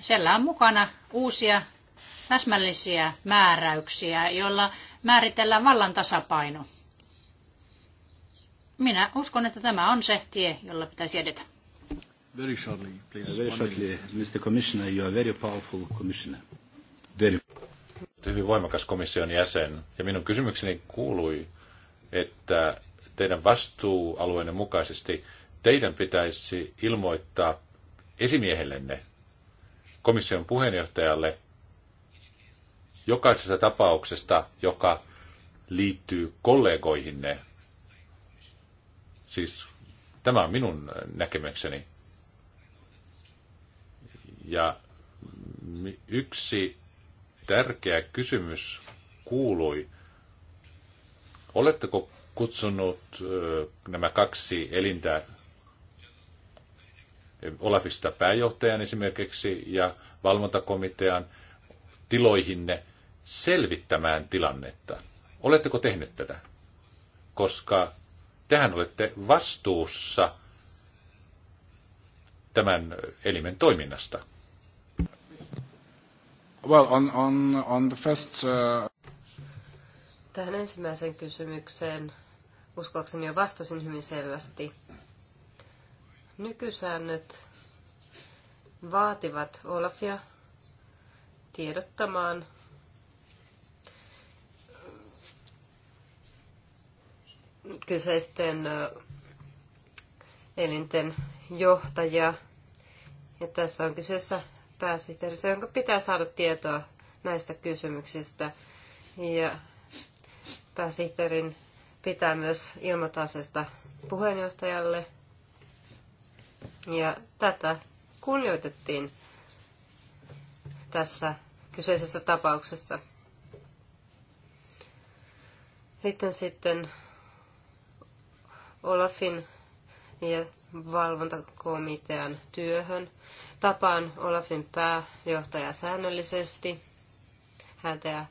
Speaker 3: siellä on mukana uusia täsmällisiä määräyksiä, joilla määritellään vallan tasapaino minä uskon, että tämä on se tie, jolla pitäisi edetä.
Speaker 5: Very shortly, please. Very shortly, Mr. Commissioner, you are very powerful commissioner.
Speaker 4: Very. Hyvin voimakas komission jäsen. Ja minun kysymykseni kuului, että teidän vastuualueenne mukaisesti teidän pitäisi ilmoittaa esimiehellenne, komission puheenjohtajalle, jokaisesta tapauksesta, joka liittyy kollegoihinne, Siis tämä on minun näkemykseni. Ja yksi tärkeä kysymys kuului, oletteko kutsunut nämä kaksi elintä Olafista pääjohtajan esimerkiksi ja valvontakomitean tiloihinne selvittämään tilannetta? Oletteko tehnyt tätä? Koska Tehän olette vastuussa tämän elimen toiminnasta.
Speaker 5: Well, on, on, on the first, uh...
Speaker 2: Tähän ensimmäiseen kysymykseen uskoakseni jo vastasin hyvin selvästi. Nykysäännöt vaativat Olafia tiedottamaan kyseisten elinten johtajia. Ja tässä on kyseessä pääsihteeristö, jonka pitää saada tietoa näistä kysymyksistä. Ja pääsihteerin pitää myös ilmoittaa asiasta puheenjohtajalle. Ja tätä kunnioitettiin tässä kyseisessä tapauksessa. Sitten sitten Olafin ja valvontakomitean työhön. Tapaan Olafin pääjohtaja säännöllisesti. Häntä ja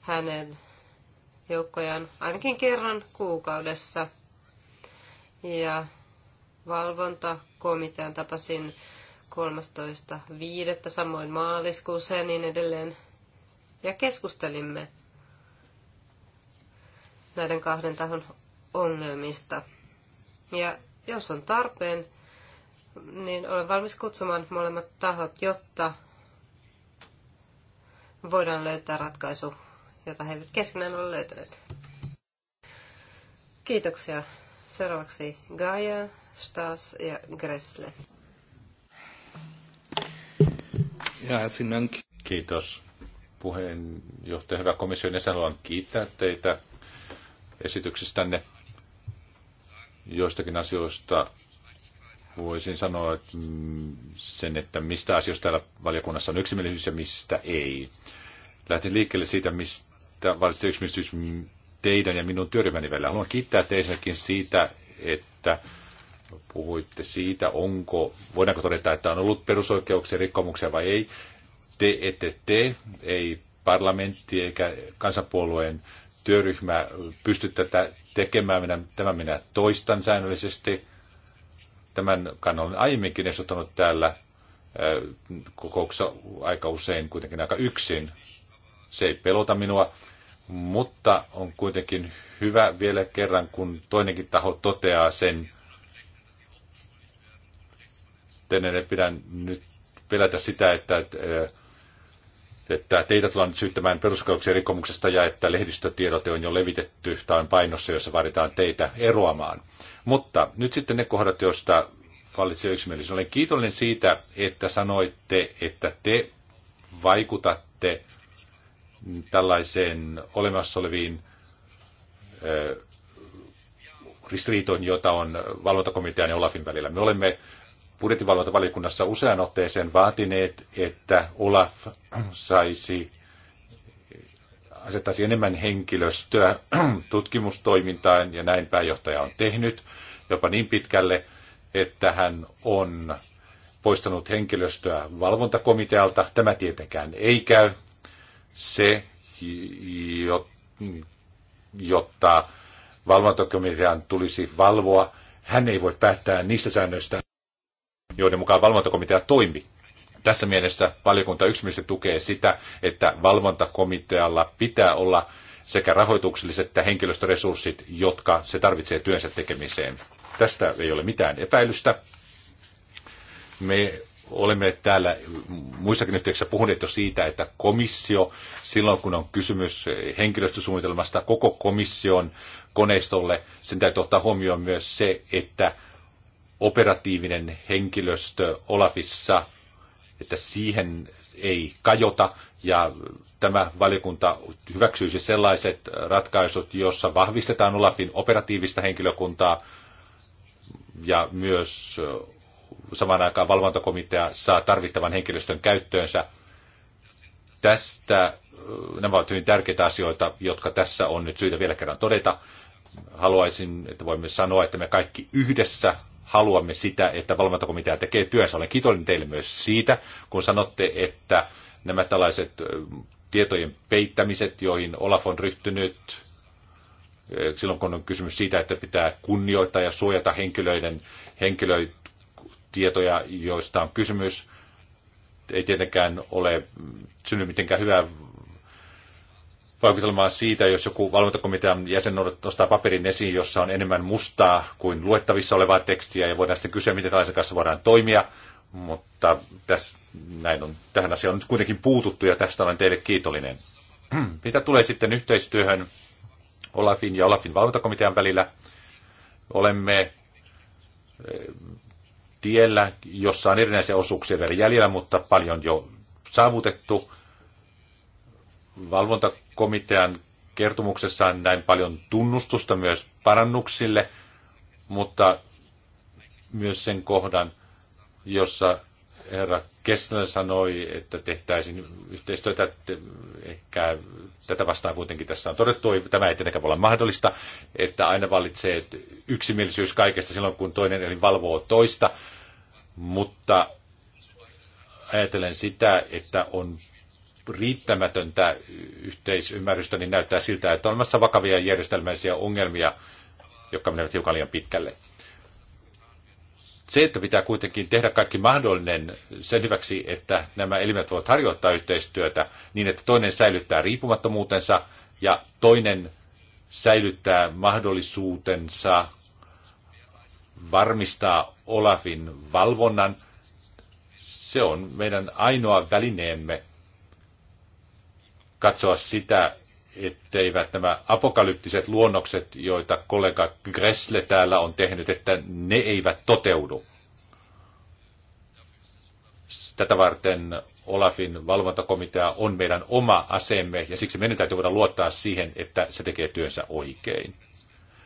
Speaker 2: hänen joukkojaan ainakin kerran kuukaudessa. Ja valvontakomitean tapasin 13.5. samoin maaliskuussa ja niin edelleen. Ja keskustelimme näiden kahden tahon ongelmista. Ja jos on tarpeen, niin olen valmis kutsumaan molemmat tahot, jotta voidaan löytää ratkaisu, jota he eivät keskenään ole löytäneet. Kiitoksia. Seuraavaksi Gaia, Stas ja Gressle.
Speaker 4: Ja herzlichen Kiitos puheenjohtaja, hyvä komission jäsen, haluan kiittää teitä esityksistänne joistakin asioista voisin sanoa että sen, että mistä asioista täällä valiokunnassa on yksimielisyys ja mistä ei. Lähtisin liikkeelle siitä, mistä valitsee yksimielisyys teidän ja minun työryhmäni välillä. Haluan kiittää teistäkin siitä, että puhuitte siitä, onko, voidaanko todeta, että on ollut perusoikeuksien rikkomuksia vai ei. Te ette te, ei parlamentti eikä kansanpuolueen työryhmä pysty tätä tekemään. Minä, tämän minä toistan säännöllisesti. Tämän kannan olen aiemminkin esittänyt täällä kokouksessa aika usein kuitenkin aika yksin. Se ei pelota minua, mutta on kuitenkin hyvä vielä kerran, kun toinenkin taho toteaa sen. tänne pidän nyt pelätä sitä, että että teitä tullaan nyt syyttämään perusoikeuksien rikkomuksesta ja että lehdistötiedote on jo levitetty tai on painossa, jossa vaaditaan teitä eroamaan. Mutta nyt sitten ne kohdat, joista vallitsee yksimielisyys. Olen kiitollinen siitä, että sanoitte, että te vaikutatte tällaiseen olemassa oleviin ristiriitoihin, jota on valvontakomitean ja Olafin välillä. Me olemme budjettivalvontavaliokunnassa usean otteeseen vaatineet, että Olaf saisi asettaisi enemmän henkilöstöä tutkimustoimintaan, ja näin pääjohtaja on tehnyt jopa niin pitkälle, että hän on poistanut henkilöstöä valvontakomitealta. Tämä tietenkään ei käy. Se, jotta valvontakomitean tulisi valvoa, hän ei voi päättää niistä säännöistä, joiden mukaan valvontakomitea toimi. Tässä mielessä valiokunta yksimielisesti tukee sitä, että valvontakomitealla pitää olla sekä rahoitukselliset että henkilöstöresurssit, jotka se tarvitsee työnsä tekemiseen. Tästä ei ole mitään epäilystä. Me olemme täällä muissakin yhteyksissä puhuneet jo siitä, että komissio, silloin kun on kysymys henkilöstösuunnitelmasta koko komission koneistolle, sen täytyy ottaa huomioon myös se, että operatiivinen henkilöstö Olafissa, että siihen ei kajota ja tämä valiokunta hyväksyisi sellaiset ratkaisut, jossa vahvistetaan Olafin operatiivista henkilökuntaa ja myös samaan aikaan valvontakomitea saa tarvittavan henkilöstön käyttöönsä. Tästä nämä ovat hyvin tärkeitä asioita, jotka tässä on nyt syytä vielä kerran todeta. Haluaisin, että voimme sanoa, että me kaikki yhdessä haluamme sitä, että valvontakomitea tekee työnsä. Olen kiitollinen teille myös siitä, kun sanotte, että nämä tällaiset tietojen peittämiset, joihin Olaf on ryhtynyt, silloin kun on kysymys siitä, että pitää kunnioittaa ja suojata henkilöiden henkilötietoja, joista on kysymys, ei tietenkään ole mm, synny mitenkään hyvää vaikutelmaa siitä, jos joku valvontakomitean jäsen nostaa paperin esiin, jossa on enemmän mustaa kuin luettavissa olevaa tekstiä, ja voidaan sitten kysyä, miten tällaisen kanssa voidaan toimia, mutta tässä, näin on, tähän asiaan on nyt kuitenkin puututtu, ja tästä olen teille kiitollinen. Mitä tulee sitten yhteistyöhön Olafin ja Olafin valvontakomitean välillä, olemme eh, tiellä, jossa on erinäisiä osuuksia vielä jäljellä, mutta paljon jo saavutettu valvontakomitean kertomuksessa on näin paljon tunnustusta myös parannuksille, mutta myös sen kohdan, jossa herra Kessler sanoi, että tehtäisiin yhteistyötä, ehkä tätä vastaan kuitenkin tässä on todettu, tämä ei tietenkään voi olla mahdollista, että aina valitsee yksimielisyys kaikesta silloin, kun toinen eli valvoo toista, mutta ajatellen sitä, että on riittämätöntä yhteisymmärrystä, niin näyttää siltä, että on olemassa vakavia järjestelmällisiä ongelmia, jotka menevät hiukan liian pitkälle. Se, että pitää kuitenkin tehdä kaikki mahdollinen sen hyväksi, että nämä elimet voivat harjoittaa yhteistyötä niin, että toinen säilyttää riippumattomuutensa ja toinen säilyttää mahdollisuutensa varmistaa Olafin valvonnan. Se on meidän ainoa välineemme katsoa sitä, etteivät nämä apokalyptiset luonnokset, joita kollega Gressle täällä on tehnyt, että ne eivät toteudu. Tätä varten Olafin valvontakomitea on meidän oma aseemme ja siksi meidän täytyy voida luottaa siihen, että se tekee työnsä oikein.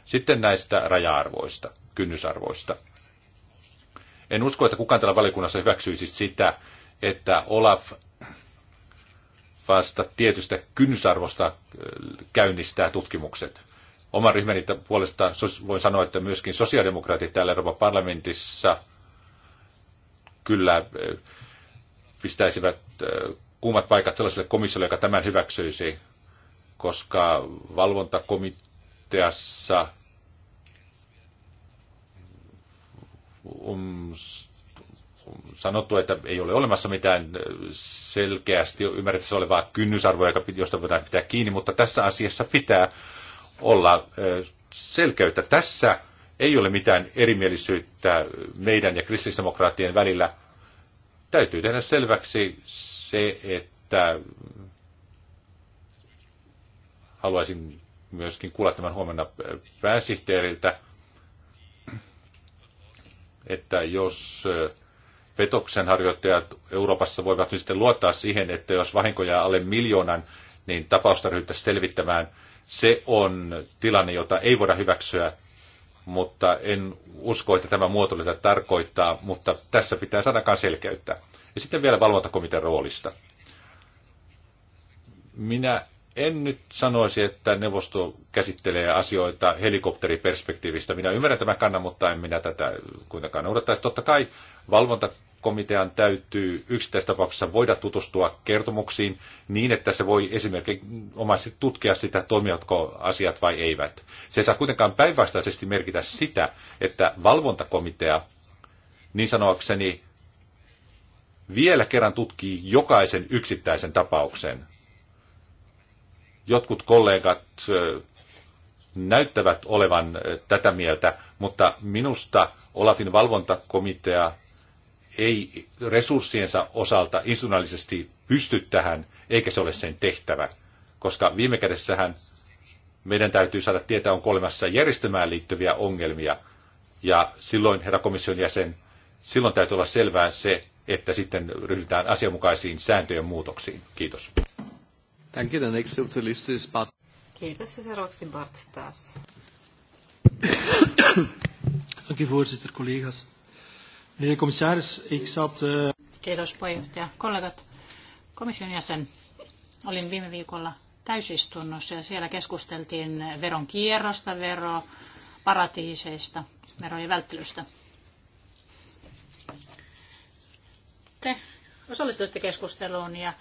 Speaker 4: Sitten näistä raja-arvoista, kynnysarvoista. En usko, että kukaan täällä valiokunnassa hyväksyisi sitä, että Olaf vasta tietystä kynnysarvosta äh, käynnistää tutkimukset. Oman ryhmäni puolesta voin sanoa, että myöskin sosiaalidemokraatit täällä Euroopan parlamentissa kyllä äh, pistäisivät äh, kuumat paikat sellaiselle komissiolle, joka tämän hyväksyisi, koska valvontakomiteassa um, sanottu, että ei ole olemassa mitään äh, selkeästi ymmärrettävissä olevaa kynnysarvoa, josta voidaan pitää kiinni, mutta tässä asiassa pitää olla äh, selkeyttä. Tässä ei ole mitään erimielisyyttä meidän ja kristillisdemokraattien välillä. Täytyy tehdä selväksi se, että haluaisin myöskin kuulla tämän huomenna äh, pääsihteeriltä, että jos petoksen harjoittajat Euroopassa voivat nyt sitten luottaa siihen, että jos vahinkoja alle miljoonan, niin tapausta ryhdyttäisiin selvittämään. Se on tilanne, jota ei voida hyväksyä, mutta en usko, että tämä muotoilu tarkoittaa, mutta tässä pitää sanakaan selkeyttää. Ja sitten vielä valvontakomitean roolista. Minä en nyt sanoisi, että neuvosto käsittelee asioita helikopteriperspektiivistä. Minä ymmärrän tämän kannan, mutta en minä tätä kuitenkaan noudattaisi. Totta kai valvontakomitean täytyy yksittäistapauksessa voida tutustua kertomuksiin niin, että se voi esimerkiksi omaisesti tutkia sitä, toimivatko asiat vai eivät. Se ei saa kuitenkaan päinvastaisesti merkitä sitä, että valvontakomitea, niin sanoakseni, vielä kerran tutkii jokaisen yksittäisen tapauksen Jotkut kollegat näyttävät olevan tätä mieltä, mutta minusta Olafin valvontakomitea ei resurssiensa osalta institutionaalisesti pysty tähän, eikä se ole sen tehtävä. Koska viime kädessähän meidän täytyy saada tietää, on olemassa järjestelmään liittyviä ongelmia. Ja silloin, herra komission jäsen, silloin täytyy olla selvää se, että sitten ryhdytään asianmukaisiin sääntöjen muutoksiin. Kiitos. Thank you. The next of the list is Bart.
Speaker 2: Kiitos ja seuraavaksi Bart Stas.
Speaker 1: Dank u voorzitter, collega's. Meneer de commissaris, ik zat... Uh...
Speaker 3: Kiitos puheenjohtaja. Kollegat, komission jäsen, olin viime viikolla täysistunnossa ja siellä keskusteltiin veron kierrosta, vero paratiiseista, verojen välttelystä. Te osallistuitte keskusteluun ja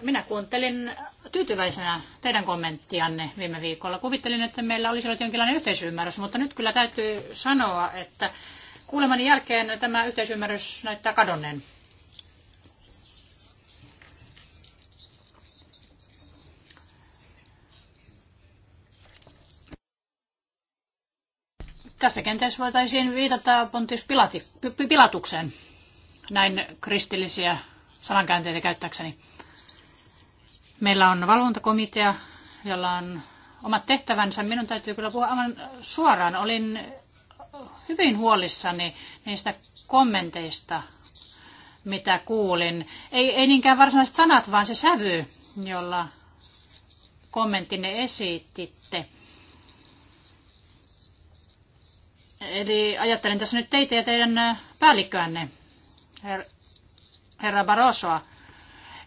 Speaker 3: minä kuuntelin tyytyväisenä teidän kommenttianne viime viikolla. Kuvittelin, että meillä olisi ollut jonkinlainen yhteisymmärrys, mutta nyt kyllä täytyy sanoa, että kuulemani jälkeen tämä yhteisymmärrys näyttää kadonneen. Tässä kenties voitaisiin viitata Pontius Pilatukseen, näin kristillisiä sanankäänteitä käyttäkseni. Meillä on valvontakomitea, jolla on omat tehtävänsä. Minun täytyy kyllä puhua aivan suoraan. Olin hyvin huolissani niistä kommenteista, mitä kuulin. Ei, ei niinkään varsinaiset sanat, vaan se sävy, jolla kommenttinne esititte. Eli ajattelen tässä nyt teitä ja teidän päällikköänne, herra Barrosoa.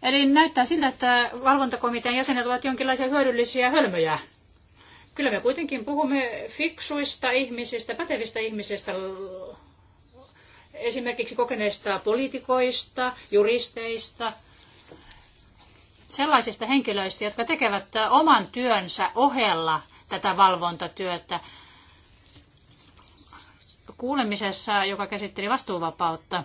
Speaker 3: Eli näyttää siltä, että valvontakomitean jäsenet ovat jonkinlaisia hyödyllisiä hölmöjä. Kyllä me kuitenkin puhumme fiksuista ihmisistä, pätevistä ihmisistä, esimerkiksi kokeneista poliitikoista, juristeista, sellaisista henkilöistä, jotka tekevät oman työnsä ohella tätä valvontatyötä. Kuulemisessa, joka käsitteli vastuuvapautta,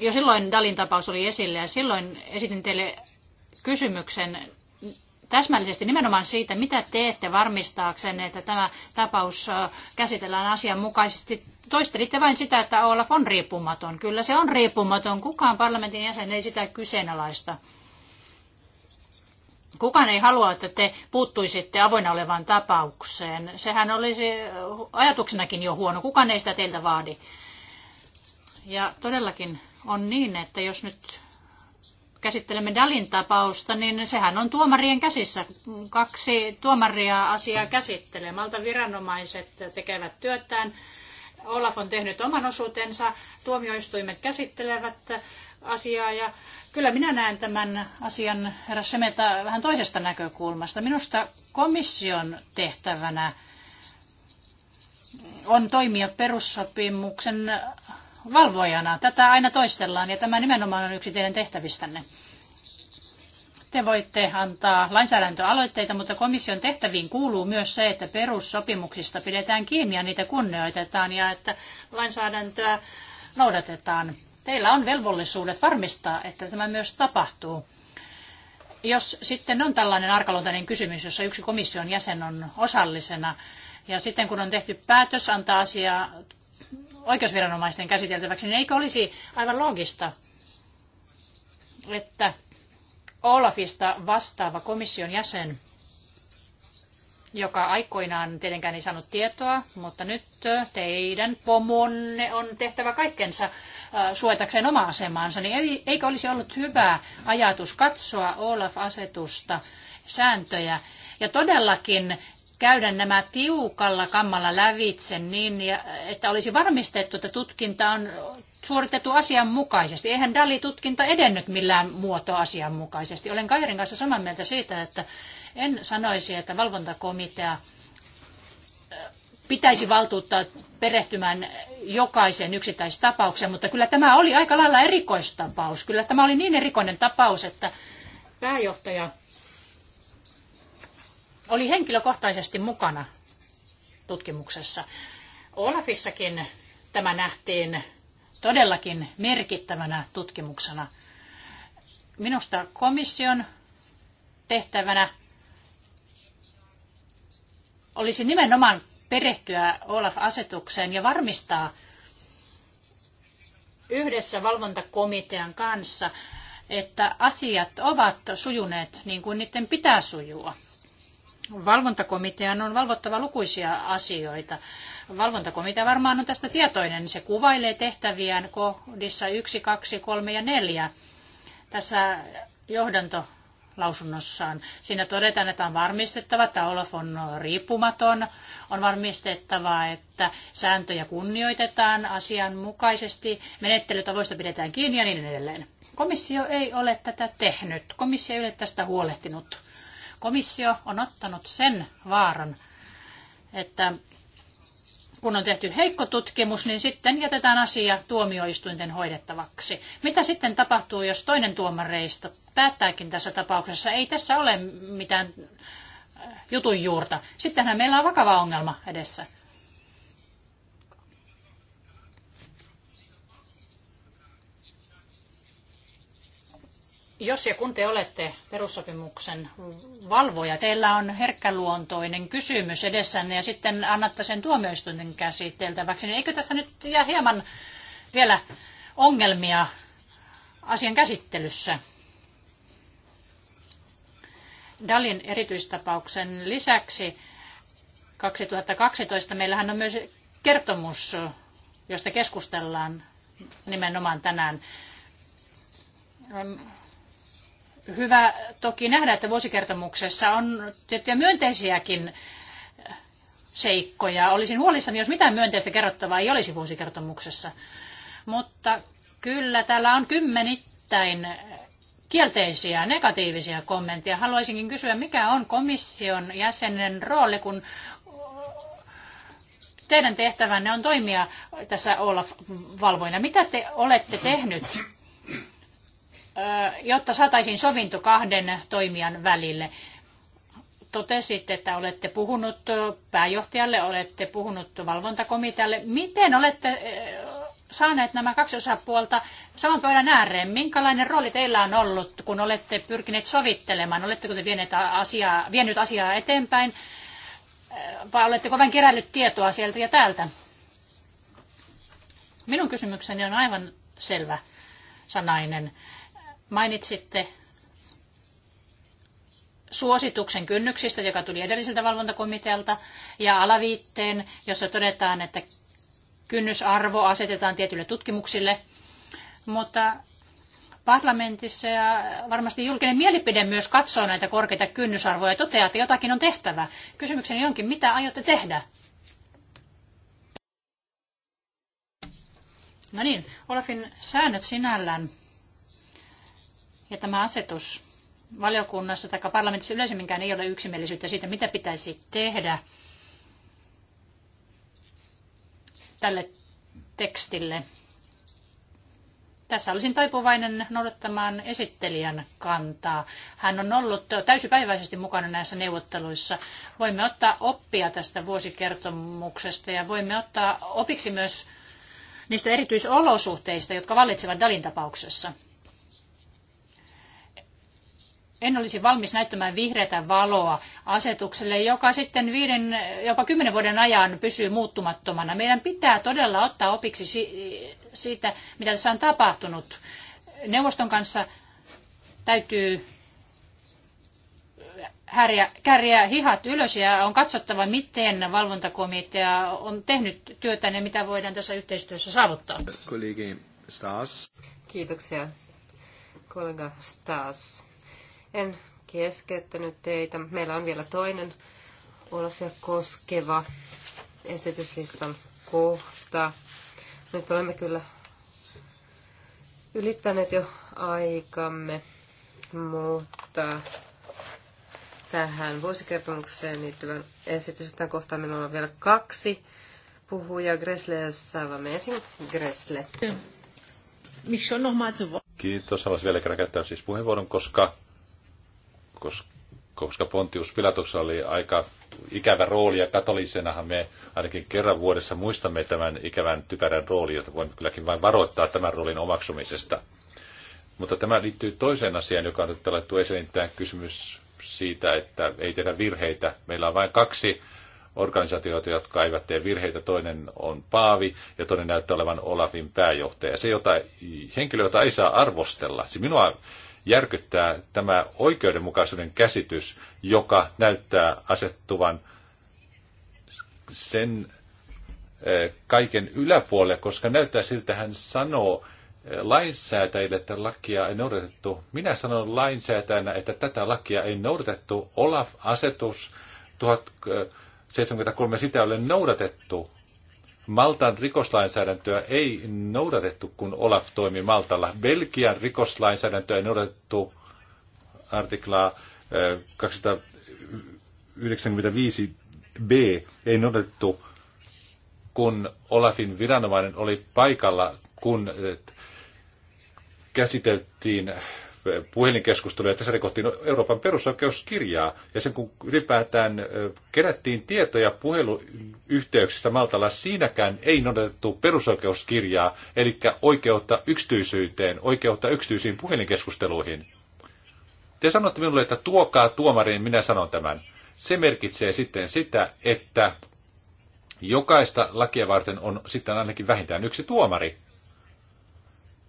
Speaker 3: jo silloin Dalin tapaus oli esillä ja silloin esitin teille kysymyksen täsmällisesti nimenomaan siitä, mitä teette varmistaaksenne, että tämä tapaus käsitellään asianmukaisesti. Toistelitte vain sitä, että Olaf on riippumaton. Kyllä se on riippumaton. Kukaan parlamentin jäsen ei sitä kyseenalaista. Kukaan ei halua, että te puuttuisitte avoinna olevaan tapaukseen. Sehän olisi ajatuksenakin jo huono. Kukaan ei sitä teiltä vaadi. Ja todellakin on niin, että jos nyt käsittelemme Dalin tapausta, niin sehän on tuomarien käsissä. Kaksi tuomaria asiaa käsittelee. Malta viranomaiset tekevät työtään. Olaf on tehnyt oman osuutensa, tuomioistuimet käsittelevät asiaa ja kyllä minä näen tämän asian, herra Semeta, vähän toisesta näkökulmasta. Minusta komission tehtävänä on toimia perussopimuksen valvojana. Tätä aina toistellaan ja tämä nimenomaan on yksi teidän tehtävistänne. Te voitte antaa lainsäädäntöaloitteita, mutta komission tehtäviin kuuluu myös se, että perussopimuksista pidetään kiinni ja niitä kunnioitetaan ja että lainsäädäntöä noudatetaan. Teillä on velvollisuudet varmistaa, että tämä myös tapahtuu. Jos sitten on tällainen arkaluontainen kysymys, jossa yksi komission jäsen on osallisena, ja sitten kun on tehty päätös antaa asia oikeusviranomaisten käsiteltäväksi, niin eikö olisi aivan loogista, että Olafista vastaava komission jäsen, joka aikoinaan tietenkään ei saanut tietoa, mutta nyt teidän pomonne on tehtävä kaikkensa suojatakseen oma asemaansa, niin eikö olisi ollut hyvä ajatus katsoa Olaf-asetusta, sääntöjä ja todellakin käydä nämä tiukalla kammalla lävitse niin, että olisi varmistettu, että tutkinta on suoritettu asianmukaisesti. Eihän Dali-tutkinta edennyt millään muotoa asianmukaisesti. Olen Kairin kanssa samaa mieltä siitä, että en sanoisi, että valvontakomitea äh, pitäisi valtuuttaa perehtymään jokaisen yksittäistapaukseen, mutta kyllä tämä oli aika lailla erikoistapaus. Kyllä tämä oli niin erikoinen tapaus, että pääjohtaja oli henkilökohtaisesti mukana tutkimuksessa. Olafissakin tämä nähtiin todellakin merkittävänä tutkimuksena. Minusta komission tehtävänä olisi nimenomaan perehtyä Olaf-asetukseen ja varmistaa yhdessä valvontakomitean kanssa, että asiat ovat sujuneet niin kuin niiden pitää sujua. Valvontakomitean on valvottava lukuisia asioita. Valvontakomitea varmaan on tästä tietoinen. Se kuvailee tehtäviään kohdissa 1, 2, 3 ja 4 tässä johdanto-lausunnossaan. Siinä todetaan, että on varmistettava, että Olaf on riippumaton. On varmistettava, että sääntöjä kunnioitetaan asianmukaisesti, menettelytavoista pidetään kiinni ja niin edelleen. Komissio ei ole tätä tehnyt. Komissio ei ole tästä huolehtinut Komissio on ottanut sen vaaran, että kun on tehty heikko tutkimus, niin sitten jätetään asia tuomioistuinten hoidettavaksi. Mitä sitten tapahtuu, jos toinen tuomareista päättääkin tässä tapauksessa? Ei tässä ole mitään jutun juurta. Sittenhän meillä on vakava ongelma edessä. jos ja kun te olette perussopimuksen valvoja, teillä on herkkäluontoinen kysymys edessänne ja sitten annatte sen tuomioistuimen käsiteltäväksi, niin eikö tässä nyt jää hieman vielä ongelmia asian käsittelyssä? Dalin erityistapauksen lisäksi 2012 meillähän on myös kertomus, josta keskustellaan nimenomaan tänään hyvä toki nähdä, että vuosikertomuksessa on tiettyjä myönteisiäkin seikkoja. Olisin huolissani, jos mitään myönteistä kerrottavaa ei olisi vuosikertomuksessa. Mutta kyllä täällä on kymmenittäin kielteisiä, negatiivisia kommentteja. Haluaisinkin kysyä, mikä on komission jäsenen rooli, kun teidän tehtävänne on toimia tässä olla valvoina. Mitä te olette tehnyt jotta saataisiin sovinto kahden toimijan välille. Totesitte, että olette puhunut pääjohtajalle, olette puhunut valvontakomitealle. Miten olette saaneet nämä kaksi osapuolta saman pöydän ääreen? Minkälainen rooli teillä on ollut, kun olette pyrkineet sovittelemaan? Oletteko te vieneet asiaa, vienyt asiaa eteenpäin? Vai oletteko vain kerännyt tietoa sieltä ja täältä? Minun kysymykseni on aivan selvä sanainen. Mainitsitte suosituksen kynnyksistä, joka tuli edelliseltä valvontakomitealta, ja alaviitteen, jossa todetaan, että kynnysarvo asetetaan tietyille tutkimuksille. Mutta parlamentissa ja varmasti julkinen mielipide myös katsoo näitä korkeita kynnysarvoja ja toteaa, että jotakin on tehtävä. Kysymykseni onkin, mitä aiotte tehdä? No niin, Olafin säännöt sinällään ja tämä asetus valiokunnassa tai parlamentissa yleisemminkään ei ole yksimielisyyttä siitä, mitä pitäisi tehdä tälle tekstille. Tässä olisin taipuvainen noudattamaan esittelijän kantaa. Hän on ollut täysipäiväisesti mukana näissä neuvotteluissa. Voimme ottaa oppia tästä vuosikertomuksesta ja voimme ottaa opiksi myös niistä erityisolosuhteista, jotka vallitsevat Dalin tapauksessa en olisi valmis näyttämään vihreätä valoa asetukselle, joka sitten viiden, jopa kymmenen vuoden ajan pysyy muuttumattomana. Meidän pitää todella ottaa opiksi siitä, mitä tässä on tapahtunut. Neuvoston kanssa täytyy härjä, kärjää hihat ylös ja on katsottava, miten valvontakomitea on tehnyt työtä ja mitä voidaan tässä yhteistyössä saavuttaa.
Speaker 1: Kollegi Stas.
Speaker 3: Kiitoksia, kollega Stas.
Speaker 2: En keskeyttänyt teitä. Meillä on vielä toinen Olafia koskeva esityslistan kohta. Nyt olemme kyllä ylittäneet jo aikamme, mutta tähän vuosikertomukseen liittyvän esityslistan kohtaan meillä on vielä kaksi puhujaa, Gressle ja Sava. Ensin Gressle.
Speaker 4: Kiitos, haluaisin vielä kerran käyttää siis puheenvuoron, koska koska Pontius Pilatus oli aika ikävä rooli ja katolisenahan me ainakin kerran vuodessa muistamme tämän ikävän typerän roolin, jota voimme kylläkin vain varoittaa tämän roolin omaksumisesta. Mutta tämä liittyy toiseen asiaan, joka on nyt laittu esiin, tämä kysymys siitä, että ei tehdä virheitä. Meillä on vain kaksi organisaatioita, jotka eivät tee virheitä. Toinen on Paavi ja toinen näyttää olevan Olafin pääjohtaja. Se jota, henkilö, jota ei saa arvostella. Siis minua järkyttää tämä oikeudenmukaisuuden käsitys, joka näyttää asettuvan sen eh, kaiken yläpuolelle, koska näyttää siltä hän sanoo eh, lainsäätäjille, että lakia ei noudatettu. Minä sanon lainsäätäjänä, että tätä lakia ei noudatettu. Olaf-asetus 1073, eh, sitä ei ole noudatettu. Maltan rikoslainsäädäntöä ei noudatettu, kun Olaf toimi Maltalla. Belgian rikoslainsäädäntöä ei noudatettu artiklaa 295 eh, b ei noudatettu, kun Olafin viranomainen oli paikalla, kun eh, käsiteltiin puhelinkeskusteluja. Tässä rikottiin Euroopan perusoikeuskirjaa ja sen kun ylipäätään kerättiin tietoja puheluyhteyksistä Maltalla, siinäkään ei noudatettu perusoikeuskirjaa, eli oikeutta yksityisyyteen, oikeutta yksityisiin puhelinkeskusteluihin. Te sanotte minulle, että tuokaa tuomariin, minä sanon tämän. Se merkitsee sitten sitä, että jokaista lakia varten on sitten ainakin vähintään yksi tuomari.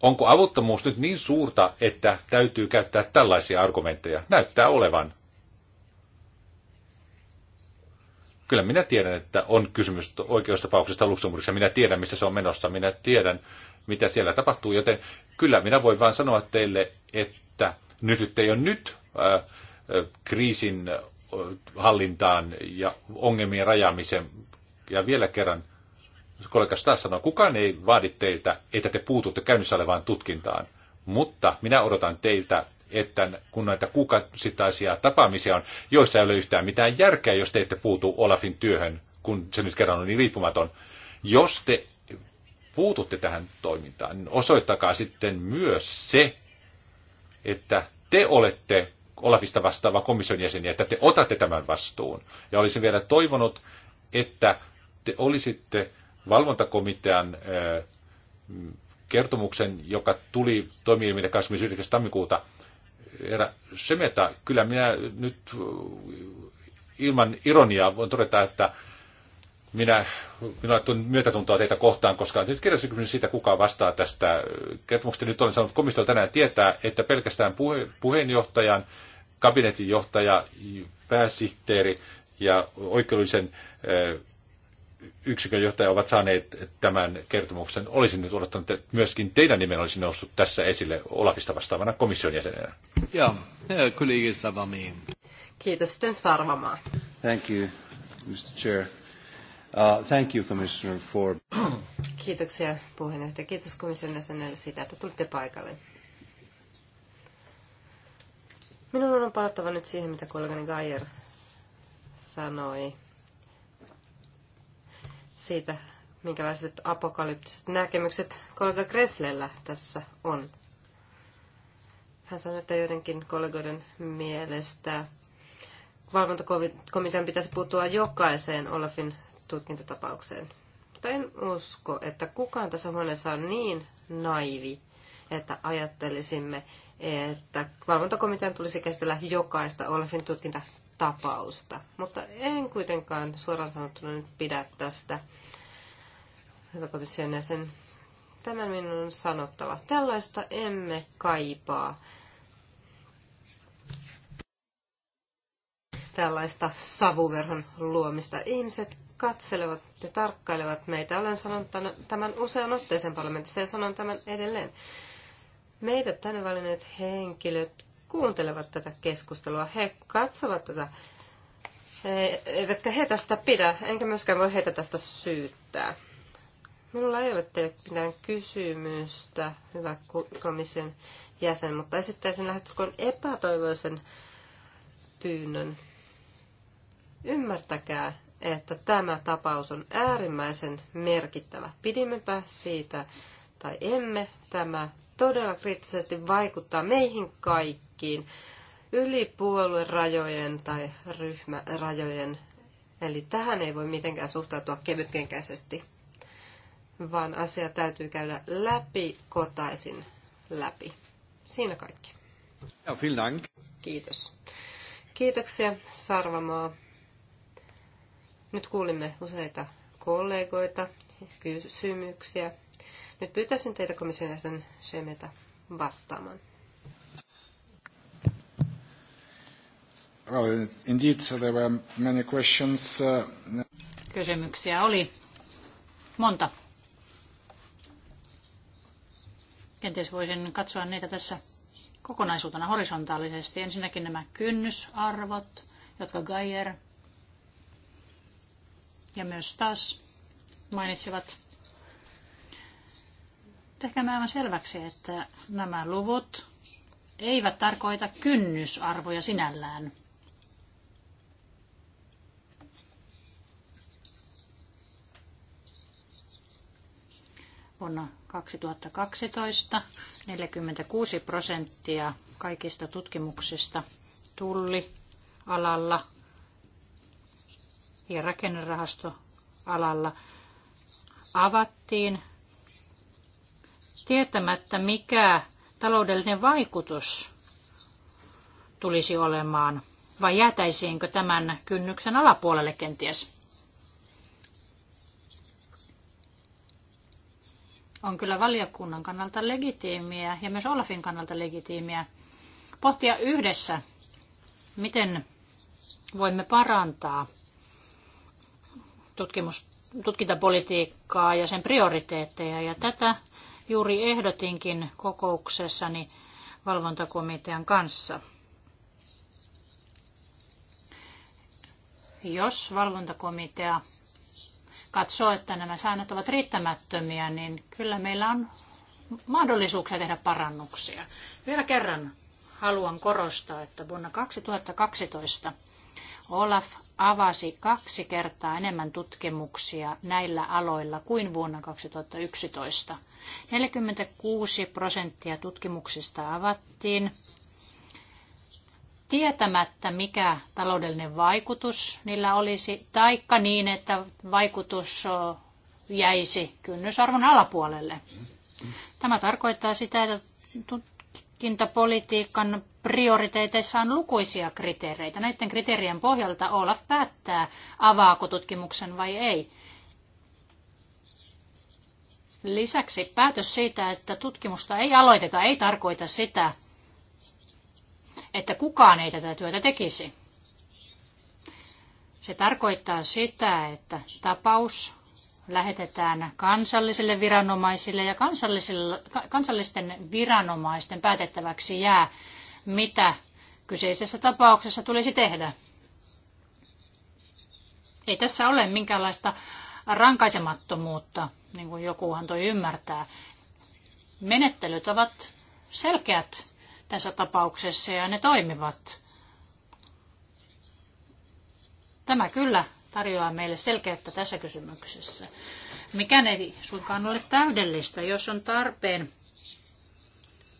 Speaker 4: Onko avuttomuus nyt niin suurta, että täytyy käyttää tällaisia argumentteja? Näyttää olevan. Kyllä minä tiedän, että on kysymys oikeustapauksesta Luxemburgissa. Minä tiedän, missä se on menossa. Minä tiedän, mitä siellä tapahtuu. Joten kyllä minä voin vain sanoa teille, että nyt ei ole nyt äh, äh kriisin äh, hallintaan ja ongelmien rajaamiseen. Ja vielä kerran kollega Stas sanoi, kukaan ei vaadi teiltä, että te puututte käynnissä olevaan tutkintaan. Mutta minä odotan teiltä, että kun näitä kuukausittaisia tapaamisia on, joissa ei ole yhtään mitään järkeä, jos te ette puutu Olafin työhön, kun se nyt kerran on niin riippumaton. Jos te puututte tähän toimintaan, niin osoittakaa sitten myös se, että te olette Olafista vastaava komission jäseniä, että te otatte tämän vastuun. Ja olisin vielä toivonut, että te olisitte valvontakomitean kertomuksen, joka tuli toimielimille 29. tammikuuta. Herra Semeta, kyllä minä nyt ilman ironiaa voin todeta, että minä, minä on myötätuntoa teitä kohtaan, koska nyt kirjassa kysymys siitä, kuka vastaa tästä kertomuksesta. Nyt olen saanut komistolta tänään tietää, että pelkästään puhe, puheenjohtajan, kabinetin johtaja, pääsihteeri ja oikeudellisen yksikön johtaja ovat saaneet tämän kertomuksen. Olisin nyt odottanut, että myöskin teidän nimen olisi noussut tässä esille Olafista vastaavana komission jäsenenä. Joo, kollega Savami.
Speaker 2: Kiitos sitten Sarvamaa.
Speaker 4: Thank you, Mr. Chair. Uh, thank you, Commissioner, for...
Speaker 2: Kiitoksia puheenjohtaja. Kiitos komission jäsenelle siitä, että tulitte paikalle. Minun on palattava nyt siihen, mitä kollegani Geyer sanoi siitä, minkälaiset apokalyptiset näkemykset kollega Kreslellä tässä on. Hän sanoi, että joidenkin kollegoiden mielestä valvontakomitean pitäisi puuttua jokaiseen Olafin tutkintatapaukseen. Mutta en usko, että kukaan tässä huoneessa on niin naivi, että ajattelisimme, että valvontakomitean tulisi käsitellä jokaista Olafin tutkinta tapausta. Mutta en kuitenkaan suoraan sanottuna nyt pidä tästä, hyvä komission jäsen. Tämä minun on sanottava. Tällaista emme kaipaa. Tällaista savuverhon luomista. Ihmiset katselevat ja tarkkailevat meitä. Olen sanonut tämän usean otteeseen parlamentissa ja sanon tämän edelleen. Meidät tänne valinneet henkilöt kuuntelevat tätä keskustelua. He katsovat tätä, he, eivätkä he tästä pidä, enkä myöskään voi heitä tästä syyttää. Minulla ei ole teille mitään kysymystä, hyvä komission jäsen, mutta esittäisin lähestulkoon epätoivoisen pyynnön. Ymmärtäkää, että tämä tapaus on äärimmäisen merkittävä. Pidimmepä siitä tai emme, tämä todella kriittisesti vaikuttaa meihin kaikkiin yli puoluerajojen tai ryhmärajojen. Eli tähän ei voi mitenkään suhtautua kevytkenkäisesti, vaan asia täytyy käydä läpi kotaisin läpi. Siinä kaikki. Ja, vielen Kiitos. Kiitoksia Sarvamaa. Nyt kuulimme useita kollegoita, kysymyksiä nyt pyytäisin teitä komission jäsen Shemeta vastaamaan.
Speaker 5: Well, indeed, there were many questions. Uh,
Speaker 3: Kysymyksiä oli monta. Kenties voisin katsoa niitä tässä kokonaisuutena horisontaalisesti. Ensinnäkin nämä kynnysarvot, jotka Geyer ja myös taas mainitsivat tehkäämme aivan selväksi, että nämä luvut eivät tarkoita kynnysarvoja sinällään. Vuonna 2012 46 prosenttia kaikista tutkimuksista tulli alalla ja rakennerahastoalalla avattiin tietämättä mikä taloudellinen vaikutus tulisi olemaan, vai jäätäisiinkö tämän kynnyksen alapuolelle kenties? On kyllä valiokunnan kannalta legitiimiä ja myös Olafin kannalta legitiimiä pohtia yhdessä, miten voimme parantaa tutkimus, tutkintapolitiikkaa ja sen prioriteetteja. Ja tätä juuri ehdotinkin kokouksessani valvontakomitean kanssa. Jos valvontakomitea katsoo, että nämä säännöt ovat riittämättömiä, niin kyllä meillä on mahdollisuuksia tehdä parannuksia. Vielä kerran haluan korostaa, että vuonna 2012 Olaf avasi kaksi kertaa enemmän tutkimuksia näillä aloilla kuin vuonna 2011. 46 prosenttia tutkimuksista avattiin tietämättä, mikä taloudellinen vaikutus niillä olisi, taikka niin, että vaikutus jäisi kynnysarvon alapuolelle. Tämä tarkoittaa sitä, että hankintapolitiikan prioriteeteissa on lukuisia kriteereitä. Näiden kriteerien pohjalta Olaf päättää, avaako tutkimuksen vai ei. Lisäksi päätös siitä, että tutkimusta ei aloiteta, ei tarkoita sitä, että kukaan ei tätä työtä tekisi. Se tarkoittaa sitä, että tapaus lähetetään kansallisille viranomaisille ja kansallisten viranomaisten päätettäväksi jää, mitä kyseisessä tapauksessa tulisi tehdä. Ei tässä ole minkäänlaista rankaisemattomuutta, niin kuin joku antoi ymmärtää. Menettelyt ovat selkeät tässä tapauksessa ja ne toimivat. Tämä kyllä tarjoaa meille selkeyttä tässä kysymyksessä. Mikään ei suinkaan ole täydellistä, jos on tarpeen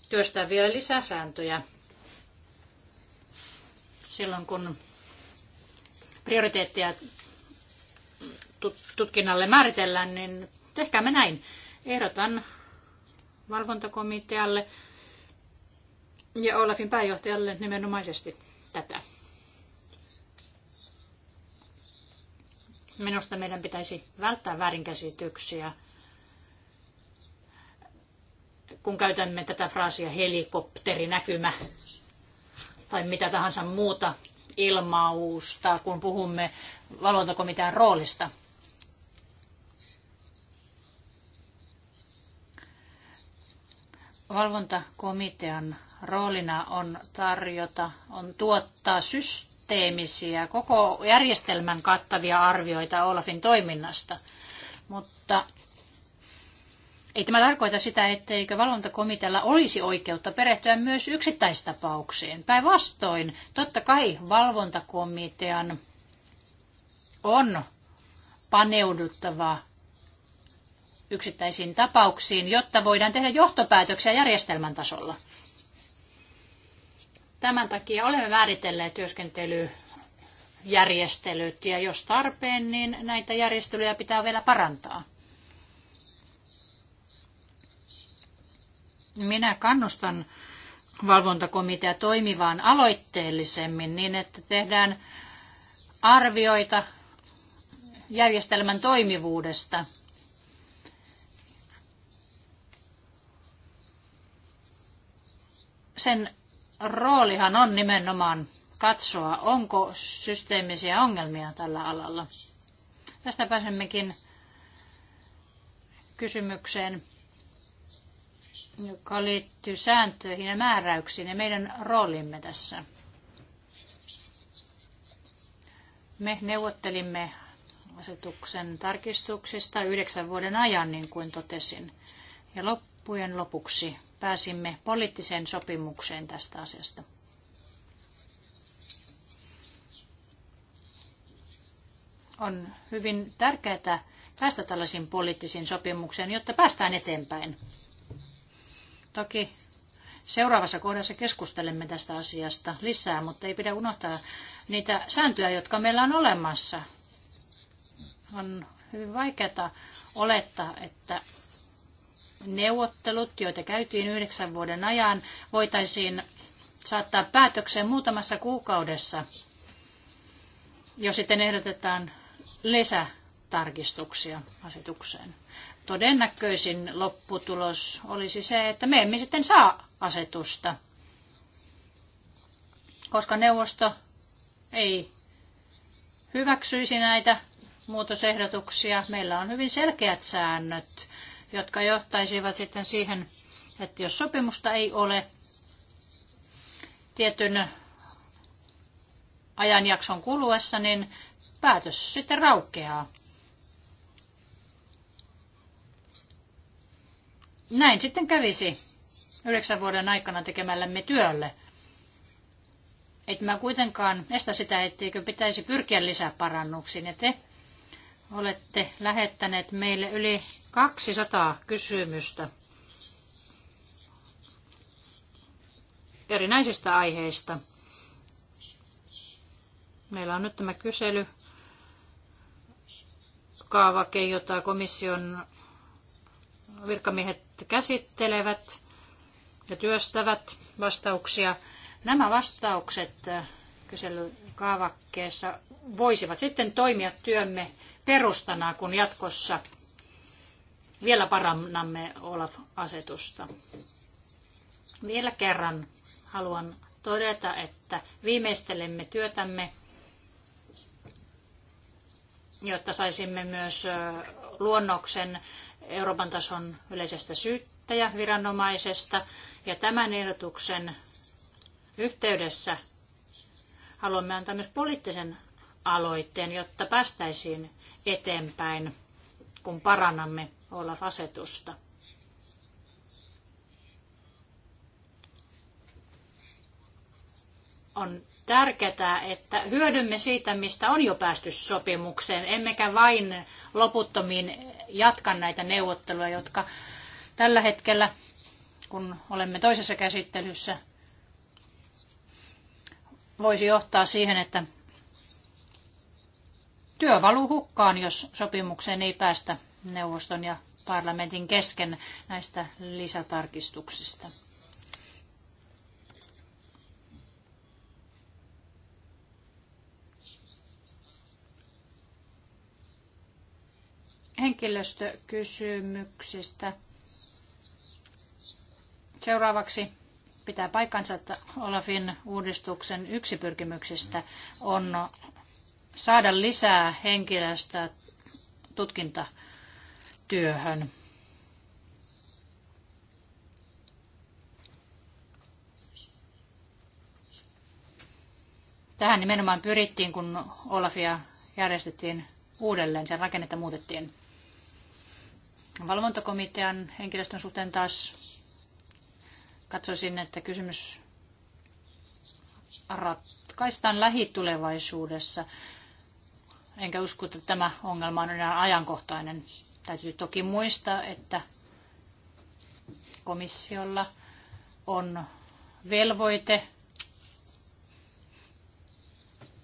Speaker 3: työstää vielä lisäsääntöjä silloin, kun prioriteettia tutkinnalle määritellään, niin tehkäämme näin. Ehdotan valvontakomitealle ja Olafin pääjohtajalle nimenomaisesti tätä. Minusta meidän pitäisi välttää väärinkäsityksiä, kun käytämme tätä fraasia helikopterinäkymä tai mitä tahansa muuta ilmausta, kun puhumme valvontakomitean roolista. valvontakomitean roolina on tarjota, on tuottaa systeemiä systeemisiä, koko järjestelmän kattavia arvioita Olafin toiminnasta. Mutta ei tämä tarkoita sitä, etteikö valvontakomitealla olisi oikeutta perehtyä myös yksittäistapauksiin. Päinvastoin, totta kai valvontakomitean on paneuduttava yksittäisiin tapauksiin, jotta voidaan tehdä johtopäätöksiä järjestelmän tasolla – Tämän takia olemme määritelleet työskentelyjärjestelyt ja jos tarpeen, niin näitä järjestelyjä pitää vielä parantaa. Minä kannustan valvontakomitea toimivaan aloitteellisemmin niin, että tehdään arvioita järjestelmän toimivuudesta. Sen roolihan on nimenomaan katsoa, onko systeemisiä ongelmia tällä alalla. Tästä pääsemmekin kysymykseen, joka liittyy sääntöihin ja määräyksiin ja meidän roolimme tässä. Me neuvottelimme asetuksen tarkistuksista yhdeksän vuoden ajan, niin kuin totesin. Ja loppujen lopuksi pääsimme poliittiseen sopimukseen tästä asiasta. On hyvin tärkeää päästä tällaisiin poliittisiin sopimukseen, jotta päästään eteenpäin. Toki seuraavassa kohdassa keskustelemme tästä asiasta lisää, mutta ei pidä unohtaa niitä sääntöjä, jotka meillä on olemassa. On hyvin vaikeaa olettaa, että neuvottelut, joita käytiin yhdeksän vuoden ajan, voitaisiin saattaa päätökseen muutamassa kuukaudessa, jos sitten ehdotetaan lisätarkistuksia asetukseen. Todennäköisin lopputulos olisi se, että me emme sitten saa asetusta, koska neuvosto ei hyväksyisi näitä muutosehdotuksia. Meillä on hyvin selkeät säännöt jotka johtaisivat sitten siihen, että jos sopimusta ei ole tietyn ajanjakson kuluessa, niin päätös sitten raukeaa. Näin sitten kävisi yhdeksän vuoden aikana tekemällämme työlle. Et mä kuitenkaan estä sitä, etteikö pitäisi pyrkiä parannuksiin Ja te Olette lähettäneet meille yli 200 kysymystä erinäisistä aiheista. Meillä on nyt tämä kysely kaavake, jota komission virkamiehet käsittelevät ja työstävät vastauksia. Nämä vastaukset äh, kyselykaavakkeessa voisivat sitten toimia työmme perustana, kun jatkossa vielä parannamme Olaf-asetusta. Vielä kerran haluan todeta, että viimeistelemme työtämme, jotta saisimme myös luonnoksen Euroopan tason yleisestä syyttäjäviranomaisesta. Ja tämän ehdotuksen yhteydessä haluamme antaa myös poliittisen aloitteen, jotta päästäisiin eteenpäin, kun parannamme Olaf-asetusta. On tärkeää, että hyödymme siitä, mistä on jo päästy sopimukseen, emmekä vain loputtomiin jatka näitä neuvotteluja, jotka tällä hetkellä, kun olemme toisessa käsittelyssä, voisi johtaa siihen, että Työ valuu hukkaan, jos sopimukseen ei päästä neuvoston ja parlamentin kesken näistä lisätarkistuksista. henkilöstökysymyksistä. Seuraavaksi pitää paikkansa, että Olafin uudistuksen yksi pyrkimyksistä on saada lisää henkilöstöä tutkintatyöhön. Tähän nimenomaan pyrittiin, kun Olafia järjestettiin uudelleen, sen rakennetta muutettiin. Valvontakomitean henkilöstön suhteen taas katsoisin, että kysymys ratkaistaan lähitulevaisuudessa enkä usko, että tämä ongelma on enää ajankohtainen. Täytyy toki muistaa, että komissiolla on velvoite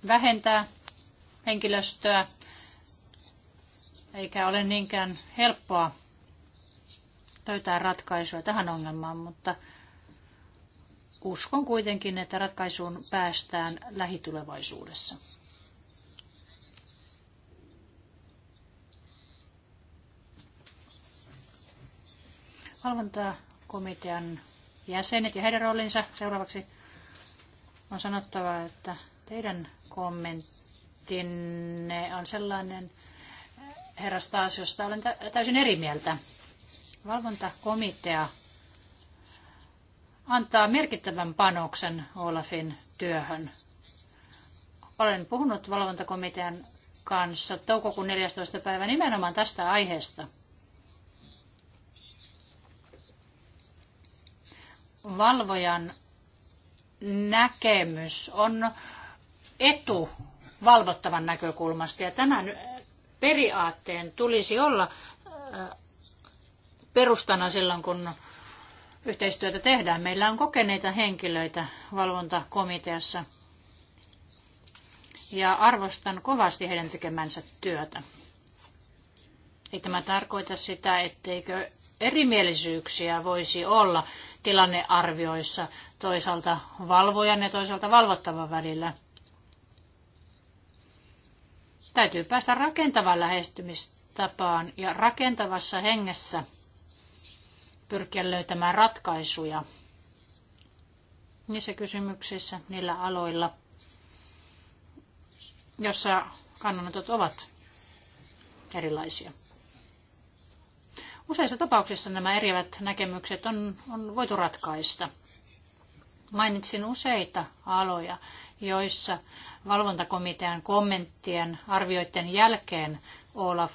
Speaker 3: vähentää henkilöstöä, eikä ole niinkään helppoa löytää ratkaisua tähän ongelmaan, mutta uskon kuitenkin, että ratkaisuun päästään lähitulevaisuudessa. Valvontakomitean jäsenet ja heidän roolinsa seuraavaksi on sanottava, että teidän kommenttinne on sellainen herrasta asiasta, olen täysin eri mieltä. Valvontakomitea antaa merkittävän panoksen Olafin työhön. Olen puhunut valvontakomitean kanssa toukokuun 14. päivä nimenomaan tästä aiheesta – valvojan näkemys on etu valvottavan näkökulmasta. Ja tämän periaatteen tulisi olla äh, perustana silloin, kun yhteistyötä tehdään. Meillä on kokeneita henkilöitä valvontakomiteassa ja arvostan kovasti heidän tekemänsä työtä. Ei tämä tarkoita sitä, etteikö erimielisyyksiä voisi olla tilannearvioissa toisaalta valvojan ja toisaalta valvottavan välillä. Täytyy päästä rakentavaan lähestymistapaan ja rakentavassa hengessä pyrkiä löytämään ratkaisuja niissä kysymyksissä, niillä aloilla, jossa kannanotot ovat erilaisia. Useissa tapauksissa nämä eriävät näkemykset on, on voitu ratkaista. Mainitsin useita aloja, joissa valvontakomitean kommenttien arvioiden jälkeen Olaf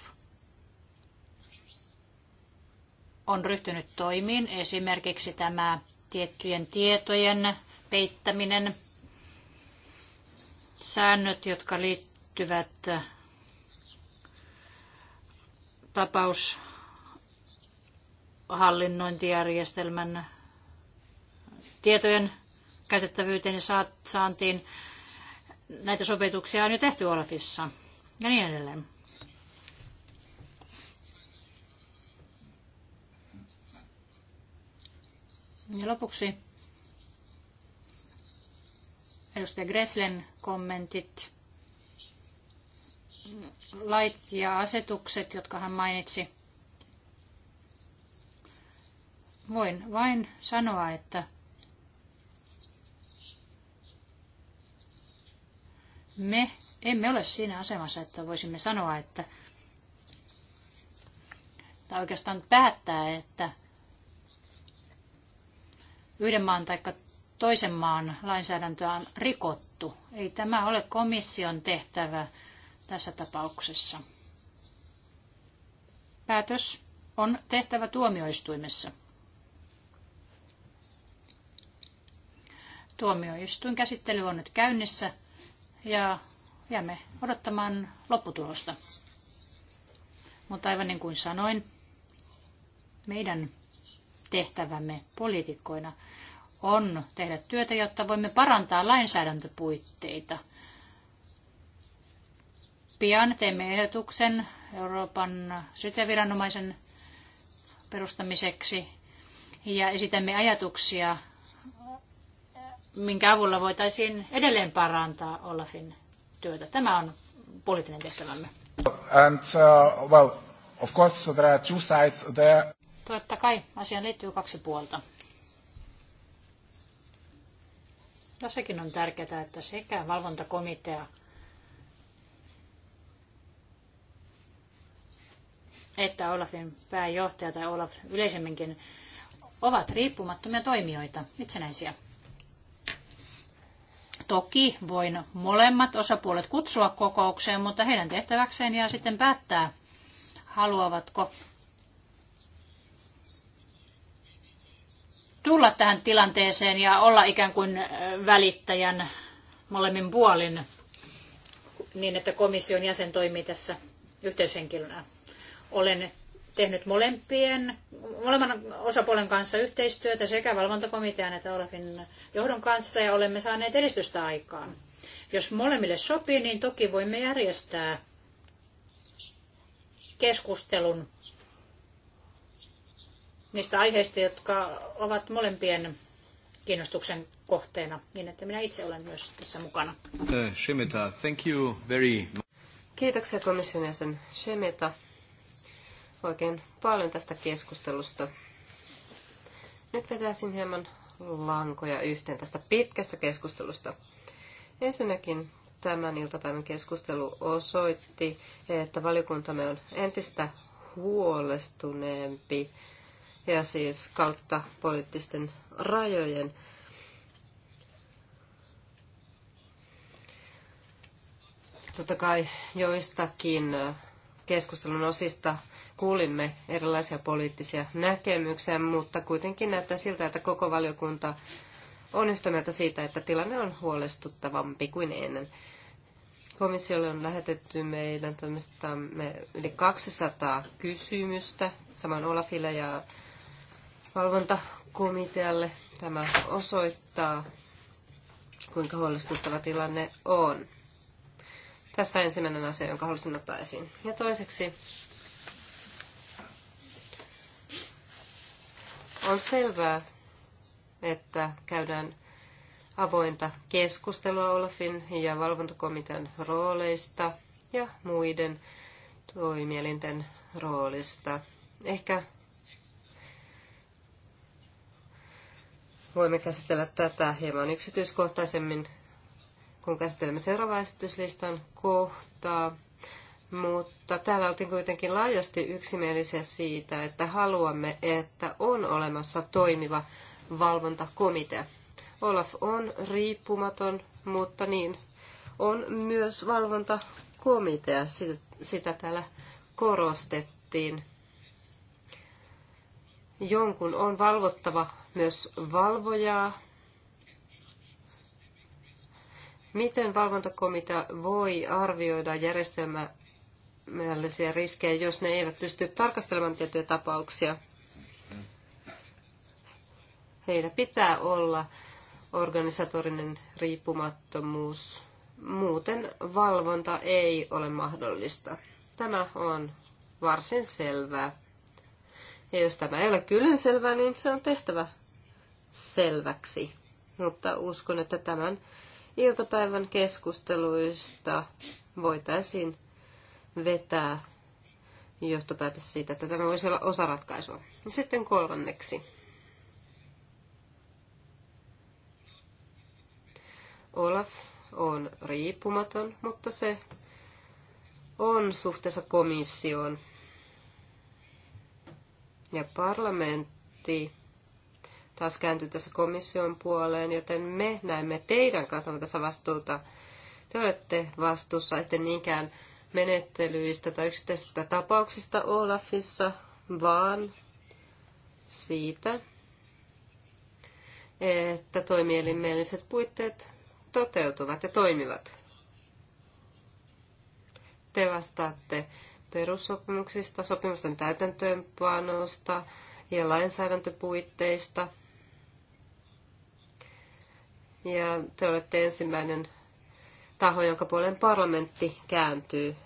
Speaker 3: on ryhtynyt toimiin. Esimerkiksi tämä tiettyjen tietojen peittäminen, säännöt, jotka liittyvät tapaus hallinnointijärjestelmän tietojen käytettävyyteen ja saantiin. Näitä sopetuksia on jo tehty Olafissa ja niin edelleen. Ja lopuksi edustaja Greslen kommentit, lait ja asetukset, jotka hän mainitsi voin vain sanoa, että me emme ole siinä asemassa, että voisimme sanoa, että tai oikeastaan päättää, että yhden maan tai toisen maan lainsäädäntöä on rikottu. Ei tämä ole komission tehtävä tässä tapauksessa. Päätös on tehtävä tuomioistuimessa. Tuomioistuin käsittely on nyt käynnissä ja jäämme odottamaan lopputulosta. Mutta aivan niin kuin sanoin, meidän tehtävämme poliitikkoina on tehdä työtä, jotta voimme parantaa lainsäädäntöpuitteita. Pian teemme ehdotuksen Euroopan syteviranomaisen perustamiseksi ja esitämme ajatuksia minkä avulla voitaisiin edelleen parantaa Olafin työtä. Tämä on poliittinen tehtävämme.
Speaker 5: And, uh, well, of course there are two sides there.
Speaker 3: Totta kai asiaan liittyy kaksi puolta. Tässäkin no, on tärkeää, että sekä valvontakomitea että Olafin pääjohtaja tai Olaf yleisemminkin ovat riippumattomia toimijoita, itsenäisiä. Toki voin molemmat osapuolet kutsua kokoukseen, mutta heidän tehtäväkseen jää sitten päättää, haluavatko tulla tähän tilanteeseen ja olla ikään kuin välittäjän molemmin puolin niin, että komission jäsen toimii tässä yhteyshenkilönä. Olen tehnyt molempien, molemman osapuolen kanssa yhteistyötä sekä valvontakomitean että Olafin johdon kanssa ja olemme saaneet edistystä aikaan. Jos molemmille sopii, niin toki voimme järjestää keskustelun niistä aiheista, jotka ovat molempien kiinnostuksen kohteena, niin että minä itse olen myös tässä mukana.
Speaker 1: Shemeta, thank you very much.
Speaker 3: Kiitoksia komission jäsen Shemeta
Speaker 2: oikein paljon tästä keskustelusta. Nyt vetäisin hieman lankoja yhteen tästä pitkästä keskustelusta. Ensinnäkin tämän iltapäivän keskustelu osoitti, että valiokuntamme on entistä huolestuneempi ja siis kautta poliittisten rajojen. Totta kai joistakin keskustelun osista kuulimme erilaisia poliittisia näkemyksiä, mutta kuitenkin näyttää siltä, että koko valiokunta on yhtä mieltä siitä, että tilanne on huolestuttavampi kuin ennen. Komissiolle on lähetetty meidän me yli 200 kysymystä, saman Olafille ja valvontakomitealle. Tämä osoittaa, kuinka huolestuttava tilanne on. Tässä ensimmäinen asia, jonka halusin ottaa esiin. Ja toiseksi on selvää, että käydään avointa keskustelua Olafin ja valvontakomitean rooleista ja muiden toimielinten roolista. Ehkä voimme käsitellä tätä hieman yksityiskohtaisemmin kun käsittelemme seuraavaa esityslistan kohtaa. Mutta täällä oltiin kuitenkin laajasti yksimielisiä siitä, että haluamme, että on olemassa toimiva valvontakomitea. Olaf on riippumaton, mutta niin on myös valvontakomitea. Sitä täällä korostettiin. Jonkun on valvottava myös valvojaa, Miten valvontakomitea voi arvioida järjestelmällisiä riskejä, jos ne eivät pysty tarkastelemaan tiettyjä tapauksia? Heillä pitää olla organisatorinen riippumattomuus. Muuten valvonta ei ole mahdollista. Tämä on varsin selvää. Ja jos tämä ei ole kyllin selvää, niin se on tehtävä selväksi. Mutta uskon, että tämän iltapäivän keskusteluista voitaisiin vetää johtopäätös siitä, että tämä voisi olla osa ratkaisua. Sitten kolmanneksi. Olaf on riippumaton, mutta se on suhteessa komissioon. Ja parlamentti taas kääntyy tässä komission puoleen, joten me näemme teidän kantavan tässä vastuuta. Te olette vastuussa, ette niinkään menettelyistä tai yksittäisistä tapauksista Olafissa, vaan siitä, että toimielimelliset puitteet toteutuvat ja toimivat. Te vastaatte perussopimuksista, sopimusten täytäntöönpanosta ja lainsäädäntöpuitteista – ja te olette ensimmäinen taho, jonka puolen parlamentti kääntyy.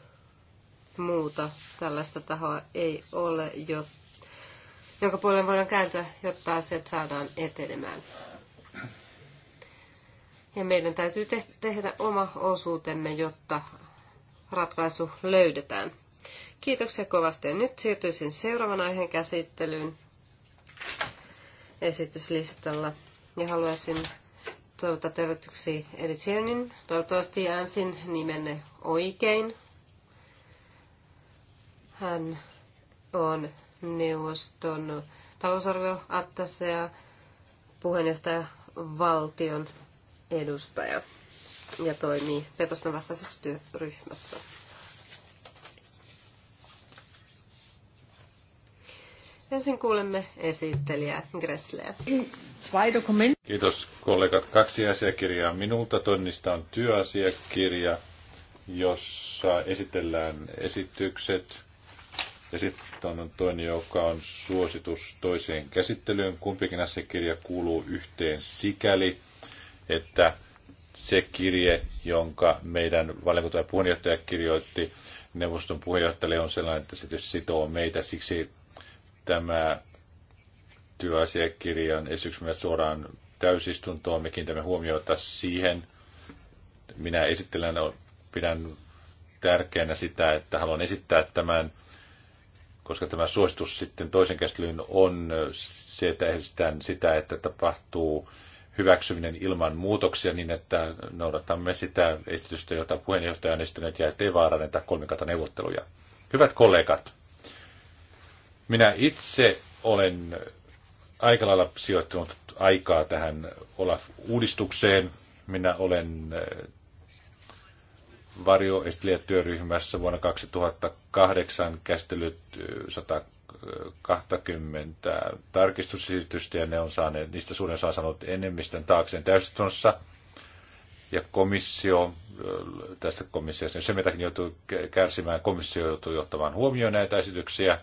Speaker 2: Muuta tällaista tahoa ei ole, jo, jonka puolen voidaan kääntyä, jotta asiat saadaan etenemään. Ja meidän täytyy te- tehdä oma osuutemme, jotta ratkaisu löydetään. Kiitoksia kovasti. Ja nyt siirtyisin seuraavan aiheen käsittelyyn esityslistalla. Ja haluaisin toivottaa tervetuksi Edi Chirnin. Toivottavasti äänsin nimenne oikein. Hän on neuvoston talousarvioattase ja puheenjohtaja valtion edustaja ja toimii petosten vastaisessa työryhmässä. Ensin kuulemme esittelijää Gressleä.
Speaker 4: Kiitos kollegat. Kaksi asiakirjaa minulta. Tonnista on työasiakirja, jossa esitellään esitykset. Ja sitten on toinen, joka on suositus toiseen käsittelyyn. Kumpikin asiakirja kuuluu yhteen sikäli, että se kirje, jonka meidän valiokunta ja puheenjohtaja kirjoitti neuvoston puheenjohtajalle, on sellainen, että se sitoo meitä. Siksi tämä työasiakirjan myös suoraan täysistuntoon. Me kiinnitämme huomiota siihen. Minä esittelen, pidän tärkeänä sitä, että haluan esittää tämän, koska tämä suositus sitten toisen käsittelyyn on se, että esitän sitä, että tapahtuu hyväksyminen ilman muutoksia niin, että noudatamme sitä esitystä, jota puheenjohtaja on esittänyt ja ettei vaaranneta kolmikata neuvotteluja. Hyvät kollegat, minä itse olen aika lailla sijoittunut aikaa tähän Olaf-uudistukseen. Minä olen eh, varjo työryhmässä vuonna 2008 käsitellyt 120 eh, tarkistusesitystä ja ne on saaneet, niistä suurin osa on saanut enemmistön taakseen täysistunnossa. Ja komissio, eh, tästä komissiosta, se mitäkin joutuu kärsimään, komissio joutuu johtamaan huomioon näitä esityksiä –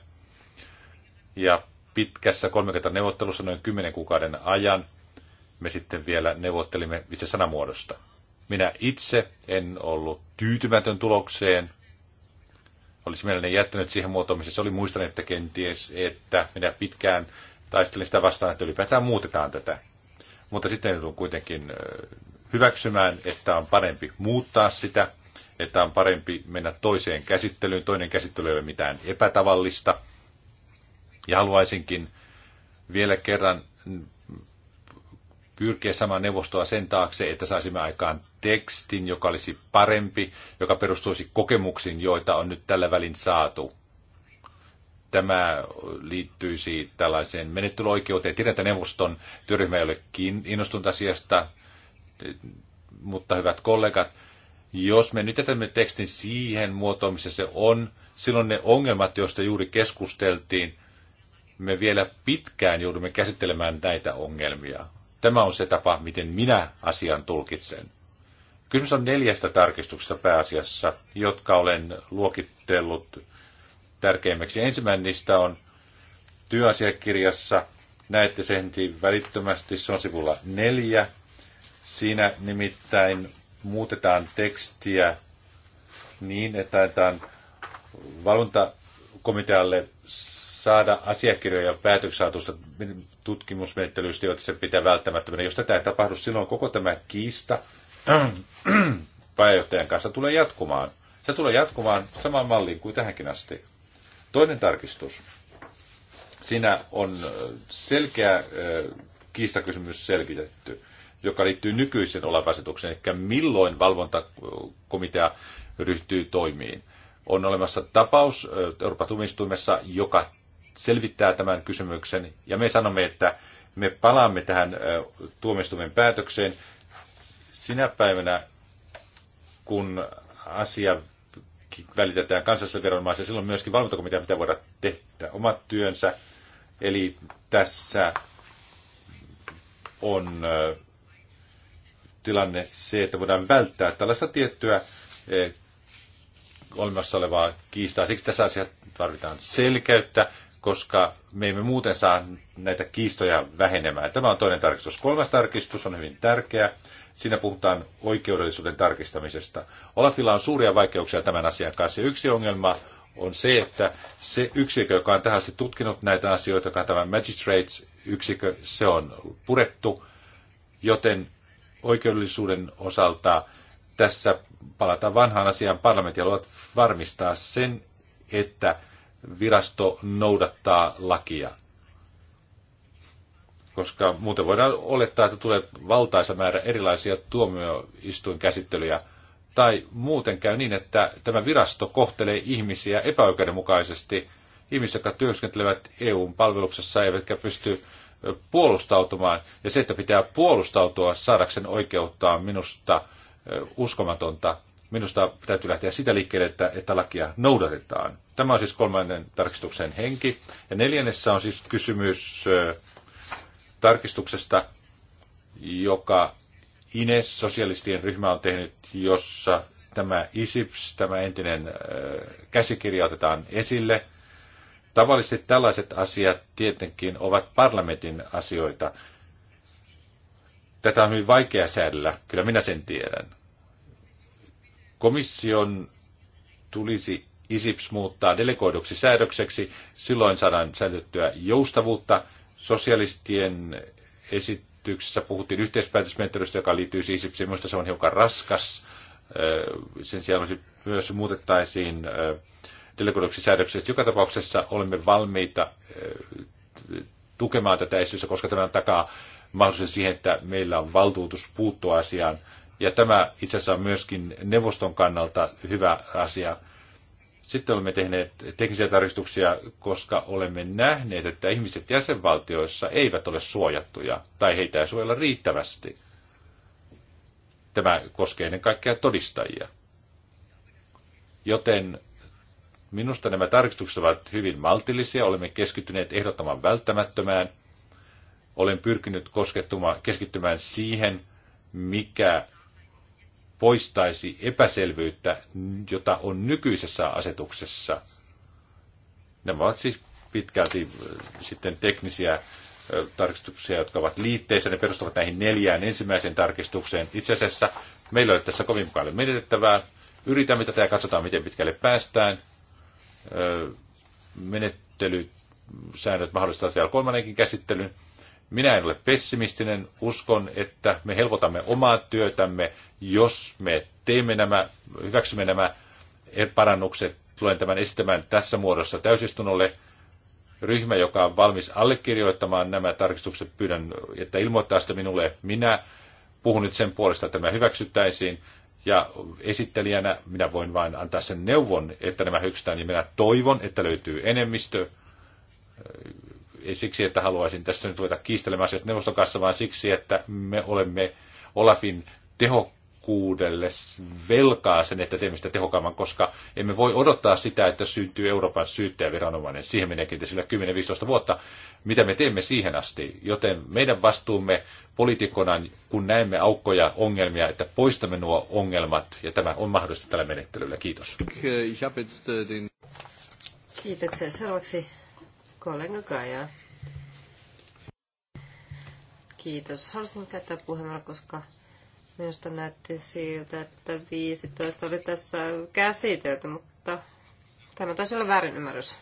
Speaker 4: ja pitkässä 30 neuvottelussa noin 10 kuukauden ajan me sitten vielä neuvottelimme itse sanamuodosta. Minä itse en ollut tyytymätön tulokseen. Olisi mielelläni jättänyt siihen muotoon, missä se oli muistanut, että kenties, että minä pitkään taistelin sitä vastaan, että ylipäätään muutetaan tätä. Mutta sitten joudun kuitenkin hyväksymään, että on parempi muuttaa sitä, että on parempi mennä toiseen käsittelyyn. Toinen käsittely ei ole mitään epätavallista – ja haluaisinkin vielä kerran pyrkiä samaan neuvostoa sen taakse, että saisimme aikaan tekstin, joka olisi parempi, joka perustuisi kokemuksiin, joita on nyt tällä välin saatu. Tämä liittyisi tällaiseen menettelyoikeuteen. Tiedän, että neuvoston työryhmä ei ole innostunut asiasta, mutta hyvät kollegat, jos me nyt jätämme tekstin siihen muotoon, missä se on, silloin ne ongelmat, joista juuri keskusteltiin, me vielä pitkään joudumme käsittelemään näitä ongelmia. Tämä on se tapa, miten minä asian tulkitsen. Kysymys on neljästä tarkistuksesta pääasiassa, jotka olen luokittellut tärkeimmäksi. Ensimmäinen niistä on työasiakirjassa. Näette sen välittömästi, se on sivulla neljä. Siinä nimittäin muutetaan tekstiä niin, että annetaan valvontakomitealle saada asiakirjoja päätöksaatusta tutkimusmenettelystä, joita se pitää välttämättömänä. Jos tätä ei tapahdu, silloin koko tämä kiista pääjohtajan kanssa tulee jatkumaan. Se tulee jatkumaan samaan malliin kuin tähänkin asti. Toinen tarkistus. Siinä on selkeä kiistakysymys selkitetty, joka liittyy nykyisen olavasetukseen, eli milloin valvontakomitea ryhtyy toimiin on olemassa tapaus Euroopan tuomioistuimessa, joka selvittää tämän kysymyksen. Ja me sanomme, että me palaamme tähän tuomistumen päätökseen sinä päivänä, kun asia välitetään kansalliselle silloin myöskin valvontakomitea pitää voida tehdä omat työnsä. Eli tässä on tilanne se, että voidaan välttää tällaista tiettyä olemassa olevaa kiistaa. Siksi tässä asiassa tarvitaan selkeyttä koska me emme muuten saa näitä kiistoja vähenemään. Tämä on toinen tarkistus. Kolmas tarkistus on hyvin tärkeä. Siinä puhutaan oikeudellisuuden tarkistamisesta. Olafilla on suuria vaikeuksia tämän asian kanssa. Yksi ongelma on se, että se yksikö, joka on tähän asti tutkinut näitä asioita, joka on tämä magistrates-yksikö, se on purettu, joten oikeudellisuuden osalta tässä palataan vanhaan asiaan. Parlamentti haluaa varmistaa sen, että virasto noudattaa lakia. Koska muuten voidaan olettaa, että tulee valtaisa määrä erilaisia tuomioistuinkäsittelyjä. Tai muuten käy niin, että tämä virasto kohtelee ihmisiä epäoikeudenmukaisesti. Ihmiset, jotka työskentelevät EUn palveluksessa, eivätkä pysty puolustautumaan. Ja se, että pitää puolustautua saadakseen oikeuttaa minusta uskomatonta. Minusta täytyy lähteä sitä liikkeelle, että, että lakia noudatetaan. Tämä on siis kolmannen tarkistuksen henki. Ja neljännessä on siis kysymys tarkistuksesta, joka Ines, sosialistien ryhmä, on tehnyt, jossa tämä ISIPS, tämä entinen käsikirja otetaan esille. Tavallisesti tällaiset asiat tietenkin ovat parlamentin asioita. Tätä on hyvin vaikea säädellä, kyllä minä sen tiedän. Komission tulisi ISIPS muuttaa delegoiduksi säädökseksi. Silloin saadaan säilyttyä joustavuutta. Sosialistien esityksessä puhuttiin yhteispäätösmenettelystä, joka liittyy ISIPSiin. Minusta se on hiukan raskas. Sen sijaan myös muutettaisiin delegoiduksi säädökseksi. Joka tapauksessa olemme valmiita tukemaan tätä esitystä, koska tämä takaa mahdollisuuden siihen, että meillä on valtuutus puuttua asiaan ja tämä itse asiassa on myöskin neuvoston kannalta hyvä asia. Sitten olemme tehneet teknisiä tarkistuksia, koska olemme nähneet, että ihmiset jäsenvaltioissa eivät ole suojattuja tai heitä ei suojella riittävästi. Tämä koskee ennen kaikkea todistajia. Joten minusta nämä tarkistukset ovat hyvin maltillisia. Olemme keskittyneet ehdottoman välttämättömään. Olen pyrkinyt keskittymään siihen, mikä poistaisi epäselvyyttä, jota on nykyisessä asetuksessa. Nämä ovat siis pitkälti äh, sitten teknisiä äh, tarkistuksia, jotka ovat liitteissä, ne perustuvat näihin neljään ensimmäiseen tarkistukseen. Itse asiassa meillä on tässä kovin paljon menetettävää. Yritämme tätä ja katsotaan, miten pitkälle päästään. Äh, Menettelysäännöt mahdollistavat vielä kolmannenkin käsittelyn. Minä en ole pessimistinen. Uskon, että me helpotamme omaa työtämme, jos me teemme nämä, hyväksymme nämä parannukset. Tulen tämän esittämään tässä muodossa täysistunnolle. Ryhmä, joka on valmis allekirjoittamaan nämä tarkistukset, pyydän, että ilmoittaa sitä minulle. Minä puhun nyt sen puolesta, että tämä hyväksyttäisiin. Ja esittelijänä minä voin vain antaa sen neuvon, että nämä hyväksytään. Ja minä toivon, että löytyy enemmistö ei siksi, että haluaisin tässä nyt ruveta kiistelemään asiasta neuvoston kanssa, vaan siksi, että me olemme Olafin tehokkuudelle velkaa sen, että teemme sitä tehokkaamman, koska emme voi odottaa sitä, että syntyy Euroopan syyttäjäviranomainen. Siihen meneekin sillä 10-15 vuotta, mitä me teemme siihen asti. Joten meidän vastuumme poliitikkona, kun näemme aukkoja, ongelmia, että poistamme nuo ongelmat, ja tämä on mahdollista tällä menettelyllä. Kiitos.
Speaker 2: Kiitoksia. Seuraavaksi Kollega Kaja. Kiitos. Halusin käyttää puheenvuoron, koska minusta näytti siltä, että 15 oli tässä käsitelty, mutta tämä taisi olla ymmärrys.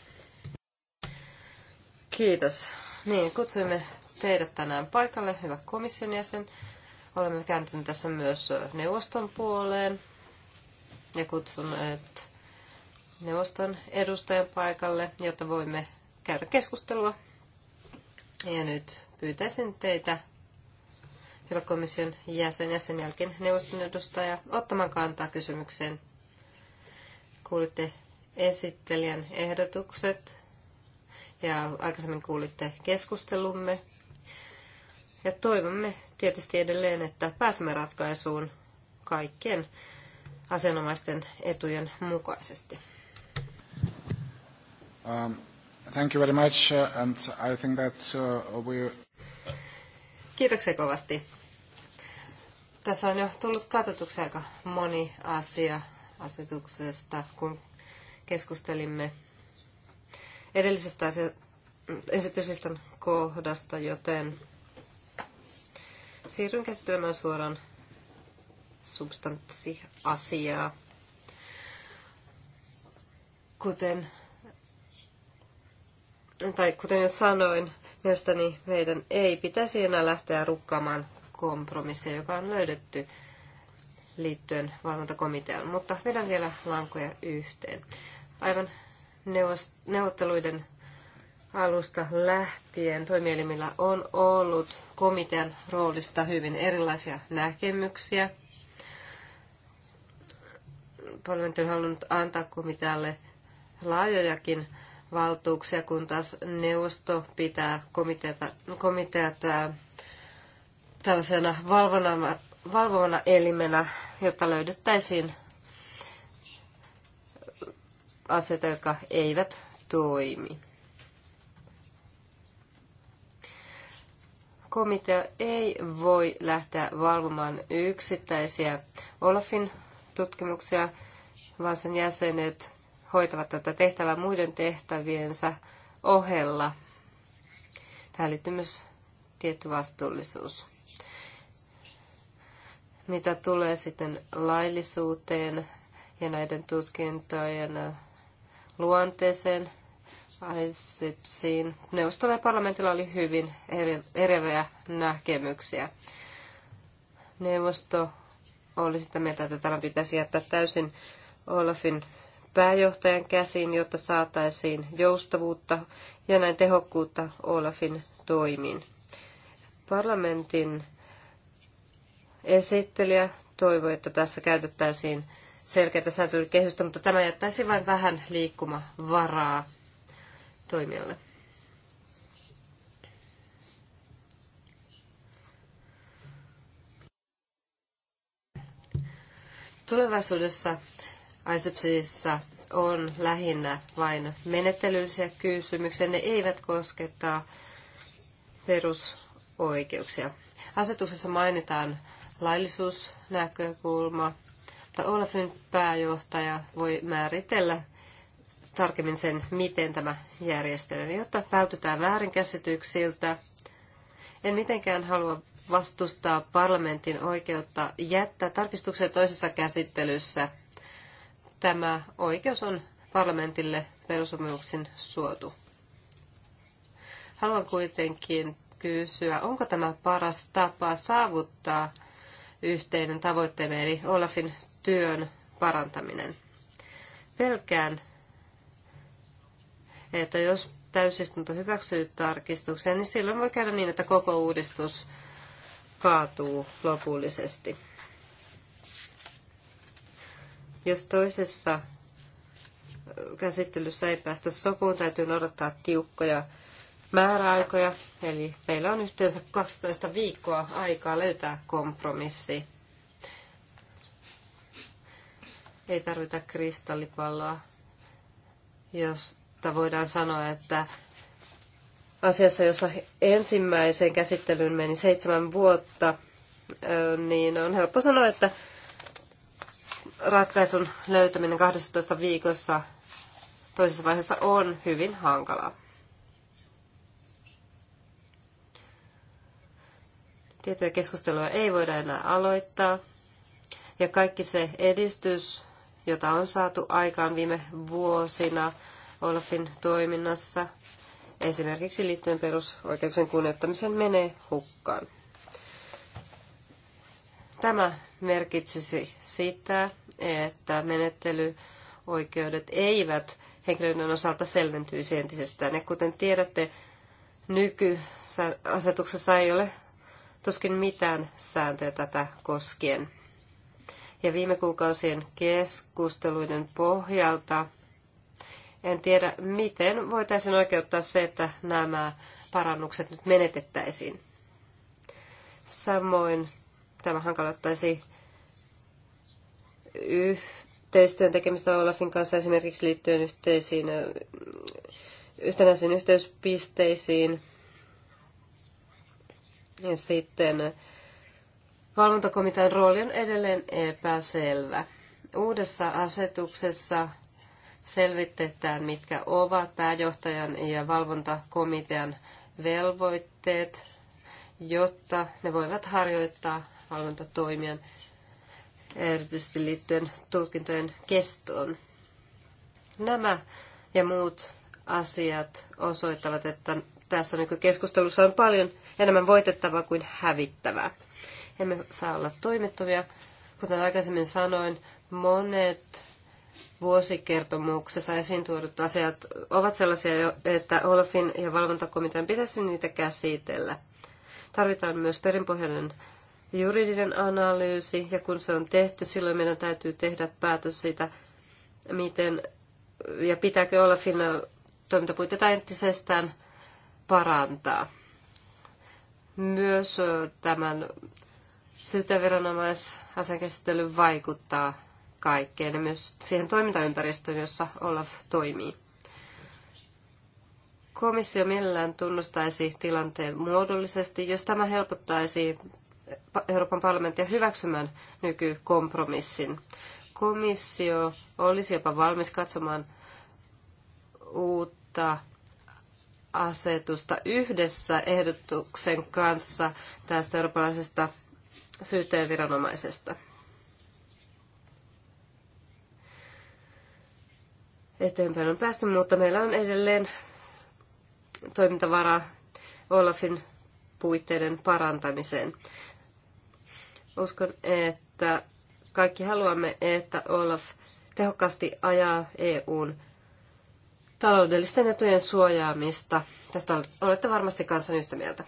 Speaker 2: Kiitos. Niin, kutsuimme teidät tänään paikalle, hyvä komission jäsen. Olemme kääntyneet tässä myös neuvoston puoleen ja kutsuneet neuvoston edustajan paikalle, jotta voimme käydä keskustelua. Ja nyt pyytäisin teitä, hyvä komission jäsen ja sen jälkeen neuvoston edustaja, ottamaan kantaa kysymykseen. Kuulitte esittelijän ehdotukset ja aikaisemmin kuulitte keskustelumme. Ja toivomme tietysti edelleen, että pääsemme ratkaisuun kaikkien asianomaisten etujen mukaisesti.
Speaker 5: Um. Thank you very much, uh, and I think that uh, we...
Speaker 2: Kiitoksia kovasti. Tässä on jo tullut katsotuksi aika moni asia asetuksesta, kun keskustelimme edellisestä asia, esityslistan kohdasta, joten siirryn käsittelemään suoraan substanssiasiaa. Kuten tai kuten jo sanoin, mielestäni meidän ei pitäisi enää lähteä rukkaamaan kompromisseja, joka on löydetty liittyen valvontakomiteaan. Mutta vedän vielä lankoja yhteen. Aivan neuvotteluiden alusta lähtien toimielimillä on ollut komitean roolista hyvin erilaisia näkemyksiä. Parlamentti on halunnut antaa komitealle laajojakin valtuuksia, kun taas neuvosto pitää komiteata, komiteat tällaisena valvonnana, valvovana elimenä, jotta löydettäisiin asioita, jotka eivät toimi. Komitea ei voi lähteä valvomaan yksittäisiä Olafin tutkimuksia, vaan sen jäsenet hoitavat tätä tehtävää muiden tehtäviensä ohella. Tähän liittyy myös tietty vastuullisuus. Mitä tulee sitten laillisuuteen ja näiden tutkintojen luonteeseen, ISIPSiin. Neuvostolla ja parlamentilla oli hyvin eriäviä näkemyksiä. Neuvosto oli sitä mieltä, että tämä pitäisi jättää täysin Olafin pääjohtajan käsiin, jotta saataisiin joustavuutta ja näin tehokkuutta Olafin toimiin. Parlamentin esittelijä toivoi, että tässä käytettäisiin selkeätä sääntelykehystä, mutta tämä jättäisi vain vähän liikkumavaraa toimijalle. Tulevaisuudessa ICEPSissä on lähinnä vain menettelyllisiä kysymyksiä. Ne eivät kosketa perusoikeuksia. Asetuksessa mainitaan laillisuusnäkökulma, mutta Olafin pääjohtaja voi määritellä tarkemmin sen, miten tämä järjestely jotta vältytään väärinkäsityksiltä. En mitenkään halua vastustaa parlamentin oikeutta jättää tarkistuksia toisessa käsittelyssä – tämä oikeus on parlamentille perusopimuksen suotu. Haluan kuitenkin kysyä, onko tämä paras tapa saavuttaa yhteinen tavoitteemme, eli Olafin työn parantaminen. Pelkään, että jos täysistunto hyväksyy tarkistuksen, niin silloin voi käydä niin, että koko uudistus kaatuu lopullisesti. Jos toisessa käsittelyssä ei päästä sopuun, täytyy noudattaa tiukkoja määräaikoja. Eli meillä on yhteensä 12 viikkoa aikaa löytää kompromissi. Ei tarvita kristallipalloa, josta voidaan sanoa, että asiassa, jossa ensimmäiseen käsittelyyn meni seitsemän vuotta, niin on helppo sanoa, että ratkaisun löytäminen 12 viikossa toisessa vaiheessa on hyvin hankalaa. Tietoja keskustelua ei voida enää aloittaa. Ja kaikki se edistys, jota on saatu aikaan viime vuosina Olafin toiminnassa, esimerkiksi liittyen perusoikeuksien kunnioittamiseen, menee hukkaan. Tämä merkitsisi sitä, että menettelyoikeudet eivät henkilöiden osalta selventyisi entisestään. Ja kuten tiedätte, nykyasetuksessa ei ole tuskin mitään sääntöjä tätä koskien. Ja viime kuukausien keskusteluiden pohjalta en tiedä, miten voitaisiin oikeuttaa se, että nämä parannukset nyt menetettäisiin. Samoin tämä hankaloittaisi yhteistyön tekemistä Olafin kanssa esimerkiksi liittyen yhteisiin, yhtenäisiin yhteyspisteisiin. Ja sitten valvontakomitean rooli on edelleen epäselvä. Uudessa asetuksessa selvitetään, mitkä ovat pääjohtajan ja valvontakomitean velvoitteet, jotta ne voivat harjoittaa valvontatoimien erityisesti liittyen tutkintojen kestoon. Nämä ja muut asiat osoittavat, että tässä nykykeskustelussa on paljon enemmän voitettavaa kuin hävittävää. Emme saa olla toimettomia. Kuten aikaisemmin sanoin, monet vuosikertomuksessa esiin tuodut asiat ovat sellaisia, että Olafin ja valvontakomitean pitäisi niitä käsitellä. Tarvitaan myös perinpohjainen juridinen analyysi, ja kun se on tehty, silloin meidän täytyy tehdä päätös siitä, miten ja pitääkö olla Finna toimintapuitteita entisestään parantaa. Myös tämän syyteviranomaisasian käsittely vaikuttaa kaikkeen ja myös siihen toimintaympäristöön, jossa Olaf toimii. Komissio mielellään tunnustaisi tilanteen muodollisesti, jos tämä helpottaisi Euroopan parlamenttia hyväksymään nykykompromissin. Komissio olisi jopa valmis katsomaan uutta asetusta yhdessä ehdotuksen kanssa tästä eurooppalaisesta syyttäjäviranomaisesta. Eteenpäin on päästy, mutta meillä on edelleen toimintavara Olafin puitteiden parantamiseen. Uskon, että kaikki haluamme, että Olaf tehokkaasti ajaa EUn taloudellisten etujen suojaamista. Tästä olette varmasti kansan yhtä mieltä.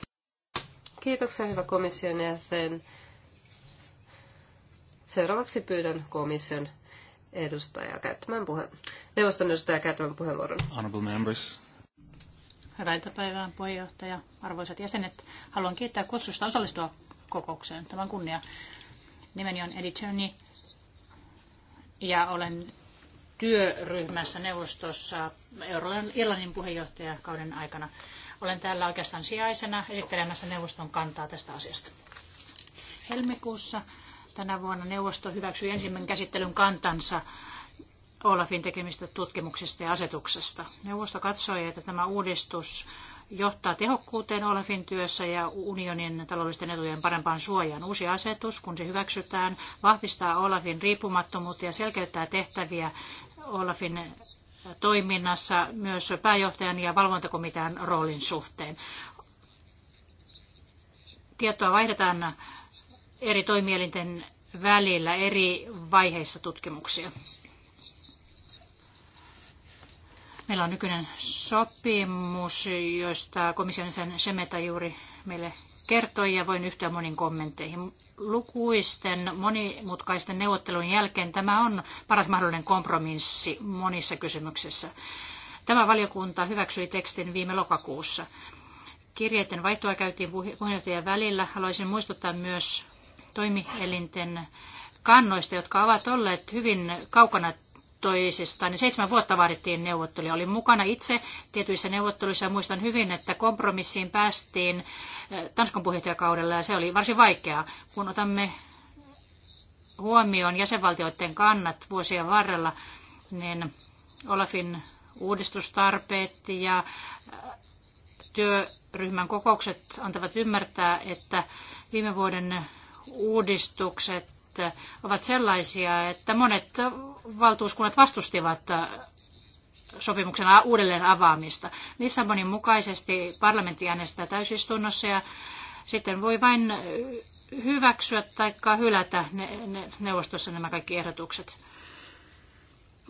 Speaker 2: Kiitoksia, hyvä komission jäsen. Seuraavaksi pyydän komission edustajaa käyttämään puhe- neuvoston edustajaa käyttämään puheenvuoron.
Speaker 6: Honorable members.
Speaker 3: Hyvää iltapäivää, puheenjohtaja, arvoisat jäsenet. Haluan kiittää kutsusta osallistua kokoukseen. Tämän kunnia. Nimeni on Edi ja olen työryhmässä neuvostossa Irlannin puheenjohtajakauden aikana. Olen täällä oikeastaan sijaisena esittelemässä neuvoston kantaa tästä asiasta. Helmikuussa tänä vuonna neuvosto hyväksyi ensimmäisen käsittelyn kantansa Olafin tekemistä tutkimuksista ja asetuksesta. Neuvosto katsoi, että tämä uudistus johtaa tehokkuuteen Olafin työssä ja unionin taloudellisten etujen parempaan suojaan. Uusi asetus, kun se hyväksytään, vahvistaa Olafin riippumattomuutta ja selkeyttää tehtäviä Olafin toiminnassa myös pääjohtajan ja valvontakomitean roolin suhteen. Tietoa vaihdetaan eri toimielinten välillä eri vaiheissa tutkimuksia. Meillä on nykyinen sopimus, josta komission sen Semeta juuri meille kertoi ja voin yhtyä monin kommentteihin. Lukuisten monimutkaisten neuvottelun jälkeen tämä on paras mahdollinen kompromissi monissa kysymyksissä. Tämä valiokunta hyväksyi tekstin viime lokakuussa. Kirjeiden vaihtoa käytiin puheenjohtajien välillä. Haluaisin muistuttaa myös toimielinten kannoista, jotka ovat olleet hyvin kaukana toisistaan. Niin seitsemän vuotta vaadittiin neuvotteluja. Olin mukana itse tietyissä neuvotteluissa ja muistan hyvin, että kompromissiin päästiin eh, Tanskan puheenjohtajakaudella ja se oli varsin vaikeaa. Kun otamme huomioon jäsenvaltioiden kannat vuosien varrella, niin Olafin uudistustarpeet ja eh, työryhmän kokoukset antavat ymmärtää, että viime vuoden uudistukset ovat sellaisia, että monet valtuuskunnat vastustivat sopimuksen uudelleen avaamista. Lissabonin mukaisesti parlamentti äänestää täysistunnossa ja sitten voi vain hyväksyä tai hylätä neuvostossa nämä kaikki ehdotukset.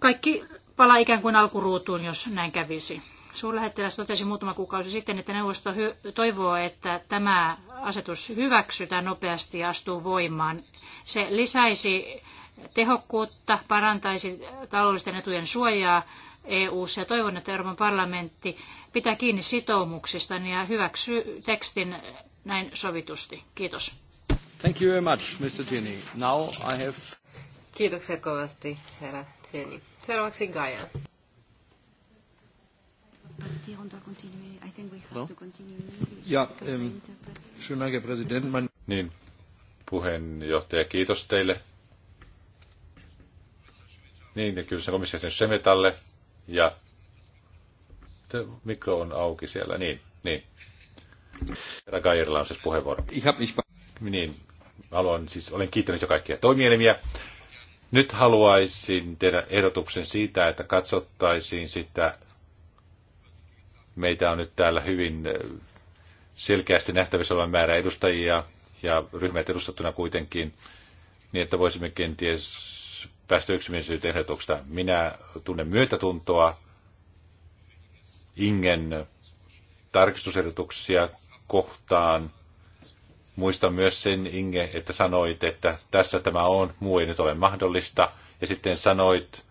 Speaker 3: Kaikki palaa ikään kuin alkuruutuun, jos näin kävisi. Suurlähettiläs totesi muutama kuukausi sitten, että neuvosto toivoo, että tämä asetus hyväksytään nopeasti ja astuu voimaan. Se lisäisi tehokkuutta, parantaisi taloudellisten etujen suojaa EU-ssa ja toivon, että Euroopan parlamentti pitää kiinni sitoumuksista ja hyväksyy tekstin näin sovitusti. Kiitos.
Speaker 1: Thank you very much, Mr. Now I have...
Speaker 3: Kiitoksia kovasti,
Speaker 2: herra Tini. Seuraavaksi Gaia. No. Ja,
Speaker 4: ähm, Niin, puheenjohtaja, kiitos teille. Niin, ja kyllä se komission Semetalle ja mikro on auki siellä, niin, niin. Herra Kairilla on siis puheenvuoro. Niin, haluan siis, olen kiittänyt jo kaikkia toimielimiä. Nyt haluaisin tehdä ehdotuksen siitä, että katsottaisiin sitä Meitä on nyt täällä hyvin eh, selkeästi nähtävissä olevan määrä edustajia ja ryhmät edustettuna kuitenkin, niin että voisimme kenties päästä yksimielisyyteen ehdotuksesta. Minä tunnen myötätuntoa Ingen tarkistusehdotuksia kohtaan. Muistan myös sen, Inge, että sanoit, että tässä tämä on, muu ei nyt ole mahdollista. Ja sitten sanoit,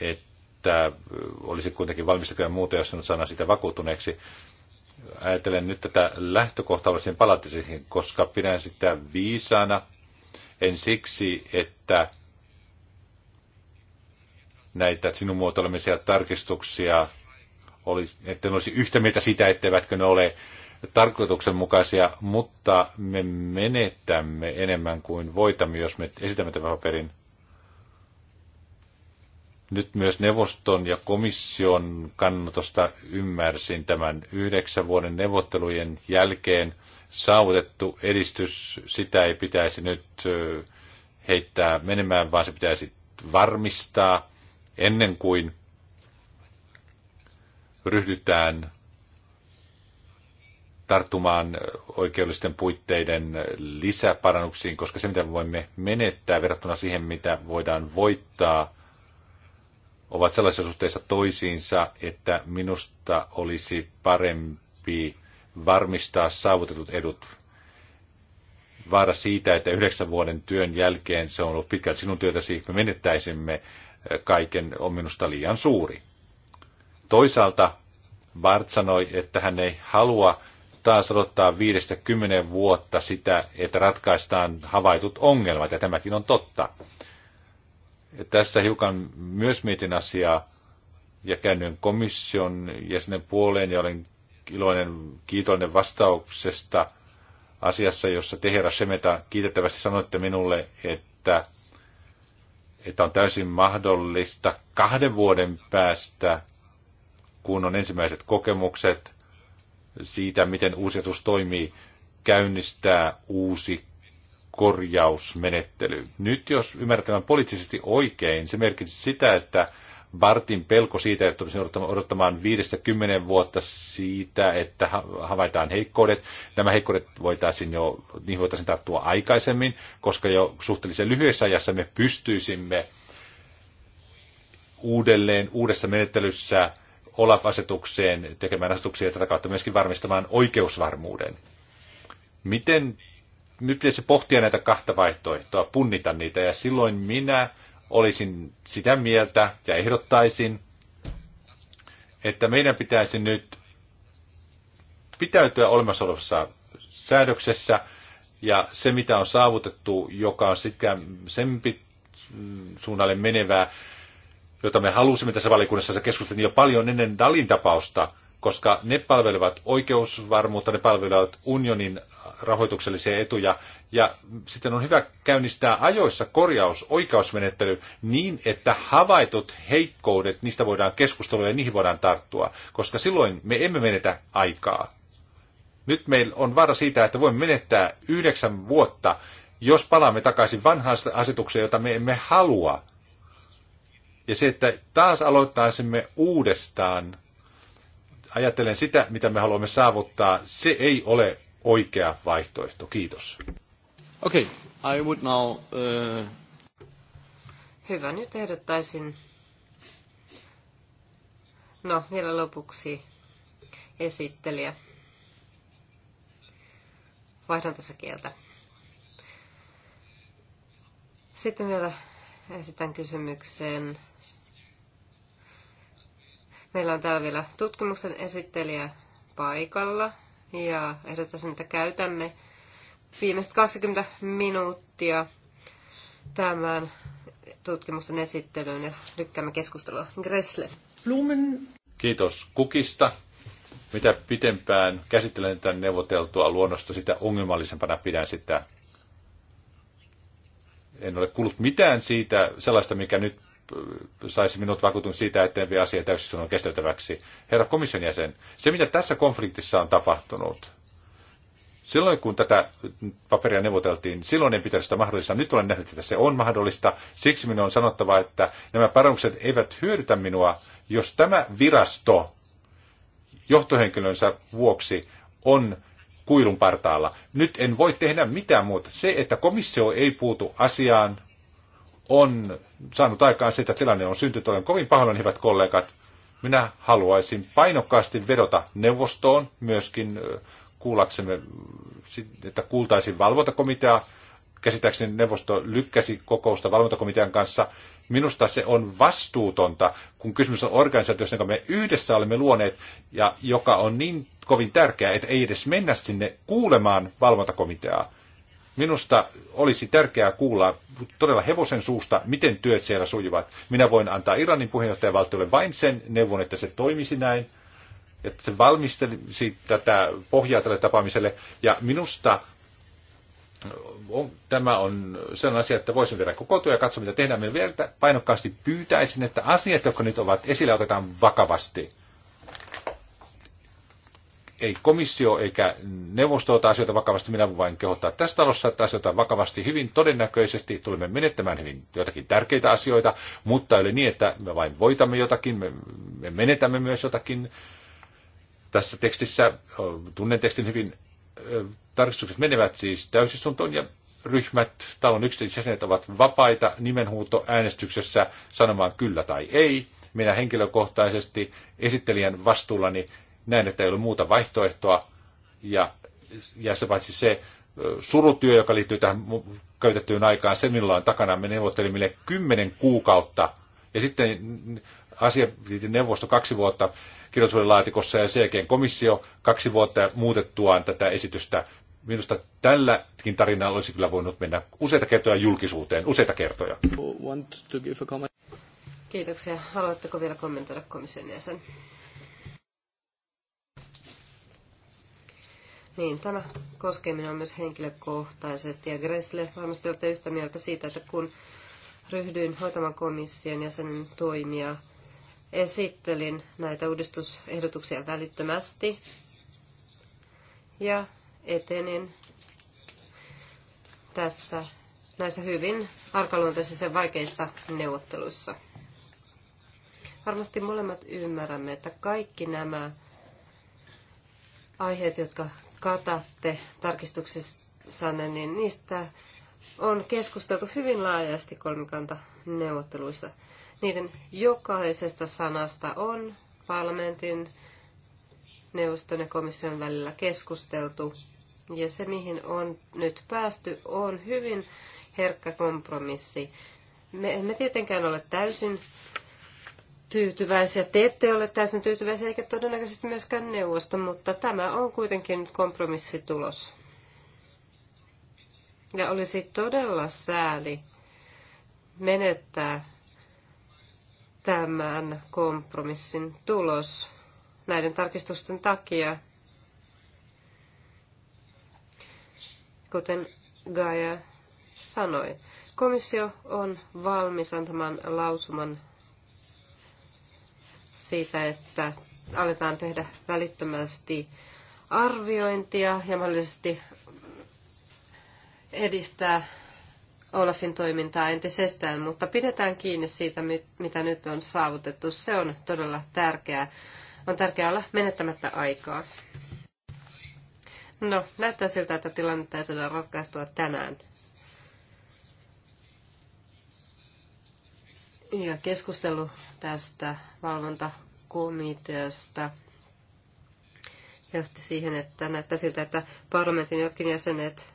Speaker 4: että että olisi kuitenkin valmis muuta, jos nyt saadaan sitä vakuuttuneeksi. Ajattelen nyt tätä lähtökohtallisiin palatisiin, koska pidän sitä viisaana. En siksi, että näitä sinun muotoilemisia tarkistuksia, olisi, että ne olisi yhtä mieltä sitä, etteivätkö ne ole tarkoituksenmukaisia, mutta me menetämme enemmän kuin voitamme, jos me esitämme tämän paperin nyt myös neuvoston ja komission kannatosta ymmärsin tämän yhdeksän vuoden neuvottelujen jälkeen saavutettu edistys. Sitä ei pitäisi nyt heittää menemään, vaan se pitäisi varmistaa ennen kuin ryhdytään tarttumaan oikeudellisten puitteiden lisäparannuksiin, koska se mitä voimme menettää verrattuna siihen, mitä voidaan voittaa – ovat sellaisessa suhteessa toisiinsa, että minusta olisi parempi varmistaa saavutetut edut. Vaara siitä, että yhdeksän vuoden työn jälkeen se on ollut pitkälti sinun työtäsi, me menettäisimme eh, kaiken, on minusta liian suuri. Toisaalta Bart sanoi, että hän ei halua taas odottaa viidestä kymmenen vuotta sitä, että ratkaistaan havaitut ongelmat, ja tämäkin on totta. Tässä hiukan myös mietin asiaa ja käännyin komission jäsenen puoleen ja olen iloinen, kiitollinen vastauksesta asiassa, jossa Tehera Semeta kiitettävästi sanoitte minulle, että, että on täysin mahdollista kahden vuoden päästä, kun on ensimmäiset kokemukset siitä, miten uusi toimii, käynnistää uusi korjausmenettely. Nyt jos ymmärtämään poliittisesti oikein, se merkitsi sitä, että Bartin pelko siitä, että tulisi odottamaan 5-10 vuotta siitä, että havaitaan heikkoudet. Nämä heikkoudet voitaisiin jo, niihin voitaisiin tarttua aikaisemmin, koska jo suhteellisen lyhyessä ajassa me pystyisimme uudelleen uudessa menettelyssä Olaf-asetukseen tekemään asetuksia ja tätä kautta myöskin varmistamaan oikeusvarmuuden. Miten nyt pitäisi pohtia näitä kahta vaihtoehtoa, punnita niitä, ja silloin minä olisin sitä mieltä ja ehdottaisin, että meidän pitäisi nyt pitäytyä olemassa olevassa säädöksessä, ja se mitä on saavutettu, joka on sitten sen suunnalle menevää, jota me halusimme tässä valikunnassa, se keskusteltiin jo paljon ennen Dalin tapausta, koska ne palvelevat oikeusvarmuutta, ne palvelevat unionin rahoituksellisia etuja, ja sitten on hyvä käynnistää ajoissa korjaus, oikeusmenettely niin, että havaitut heikkoudet, niistä voidaan keskustella ja niihin voidaan tarttua, koska silloin me emme menetä aikaa. Nyt meillä on vaara siitä, että voimme menettää yhdeksän vuotta, jos palaamme takaisin vanhaan asetukseen, jota me emme halua. Ja se, että taas aloittaisimme uudestaan ajattelen sitä, mitä me haluamme saavuttaa, se ei ole oikea vaihtoehto. Kiitos.
Speaker 1: Okei, okay, I would now... Uh...
Speaker 2: Hyvä, nyt ehdottaisin... No, vielä lopuksi esittelijä. Vaihdan tässä kieltä. Sitten vielä esitän kysymyksen Meillä on täällä vielä tutkimuksen esittelijä paikalla ja ehdottaisin, että käytämme viimeiset 20 minuuttia tämän tutkimuksen esittelyyn ja lykkäämme keskustelua. Gressle. Blumen.
Speaker 4: Kiitos kukista. Mitä pitempään käsittelen tämän neuvoteltua luonnosta, sitä ongelmallisempana pidän sitä. En ole kuullut mitään siitä sellaista, mikä nyt saisi minut vakuutun siitä, etten vie täysin täysistunnon kesteltäväksi. Herra komission jäsen, se mitä tässä konfliktissa on tapahtunut, silloin kun tätä paperia neuvoteltiin, silloin ei pitänyt sitä mahdollista. Nyt olen nähnyt, että se on mahdollista. Siksi minun on sanottava, että nämä parannukset eivät hyödytä minua, jos tämä virasto johtohenkilönsä vuoksi on kuilun partaalla. Nyt en voi tehdä mitään muuta. Se, että komissio ei puutu asiaan, on saanut aikaan sitä, tilanne on syntynyt. Olen kovin pahoin, hyvät kollegat. Minä haluaisin painokkaasti vedota neuvostoon myöskin kuullaksemme, että kuultaisiin valvontakomitea. Käsittääkseni neuvosto lykkäsi kokousta valvontakomitean kanssa. Minusta se on vastuutonta, kun kysymys on organisaatiosta, jonka me yhdessä olemme luoneet ja joka on niin kovin tärkeä, että ei edes mennä sinne kuulemaan valvontakomiteaa. Minusta olisi tärkeää kuulla todella hevosen suusta, miten työt siellä sujuvat. Minä voin antaa Iranin puheenjohtajavaltiolle vain sen neuvon, että se toimisi näin, että se valmistelisi tätä pohjaa tälle tapaamiselle. Ja minusta on, tämä on sellainen asia, että voisin vielä kokoontua ja katsoa, mitä tehdään. Minä vielä painokkaasti pyytäisin, että asiat, jotka nyt ovat esillä, otetaan vakavasti ei komissio eikä neuvosto ota asioita vakavasti. Minä vain kehottaa tässä talossa, että asioita vakavasti hyvin todennäköisesti tulemme menettämään hyvin jotakin tärkeitä asioita, mutta ei ole niin, että me vain voitamme jotakin, me, me menetämme myös jotakin. Tässä tekstissä, tunnen tekstin hyvin, tarkistukset menevät siis täysistuntoon ja ryhmät, talon yksityiset jäsenet ovat vapaita nimenhuuto äänestyksessä sanomaan kyllä tai ei. Minä henkilökohtaisesti esittelijän vastuullani näin että ei ollut muuta vaihtoehtoa. Ja, ja se paitsi se surutyö, joka liittyy tähän käytettyyn aikaan, se minulla on takana. Me neuvottelimme kymmenen kuukautta. Ja sitten asia neuvosto kaksi vuotta kirjallisuuden laatikossa ja sen jälkeen komissio kaksi vuotta muutettuaan tätä esitystä. Minusta tälläkin tarinalla olisi kyllä voinut mennä useita kertoja julkisuuteen, useita kertoja.
Speaker 2: Kiitoksia. Haluatteko vielä kommentoida komission jäsen? Niin, tämä koskee minua myös henkilökohtaisesti. Ja Gressle, varmasti olette yhtä mieltä siitä, että kun ryhdyin hoitamaan komission jäsenen toimia, esittelin näitä uudistusehdotuksia välittömästi ja etenin tässä näissä hyvin arkaluontoisissa ja vaikeissa neuvotteluissa. Varmasti molemmat ymmärrämme, että kaikki nämä aiheet, jotka katatte tarkistuksissanne, niin niistä on keskusteltu hyvin laajasti kolmikanta neuvotteluissa. Niiden jokaisesta sanasta on parlamentin, neuvoston ja komission välillä keskusteltu. Ja se, mihin on nyt päästy, on hyvin herkkä kompromissi. Me emme tietenkään ole täysin tyytyväisiä. Te ette ole täysin tyytyväisiä eikä todennäköisesti myöskään neuvosto, mutta tämä on kuitenkin nyt kompromissitulos. Ja olisi todella sääli menettää tämän kompromissin tulos näiden tarkistusten takia. Kuten Gaia sanoi, komissio on valmis antamaan lausuman siitä, että aletaan tehdä välittömästi arviointia ja mahdollisesti edistää Olafin toimintaa entisestään, mutta pidetään kiinni siitä, mitä nyt on saavutettu. Se on todella tärkeää. On tärkeää olla menettämättä aikaa. No, näyttää siltä, että tilannetta ei saada ratkaistua tänään. Ja keskustelu tästä valvontakomiteasta johti siihen, että näyttää siltä, että parlamentin jotkin jäsenet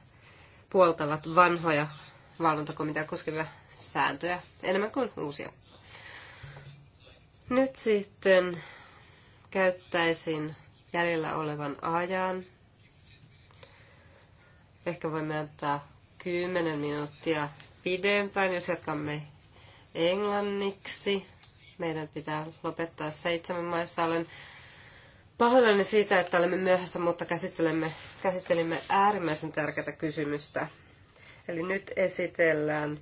Speaker 2: puoltavat vanhoja valvontakomitea koskevia sääntöjä enemmän kuin uusia. Nyt sitten käyttäisin jäljellä olevan ajan. Ehkä voimme antaa 10 minuuttia pidempään, jos jatkamme englanniksi. Meidän pitää lopettaa seitsemän maissa. Olen pahoillani siitä, että olemme myöhässä, mutta käsittelemme, käsittelimme äärimmäisen tärkeää kysymystä. Eli nyt esitellään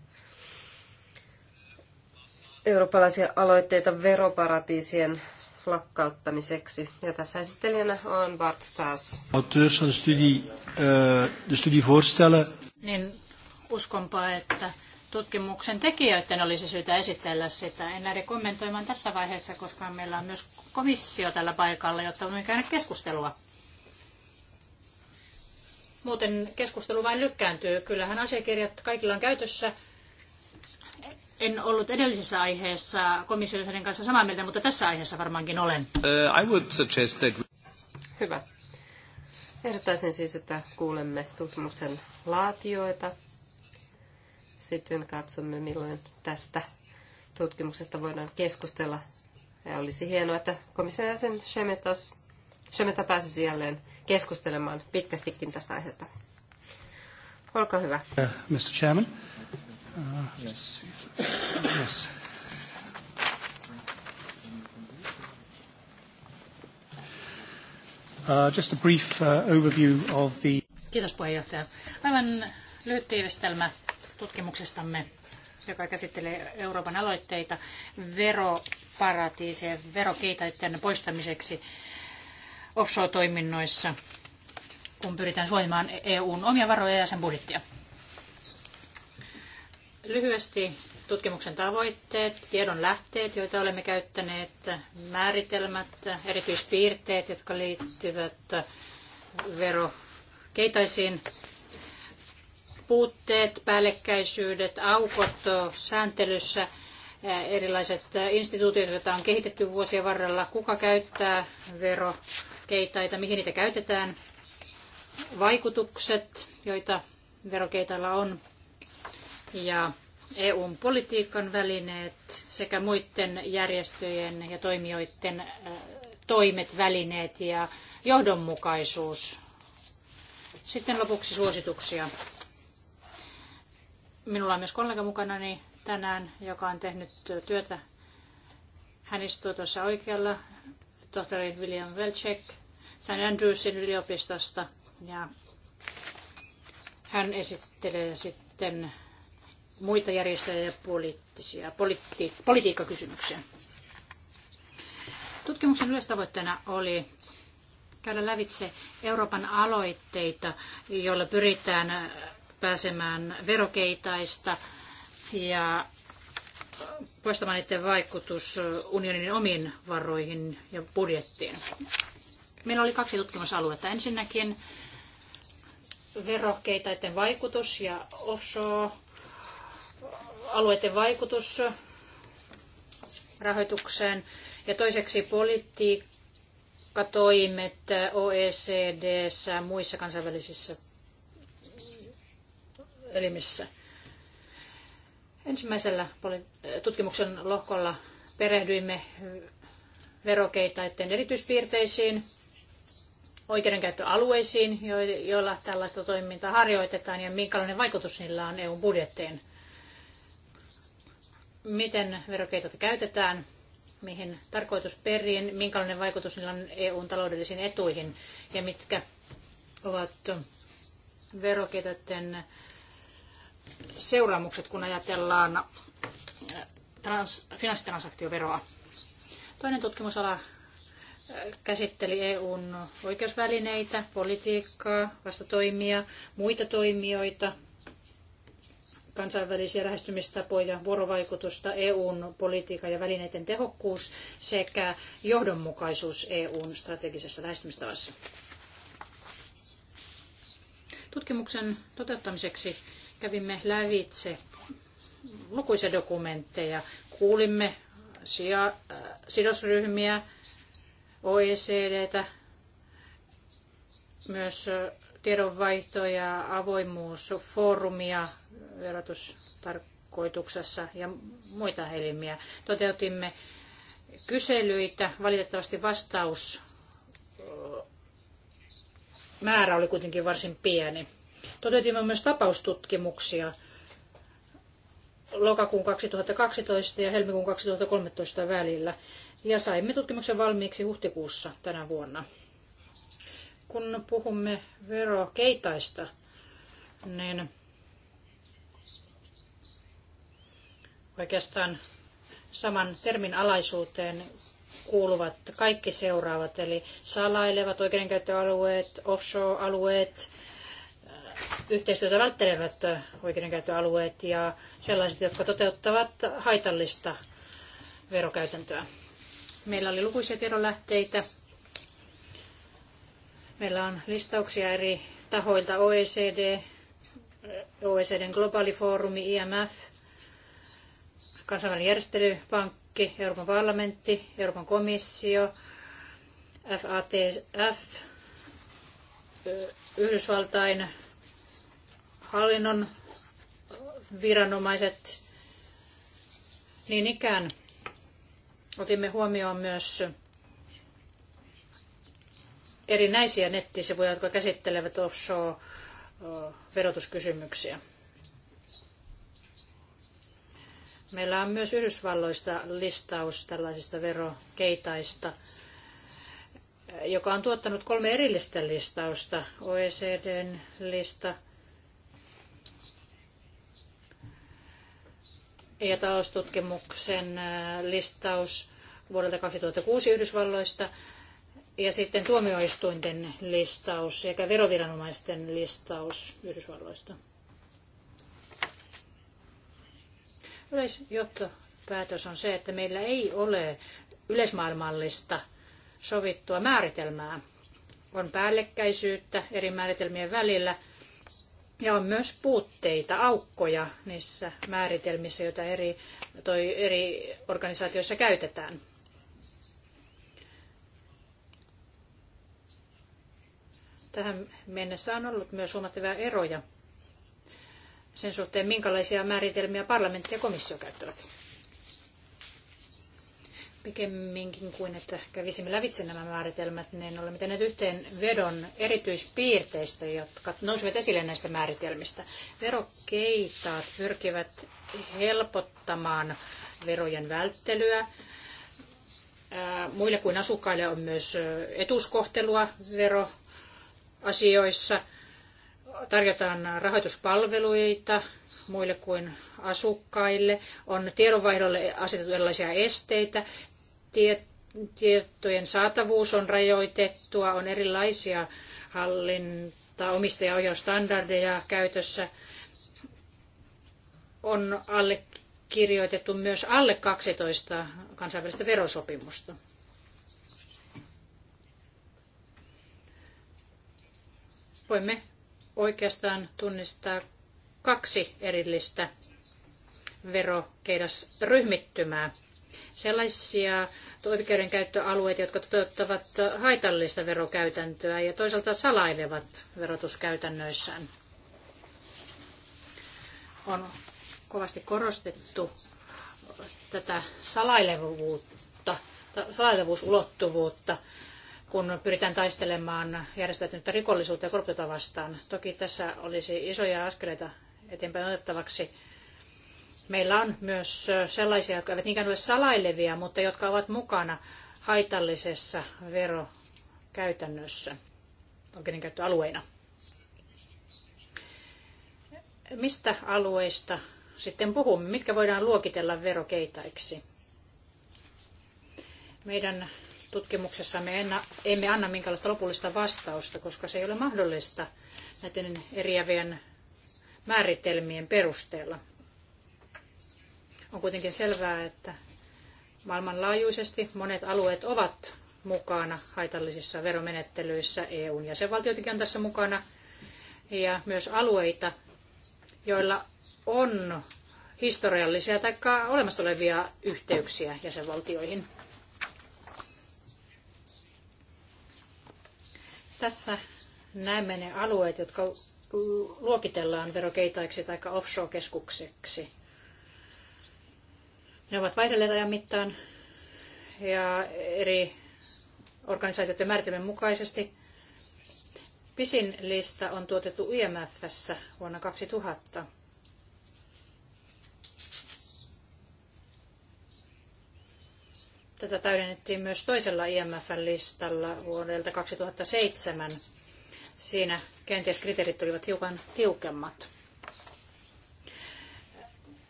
Speaker 2: eurooppalaisia aloitteita veroparatiisien lakkauttamiseksi. Ja tässä
Speaker 3: esittelijänä on Bart Stas.
Speaker 1: Auteurs van studie, de studie euh, voorstellen.
Speaker 3: Niin uskonpa, että tutkimuksen tekijöiden olisi syytä esitellä sitä. En lähde kommentoimaan tässä vaiheessa, koska meillä on myös komissio tällä paikalla, jotta voimme käydä keskustelua. Muuten keskustelu vain lykkääntyy. Kyllähän asiakirjat kaikilla on käytössä. En ollut edellisessä aiheessa komissiojäsenen kanssa samaa mieltä, mutta tässä aiheessa varmaankin olen.
Speaker 1: Uh, I would suggest that...
Speaker 3: Hyvä. Ehdottaisin siis, että kuulemme tutkimuksen
Speaker 2: laatioita sitten katsomme, milloin tästä tutkimuksesta voidaan keskustella. Ja olisi hienoa, että komission jäsen Shemetas, Shemeta pääsisi jälleen keskustelemaan pitkästikin tästä aiheesta. Olkaa hyvä.
Speaker 6: Uh, Mr. Chairman. Uh, yes. yes. Uh, just a brief uh, overview of the...
Speaker 3: Kiitos puheenjohtaja. Aivan lyhyt tiivistelmä tutkimuksestamme, joka käsittelee Euroopan aloitteita veroparatiisien, verokeitaiden poistamiseksi offshore-toiminnoissa, kun pyritään suojamaan EUn omia varoja ja sen budjettia. Lyhyesti tutkimuksen tavoitteet, tiedon lähteet, joita olemme käyttäneet, määritelmät, erityispiirteet, jotka liittyvät verokeitaisiin puutteet, päällekkäisyydet, aukot sääntelyssä, eh, erilaiset instituutiot, joita on kehitetty vuosien varrella, kuka käyttää verokeitaita, mihin niitä käytetään, vaikutukset, joita verokeitailla on, ja EUn politiikan välineet sekä muiden järjestöjen ja toimijoiden eh, toimet, välineet ja johdonmukaisuus. Sitten lopuksi suosituksia. Minulla on myös kollega mukanani tänään, joka on tehnyt työtä. Hän istuu tuossa oikealla, tohtori William Welchek St. Andrewsin yliopistosta. Ja hän esittelee sitten muita järjestöjä ja poliittisia, politi, politiikkakysymyksiä. Tutkimuksen yleistavoitteena oli käydä lävitse Euroopan aloitteita, joilla pyritään pääsemään verokeitaista ja poistamaan niiden vaikutus unionin omiin varoihin ja budjettiin. Meillä oli kaksi tutkimusaluetta. Ensinnäkin verokeitaiden vaikutus ja
Speaker 6: offshore-alueiden
Speaker 3: vaikutus rahoitukseen. Ja toiseksi politiikkatoimet OECDssä ja muissa kansainvälisissä elimissä. Ensimmäisellä tutkimuksen lohkolla perehdyimme verokeitaiden erityispiirteisiin, oikeudenkäyttöalueisiin, joilla tällaista toimintaa harjoitetaan ja minkälainen vaikutus niillä on EU-budjettiin. Miten verokeitot käytetään, mihin tarkoitusperiin, minkälainen vaikutus niillä on EUn taloudellisiin etuihin ja mitkä ovat verokeitaiden seuraamukset, kun ajatellaan äh, trans, finanssitransaktioveroa. Toinen tutkimusala äh, käsitteli EUn oikeusvälineitä, politiikkaa, vastatoimia, muita toimijoita, kansainvälisiä lähestymistapoja, vuorovaikutusta, EUn politiikan ja välineiden tehokkuus sekä johdonmukaisuus EUn strategisessa lähestymistavassa. Tutkimuksen toteuttamiseksi Kävimme lävitse lukuisia dokumentteja, kuulimme sija, äh, sidosryhmiä, OECDtä, myös äh, tiedonvaihto- ja avoimuusfoorumia verotustarkoituksessa ja muita elimiä. Toteutimme kyselyitä. Valitettavasti vastaus määrä oli kuitenkin varsin pieni. Toteutimme myös tapaustutkimuksia lokakuun 2012 ja helmikuun 2013 välillä ja saimme tutkimuksen valmiiksi huhtikuussa tänä vuonna. Kun puhumme verokeitaista, niin oikeastaan saman termin alaisuuteen kuuluvat kaikki seuraavat, eli salailevat oikeudenkäyttöalueet, offshore-alueet, yhteistyötä välttelevät oikeudenkäyttöalueet ja sellaiset, jotka toteuttavat haitallista verokäytäntöä. Meillä oli lukuisia tiedonlähteitä. Meillä on listauksia eri tahoilta OECD, OECDn globaalifoorumi, IMF, kansainvälinen järjestelypankki, Euroopan parlamentti, Euroopan komissio, FATF, Yhdysvaltain hallinnon viranomaiset niin ikään otimme huomioon myös erinäisiä nettisivuja, jotka käsittelevät offshore-verotuskysymyksiä. Meillä on myös Yhdysvalloista listaus tällaisista verokeitaista, joka on tuottanut kolme erillistä listausta. OECDn lista – ja taloustutkimuksen äh, listaus vuodelta 2006 Yhdysvalloista ja sitten tuomioistuinten listaus sekä veroviranomaisten listaus Yhdysvalloista. Yleisjohtopäätös on se, että meillä ei ole yleismaailmallista sovittua määritelmää. On päällekkäisyyttä eri määritelmien välillä – ja on myös puutteita, aukkoja niissä määritelmissä, joita eri, toi eri organisaatioissa käytetään. Tähän mennessä on ollut myös huomattavia eroja sen suhteen, minkälaisia määritelmiä parlamentti ja komissio käyttävät pikemminkin kuin, että kävisimme lävitse nämä määritelmät, niin olemme tehneet yhteen vedon erityispiirteistä, jotka nousivat esille näistä määritelmistä. Verokeitaat pyrkivät helpottamaan verojen välttelyä. Muille kuin asukkaille on myös etuskohtelua veroasioissa. Tarjotaan rahoituspalveluita, muille kuin asukkaille, on tiedonvaihdolle asetettu erilaisia esteitä tietojen saatavuus on rajoitettua, on erilaisia hallinta, omistajaohjausstandardeja käytössä. On allekirjoitettu myös alle 12 kansainvälistä verosopimusta. Voimme oikeastaan tunnistaa kaksi erillistä verokeidasryhmittymää sellaisia oikeudenkäyttöalueita, jotka toteuttavat haitallista verokäytäntöä ja toisaalta salailevat verotuskäytännöissään. On kovasti korostettu tätä salailevuutta, salailevuusulottuvuutta, kun pyritään taistelemaan järjestäytynyttä rikollisuutta ja korruptiota vastaan. Toki tässä olisi isoja askeleita eteenpäin otettavaksi Meillä on myös sellaisia, jotka eivät niinkään ole salailevia, mutta jotka ovat mukana haitallisessa verokäytännössä oikeudenkäyttöalueina. Mistä alueista sitten puhumme? Mitkä voidaan luokitella verokeitaiksi? Meidän tutkimuksessamme emme anna minkäänlaista lopullista vastausta, koska se ei ole mahdollista näiden eriävien määritelmien perusteella. On kuitenkin selvää, että maailmanlaajuisesti monet alueet ovat mukana haitallisissa veromenettelyissä. EUn jäsenvaltiotkin on tässä mukana ja myös alueita, joilla on historiallisia tai olemassa olevia yhteyksiä jäsenvaltioihin. Tässä näemme ne alueet, jotka luokitellaan verokeitaiksi tai offshore-keskukseksi. Ne ovat vaihdelleet ajan mittaan ja eri organisaatioiden määritelmän mukaisesti. Pisin lista on tuotettu IMFssä vuonna 2000. Tätä täydennettiin myös toisella IMF-listalla vuodelta 2007. Siinä kenties kriteerit olivat hiukan tiukemmat.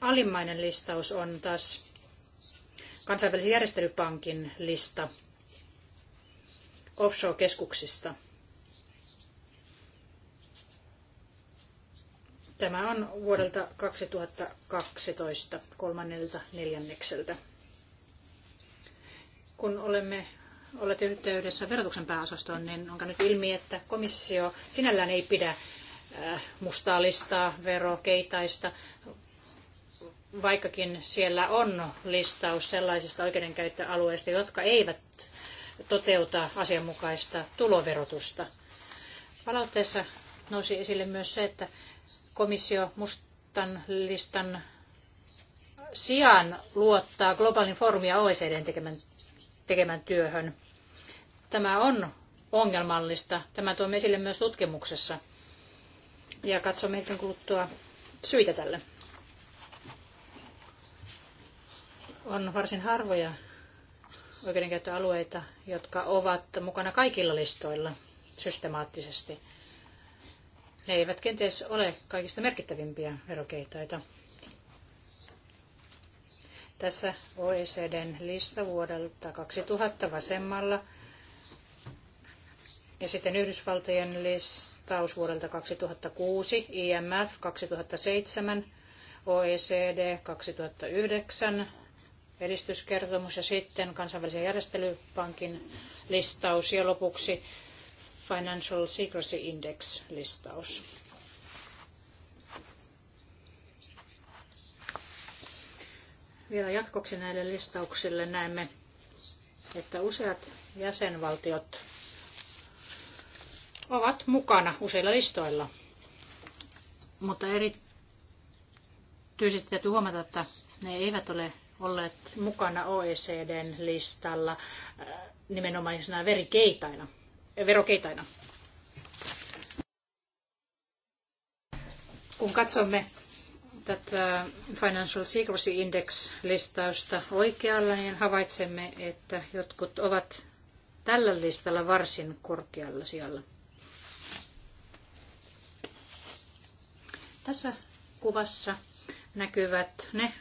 Speaker 3: Alimmainen listaus on taas kansainvälisen järjestelypankin lista offshore-keskuksista. Tämä on vuodelta 2012 kolmannelta neljännekseltä. Kun olemme olleet yhteydessä verotuksen pääosastoon, niin on käynyt ilmi, että komissio sinällään ei pidä äh, mustaa listaa verokeitaista, vaikkakin siellä on listaus sellaisista oikeudenkäyttöalueista, jotka eivät toteuta asianmukaista tuloverotusta. Palautteessa nousi esille myös se, että komissio mustan listan sijaan luottaa globaalin foorumin ja OECDn tekemän, tekemän työhön. Tämä on ongelmallista. Tämä tuomme esille myös tutkimuksessa. Ja katsomme hetken kuluttua syitä tälle. On varsin harvoja oikeudenkäyttöalueita, jotka ovat mukana kaikilla listoilla systemaattisesti. Ne eivät kenties ole kaikista merkittävimpiä verokeitaita. Tässä OECDn lista vuodelta 2000 vasemmalla ja sitten Yhdysvaltojen listaus vuodelta 2006, IMF 2007, OECD 2009, edistyskertomus ja sitten kansainvälisen järjestelypankin listaus ja lopuksi Financial Secrecy Index-listaus. Vielä jatkoksi näille listauksille näemme, että useat jäsenvaltiot ovat mukana useilla listoilla. Mutta erityisesti täytyy huomata, että ne eivät ole olleet mukana OECDn listalla äh, nimenomaisena verikeitaina, verokeitaina. Kun katsomme tätä Financial Secrecy Index-listausta oikealla, niin havaitsemme, että jotkut ovat tällä listalla varsin korkealla siellä. Tässä kuvassa näkyvät ne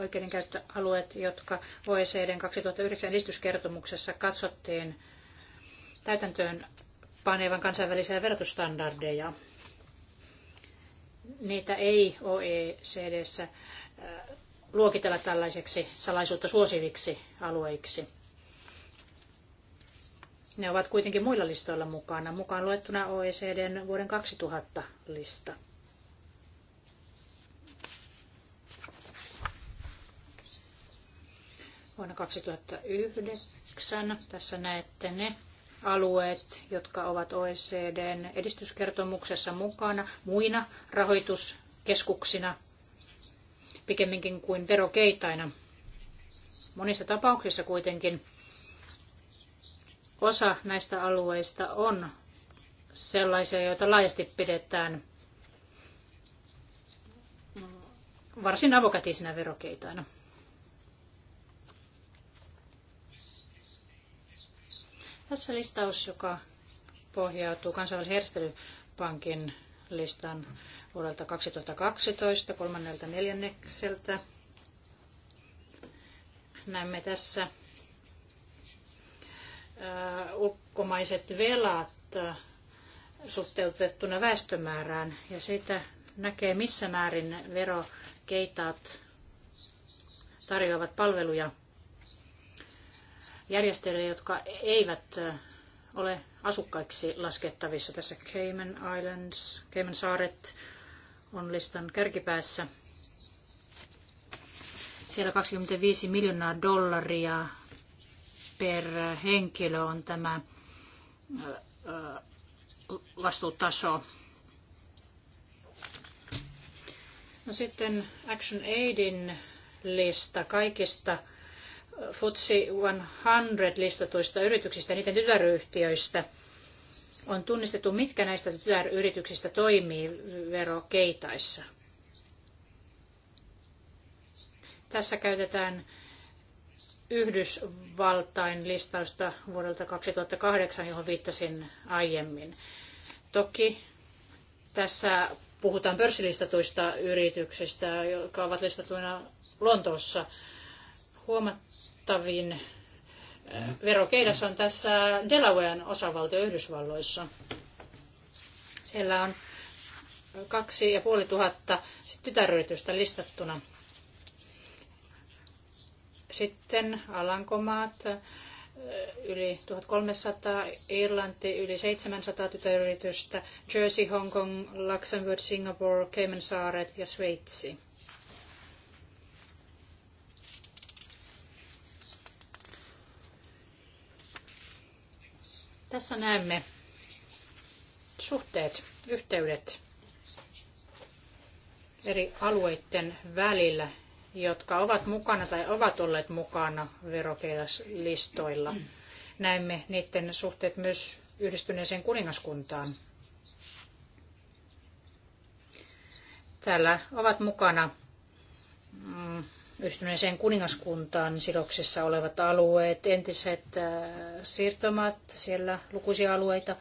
Speaker 3: oikeudenkäyttöalueet, jotka OECDn 2009 edistyskertomuksessa katsottiin täytäntöön panevan kansainvälisiä verotusstandardeja. Niitä ei OECDssä äh, luokitella tällaiseksi salaisuutta suosiviksi alueiksi. Ne ovat kuitenkin muilla listoilla mukana, mukaan luettuna OECDn vuoden 2000 lista. vuonna 2009. Tässä näette ne alueet, jotka ovat OECDn edistyskertomuksessa mukana muina rahoituskeskuksina pikemminkin kuin verokeitaina. Monissa tapauksissa kuitenkin osa näistä alueista on sellaisia, joita laajasti pidetään varsin avokätisinä verokeitaina. Tässä listaus, joka pohjautuu kansainvälisen järjestelypankin listan vuodelta 2012 kolmannelta neljännekseltä. Näemme tässä äh, ulkomaiset velat äh, suhteutettuna väestömäärään ja siitä näkee missä määrin verokeitaat tarjoavat palveluja järjestöille, jotka eivät ole asukkaiksi laskettavissa. Tässä Cayman Islands, Cayman saaret on listan kärkipäässä. Siellä 25 miljoonaa dollaria per henkilö on tämä vastuutaso. No sitten Action Aidin lista kaikista FTSE 100 listatuista yrityksistä, niiden tytäryhtiöistä, on tunnistettu, mitkä näistä tytäryrityksistä toimii verokeitaissa. Tässä käytetään Yhdysvaltain listausta vuodelta 2008, johon viittasin aiemmin. Toki tässä puhutaan pörssilistatuista yrityksistä, jotka ovat listattuina Lontoossa. Huomattavasti mittavin äh, verokeidas on tässä Delawarean osavaltio Yhdysvalloissa. Siellä on kaksi ja puoli tuhatta tytäryritystä listattuna. Sitten Alankomaat, äh, yli 1300, Irlanti yli 700 tytäryritystä, Jersey, Hong Kong, Luxembourg, Singapore, Cayman saaret ja Sveitsi. Tässä näemme suhteet, yhteydet eri alueiden välillä, jotka ovat mukana tai ovat olleet mukana verokeilaslistoilla. Näemme niiden suhteet myös yhdistyneeseen kuningaskuntaan. Täällä ovat mukana mm, yhtyneeseen kuningaskuntaan sidoksissa olevat alueet, entiset äh, siirtomat siellä lukuisia alueita,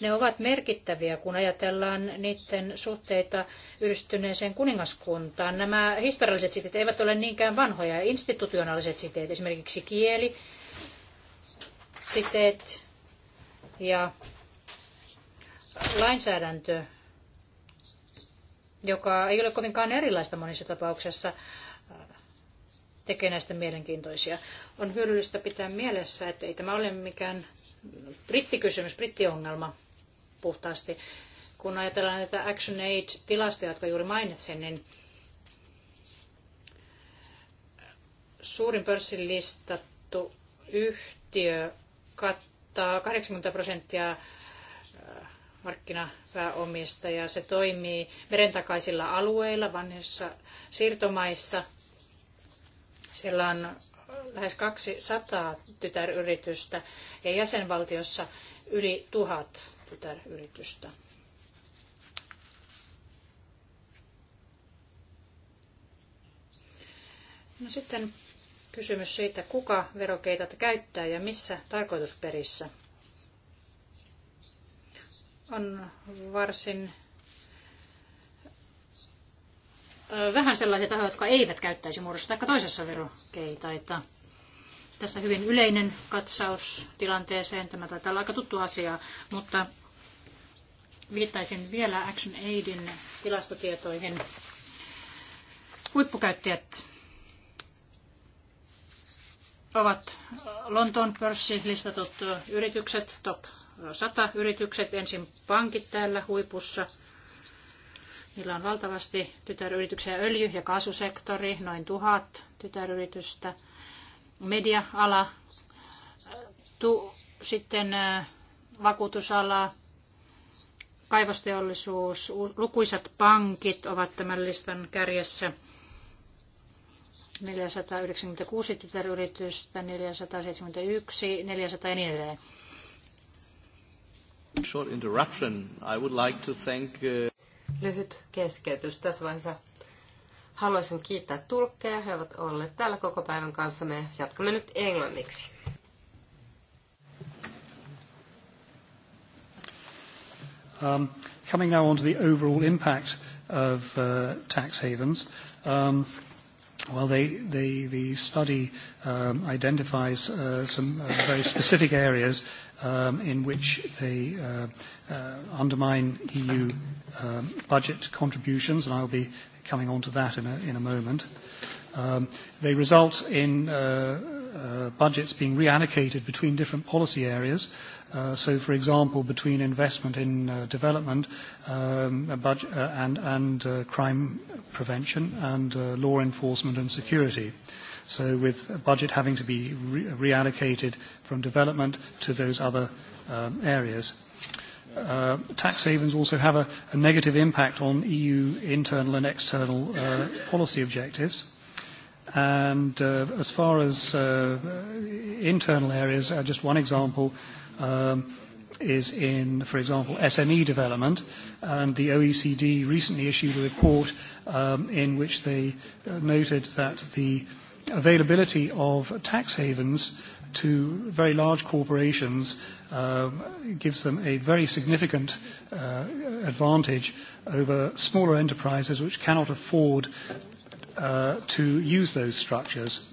Speaker 3: ne ovat merkittäviä, kun ajatellaan niiden suhteita yhdistyneeseen kuningaskuntaan. Nämä historialliset siteet eivät ole niinkään vanhoja, institutionaaliset siteet, esimerkiksi kieli, siteet ja lainsäädäntö, joka ei ole kovinkaan erilaista monissa tapauksessa tekee näistä mielenkiintoisia. On hyödyllistä pitää mielessä, että ei tämä ole mikään brittikysymys, brittiongelma puhtaasti. Kun ajatellaan näitä Action Aid-tilastoja, jotka juuri mainitsin, niin suurin pörssin listattu yhtiö kattaa 80 prosenttia äh, markkinapääomista ja se toimii merentakaisilla alueilla, vanhissa siirtomaissa – siellä on lähes 200 tytäryritystä ja jäsenvaltiossa yli tuhat tytäryritystä. No sitten kysymys siitä, kuka verokeitat käyttää ja missä tarkoitusperissä. On varsin vähän sellaisia tahoja, jotka eivät käyttäisi muodossa tai toisessa Että Tässä hyvin yleinen katsaus tilanteeseen. Tämä taitaa olla aika tuttu asia, mutta viittaisin vielä Action Aidin tilastotietoihin. Huippukäyttäjät ovat Lontoon pörssi listatut yritykset, top 100 yritykset, ensin pankit täällä huipussa – Niillä on valtavasti tytäryrityksiä öljy- ja kaasusektori, noin tuhat tytäryritystä, media-ala, tu, sitten vakuutusala, kaivosteollisuus, lukuisat pankit ovat tämän listan kärjessä. 496 tytäryritystä, 471, 400 ja niin edelleen.
Speaker 1: Short interruption. I would like to thank, uh,
Speaker 3: lyhyt keskeytys. Tässä vaiheessa
Speaker 2: haluaisin kiittää tulkkeja. He ovat olleet täällä koko päivän kanssa. Me jatkamme nyt englanniksi.
Speaker 6: Um, coming now on to the overall impact of uh, tax havens. Um, Well, they, they, the study um, identifies uh, some uh, very specific areas um, in which they uh, uh, undermine EU um, budget contributions, and I'll be coming on to that in a, in a moment. Um, they result in uh, uh, budgets being reallocated between different policy areas. Uh, so, for example, between investment in uh, development um, budget, uh, and, and uh, crime prevention and uh, law enforcement and security. Uh, So with a budget having to be re reallocated from development to those other um, areas. Uh, tax havens also have a, a negative impact on EU internal and external uh, policy objectives. And uh, as far as uh, internal areas, uh, just one example um, is in, for example, SME development. And the OECD recently issued a report um, in which they uh, noted that the availability of tax havens to very large corporations uh, gives them a very significant uh, advantage over smaller enterprises which cannot afford uh, to use those structures.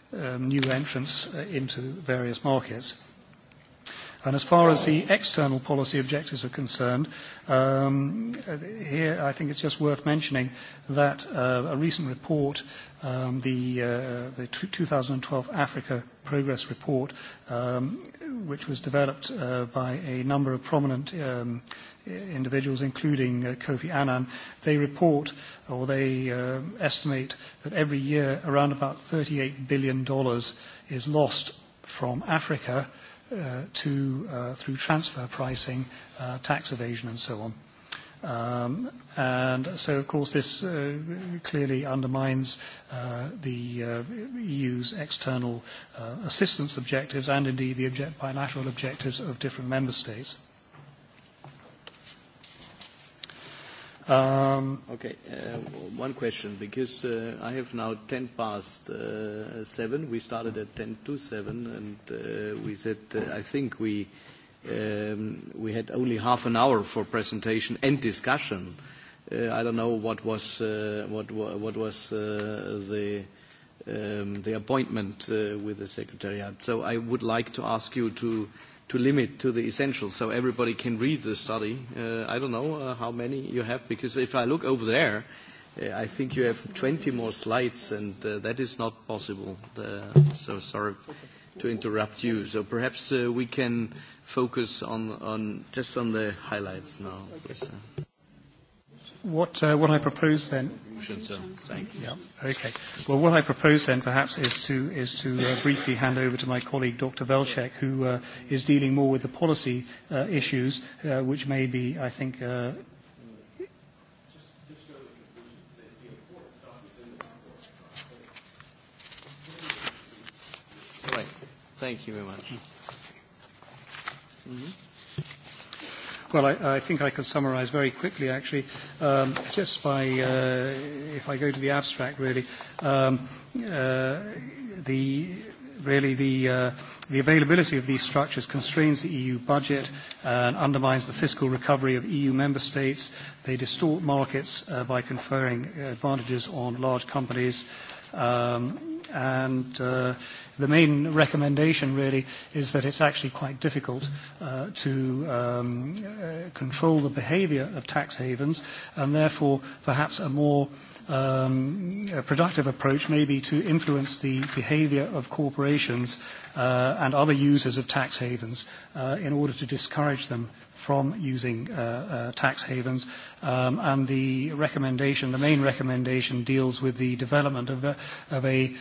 Speaker 6: Um, new entrants uh, into various markets. And as far as the external policy objectives are concerned, um, here I think it's just worth mentioning that uh, a recent report, um, the, 2012 uh, Africa Progress Report, which was developed by a number of prominent individuals, including uh, Kofi Annan, they report or they uh, estimate that every year around about $38 billion is lost from Africa uh, to, uh, through transfer pricing, uh, tax evasion and so on. Um, and so, of course, this uh, clearly undermines uh, the uh, EU's external uh, assistance objectives and indeed the object- bilateral objectives of different member states.
Speaker 1: Um, okay, uh, one question, because uh, I have now 10 past uh, 7. We started at 10 to 7, and uh, we said, uh, I think we, um, we had only half an hour for presentation and discussion. Uh, I don't know what was, uh, what, what was uh, the, um, the appointment uh, with the Secretariat. So I would like to ask you to to limit to the essentials so everybody can read the study. Uh, I don't know uh, how many you have, because if I look over there, uh, I think you have 20 more slides, and uh, that is not possible. Uh, so sorry to interrupt you. So perhaps uh, we can focus on, on just on the highlights now.
Speaker 6: What, uh, what I propose then
Speaker 1: options. So thank you. Yeah.
Speaker 6: Okay. Well, what I propose then perhaps is to, is to uh, briefly hand over to my colleague Dr. Velchek, who uh, is dealing more with the policy uh, issues, uh, which may be, I think, uh,
Speaker 1: All right. Thank you very much. Mm-hmm.
Speaker 6: Well, I, I think I could summarize very quickly, actually, um, just by, uh, if I go to the abstract, really, um, uh, the, really the, uh, the availability of these structures constrains the EU budget and undermines the fiscal recovery of EU member states. They distort markets uh, by conferring advantages on large companies. Um, and uh, the main recommendation really is that it's actually quite difficult uh, to um, uh, control the behavior of tax havens, and therefore perhaps a more um, a productive approach may be to influence the behavior of corporations uh, and other users of tax havens uh, in order to discourage them from using uh, uh, tax havens. Um, and the recommendation, the main recommendation, deals with the development of a,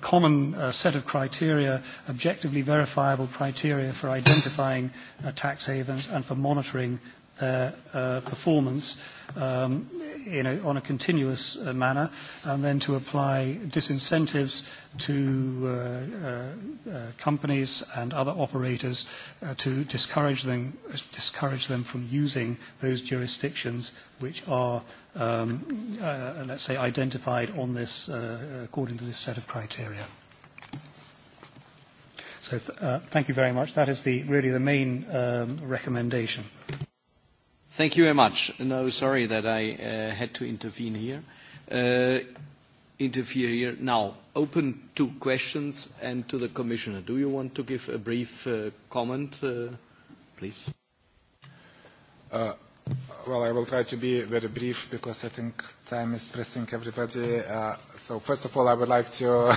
Speaker 6: common uh, set of criteria, objectively verifiable criteria for identifying tax havens and for monitoring their performance. Um, in a, on a continuous uh, manner, and then to apply disincentives to uh, uh, uh, companies and other operators uh, to discourage them, uh, discourage them from using those jurisdictions which are, um, uh, let's say, identified on this, uh, according to this set of criteria. So th- uh, thank you very much. That is the, really the main um, recommendation.
Speaker 1: Thank you very much. No, sorry that I uh, had to intervene here. Uh, interfere here. Now, open to questions and to the
Speaker 5: commissioner. Do you want to give a brief uh, comment, uh, please? Uh, well, I will try to be very brief because I think time is pressing everybody. Uh, so first of all, I would like to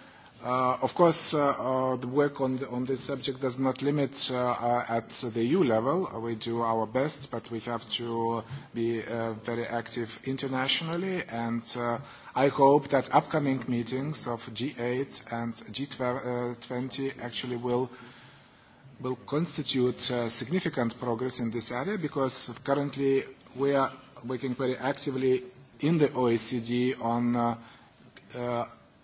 Speaker 5: Uh, of course, uh, uh, the work on, this subject does not limit at the EU level. We do our best, but we have to be very active internationally. And I hope that upcoming meetings of G8 and G20 actually will constitute significant progress in this area because currently we are working very actively in the OECD on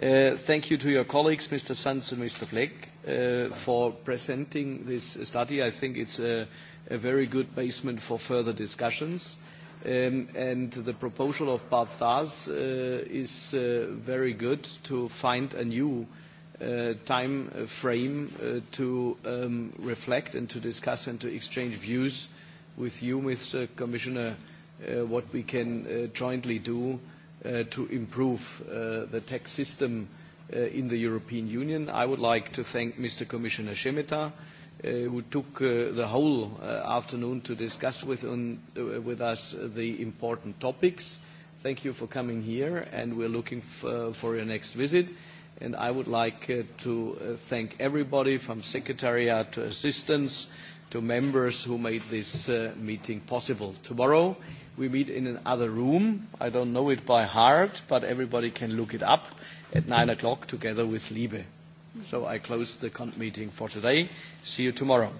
Speaker 1: Uh, thank you to your colleagues, Mr. Sanz and Mr. Fleck, uh, for presenting this study. I think it's a, a very good basement for further discussions. Um, and the proposal of Bart Stars uh, is uh, very good to find a new uh, time frame to um, reflect and to discuss and to exchange views with you, Mr. Commissioner, what we can jointly do Uh, to improve uh, the tax system uh, in the European Union. I would like to thank Mr. Commissioner Šemeta, who took the whole afternoon to discuss with, us the important topics. Thank you for coming here, and we're looking for your next visit. And I would like to thank everybody from Secretariat to assistants to members who made this meeting possible. Tomorrow, We meet in another room. I don't know it by heart, but everybody can look it up at nine o'clock together with Liebe. So I close the meeting for today. See you tomorrow.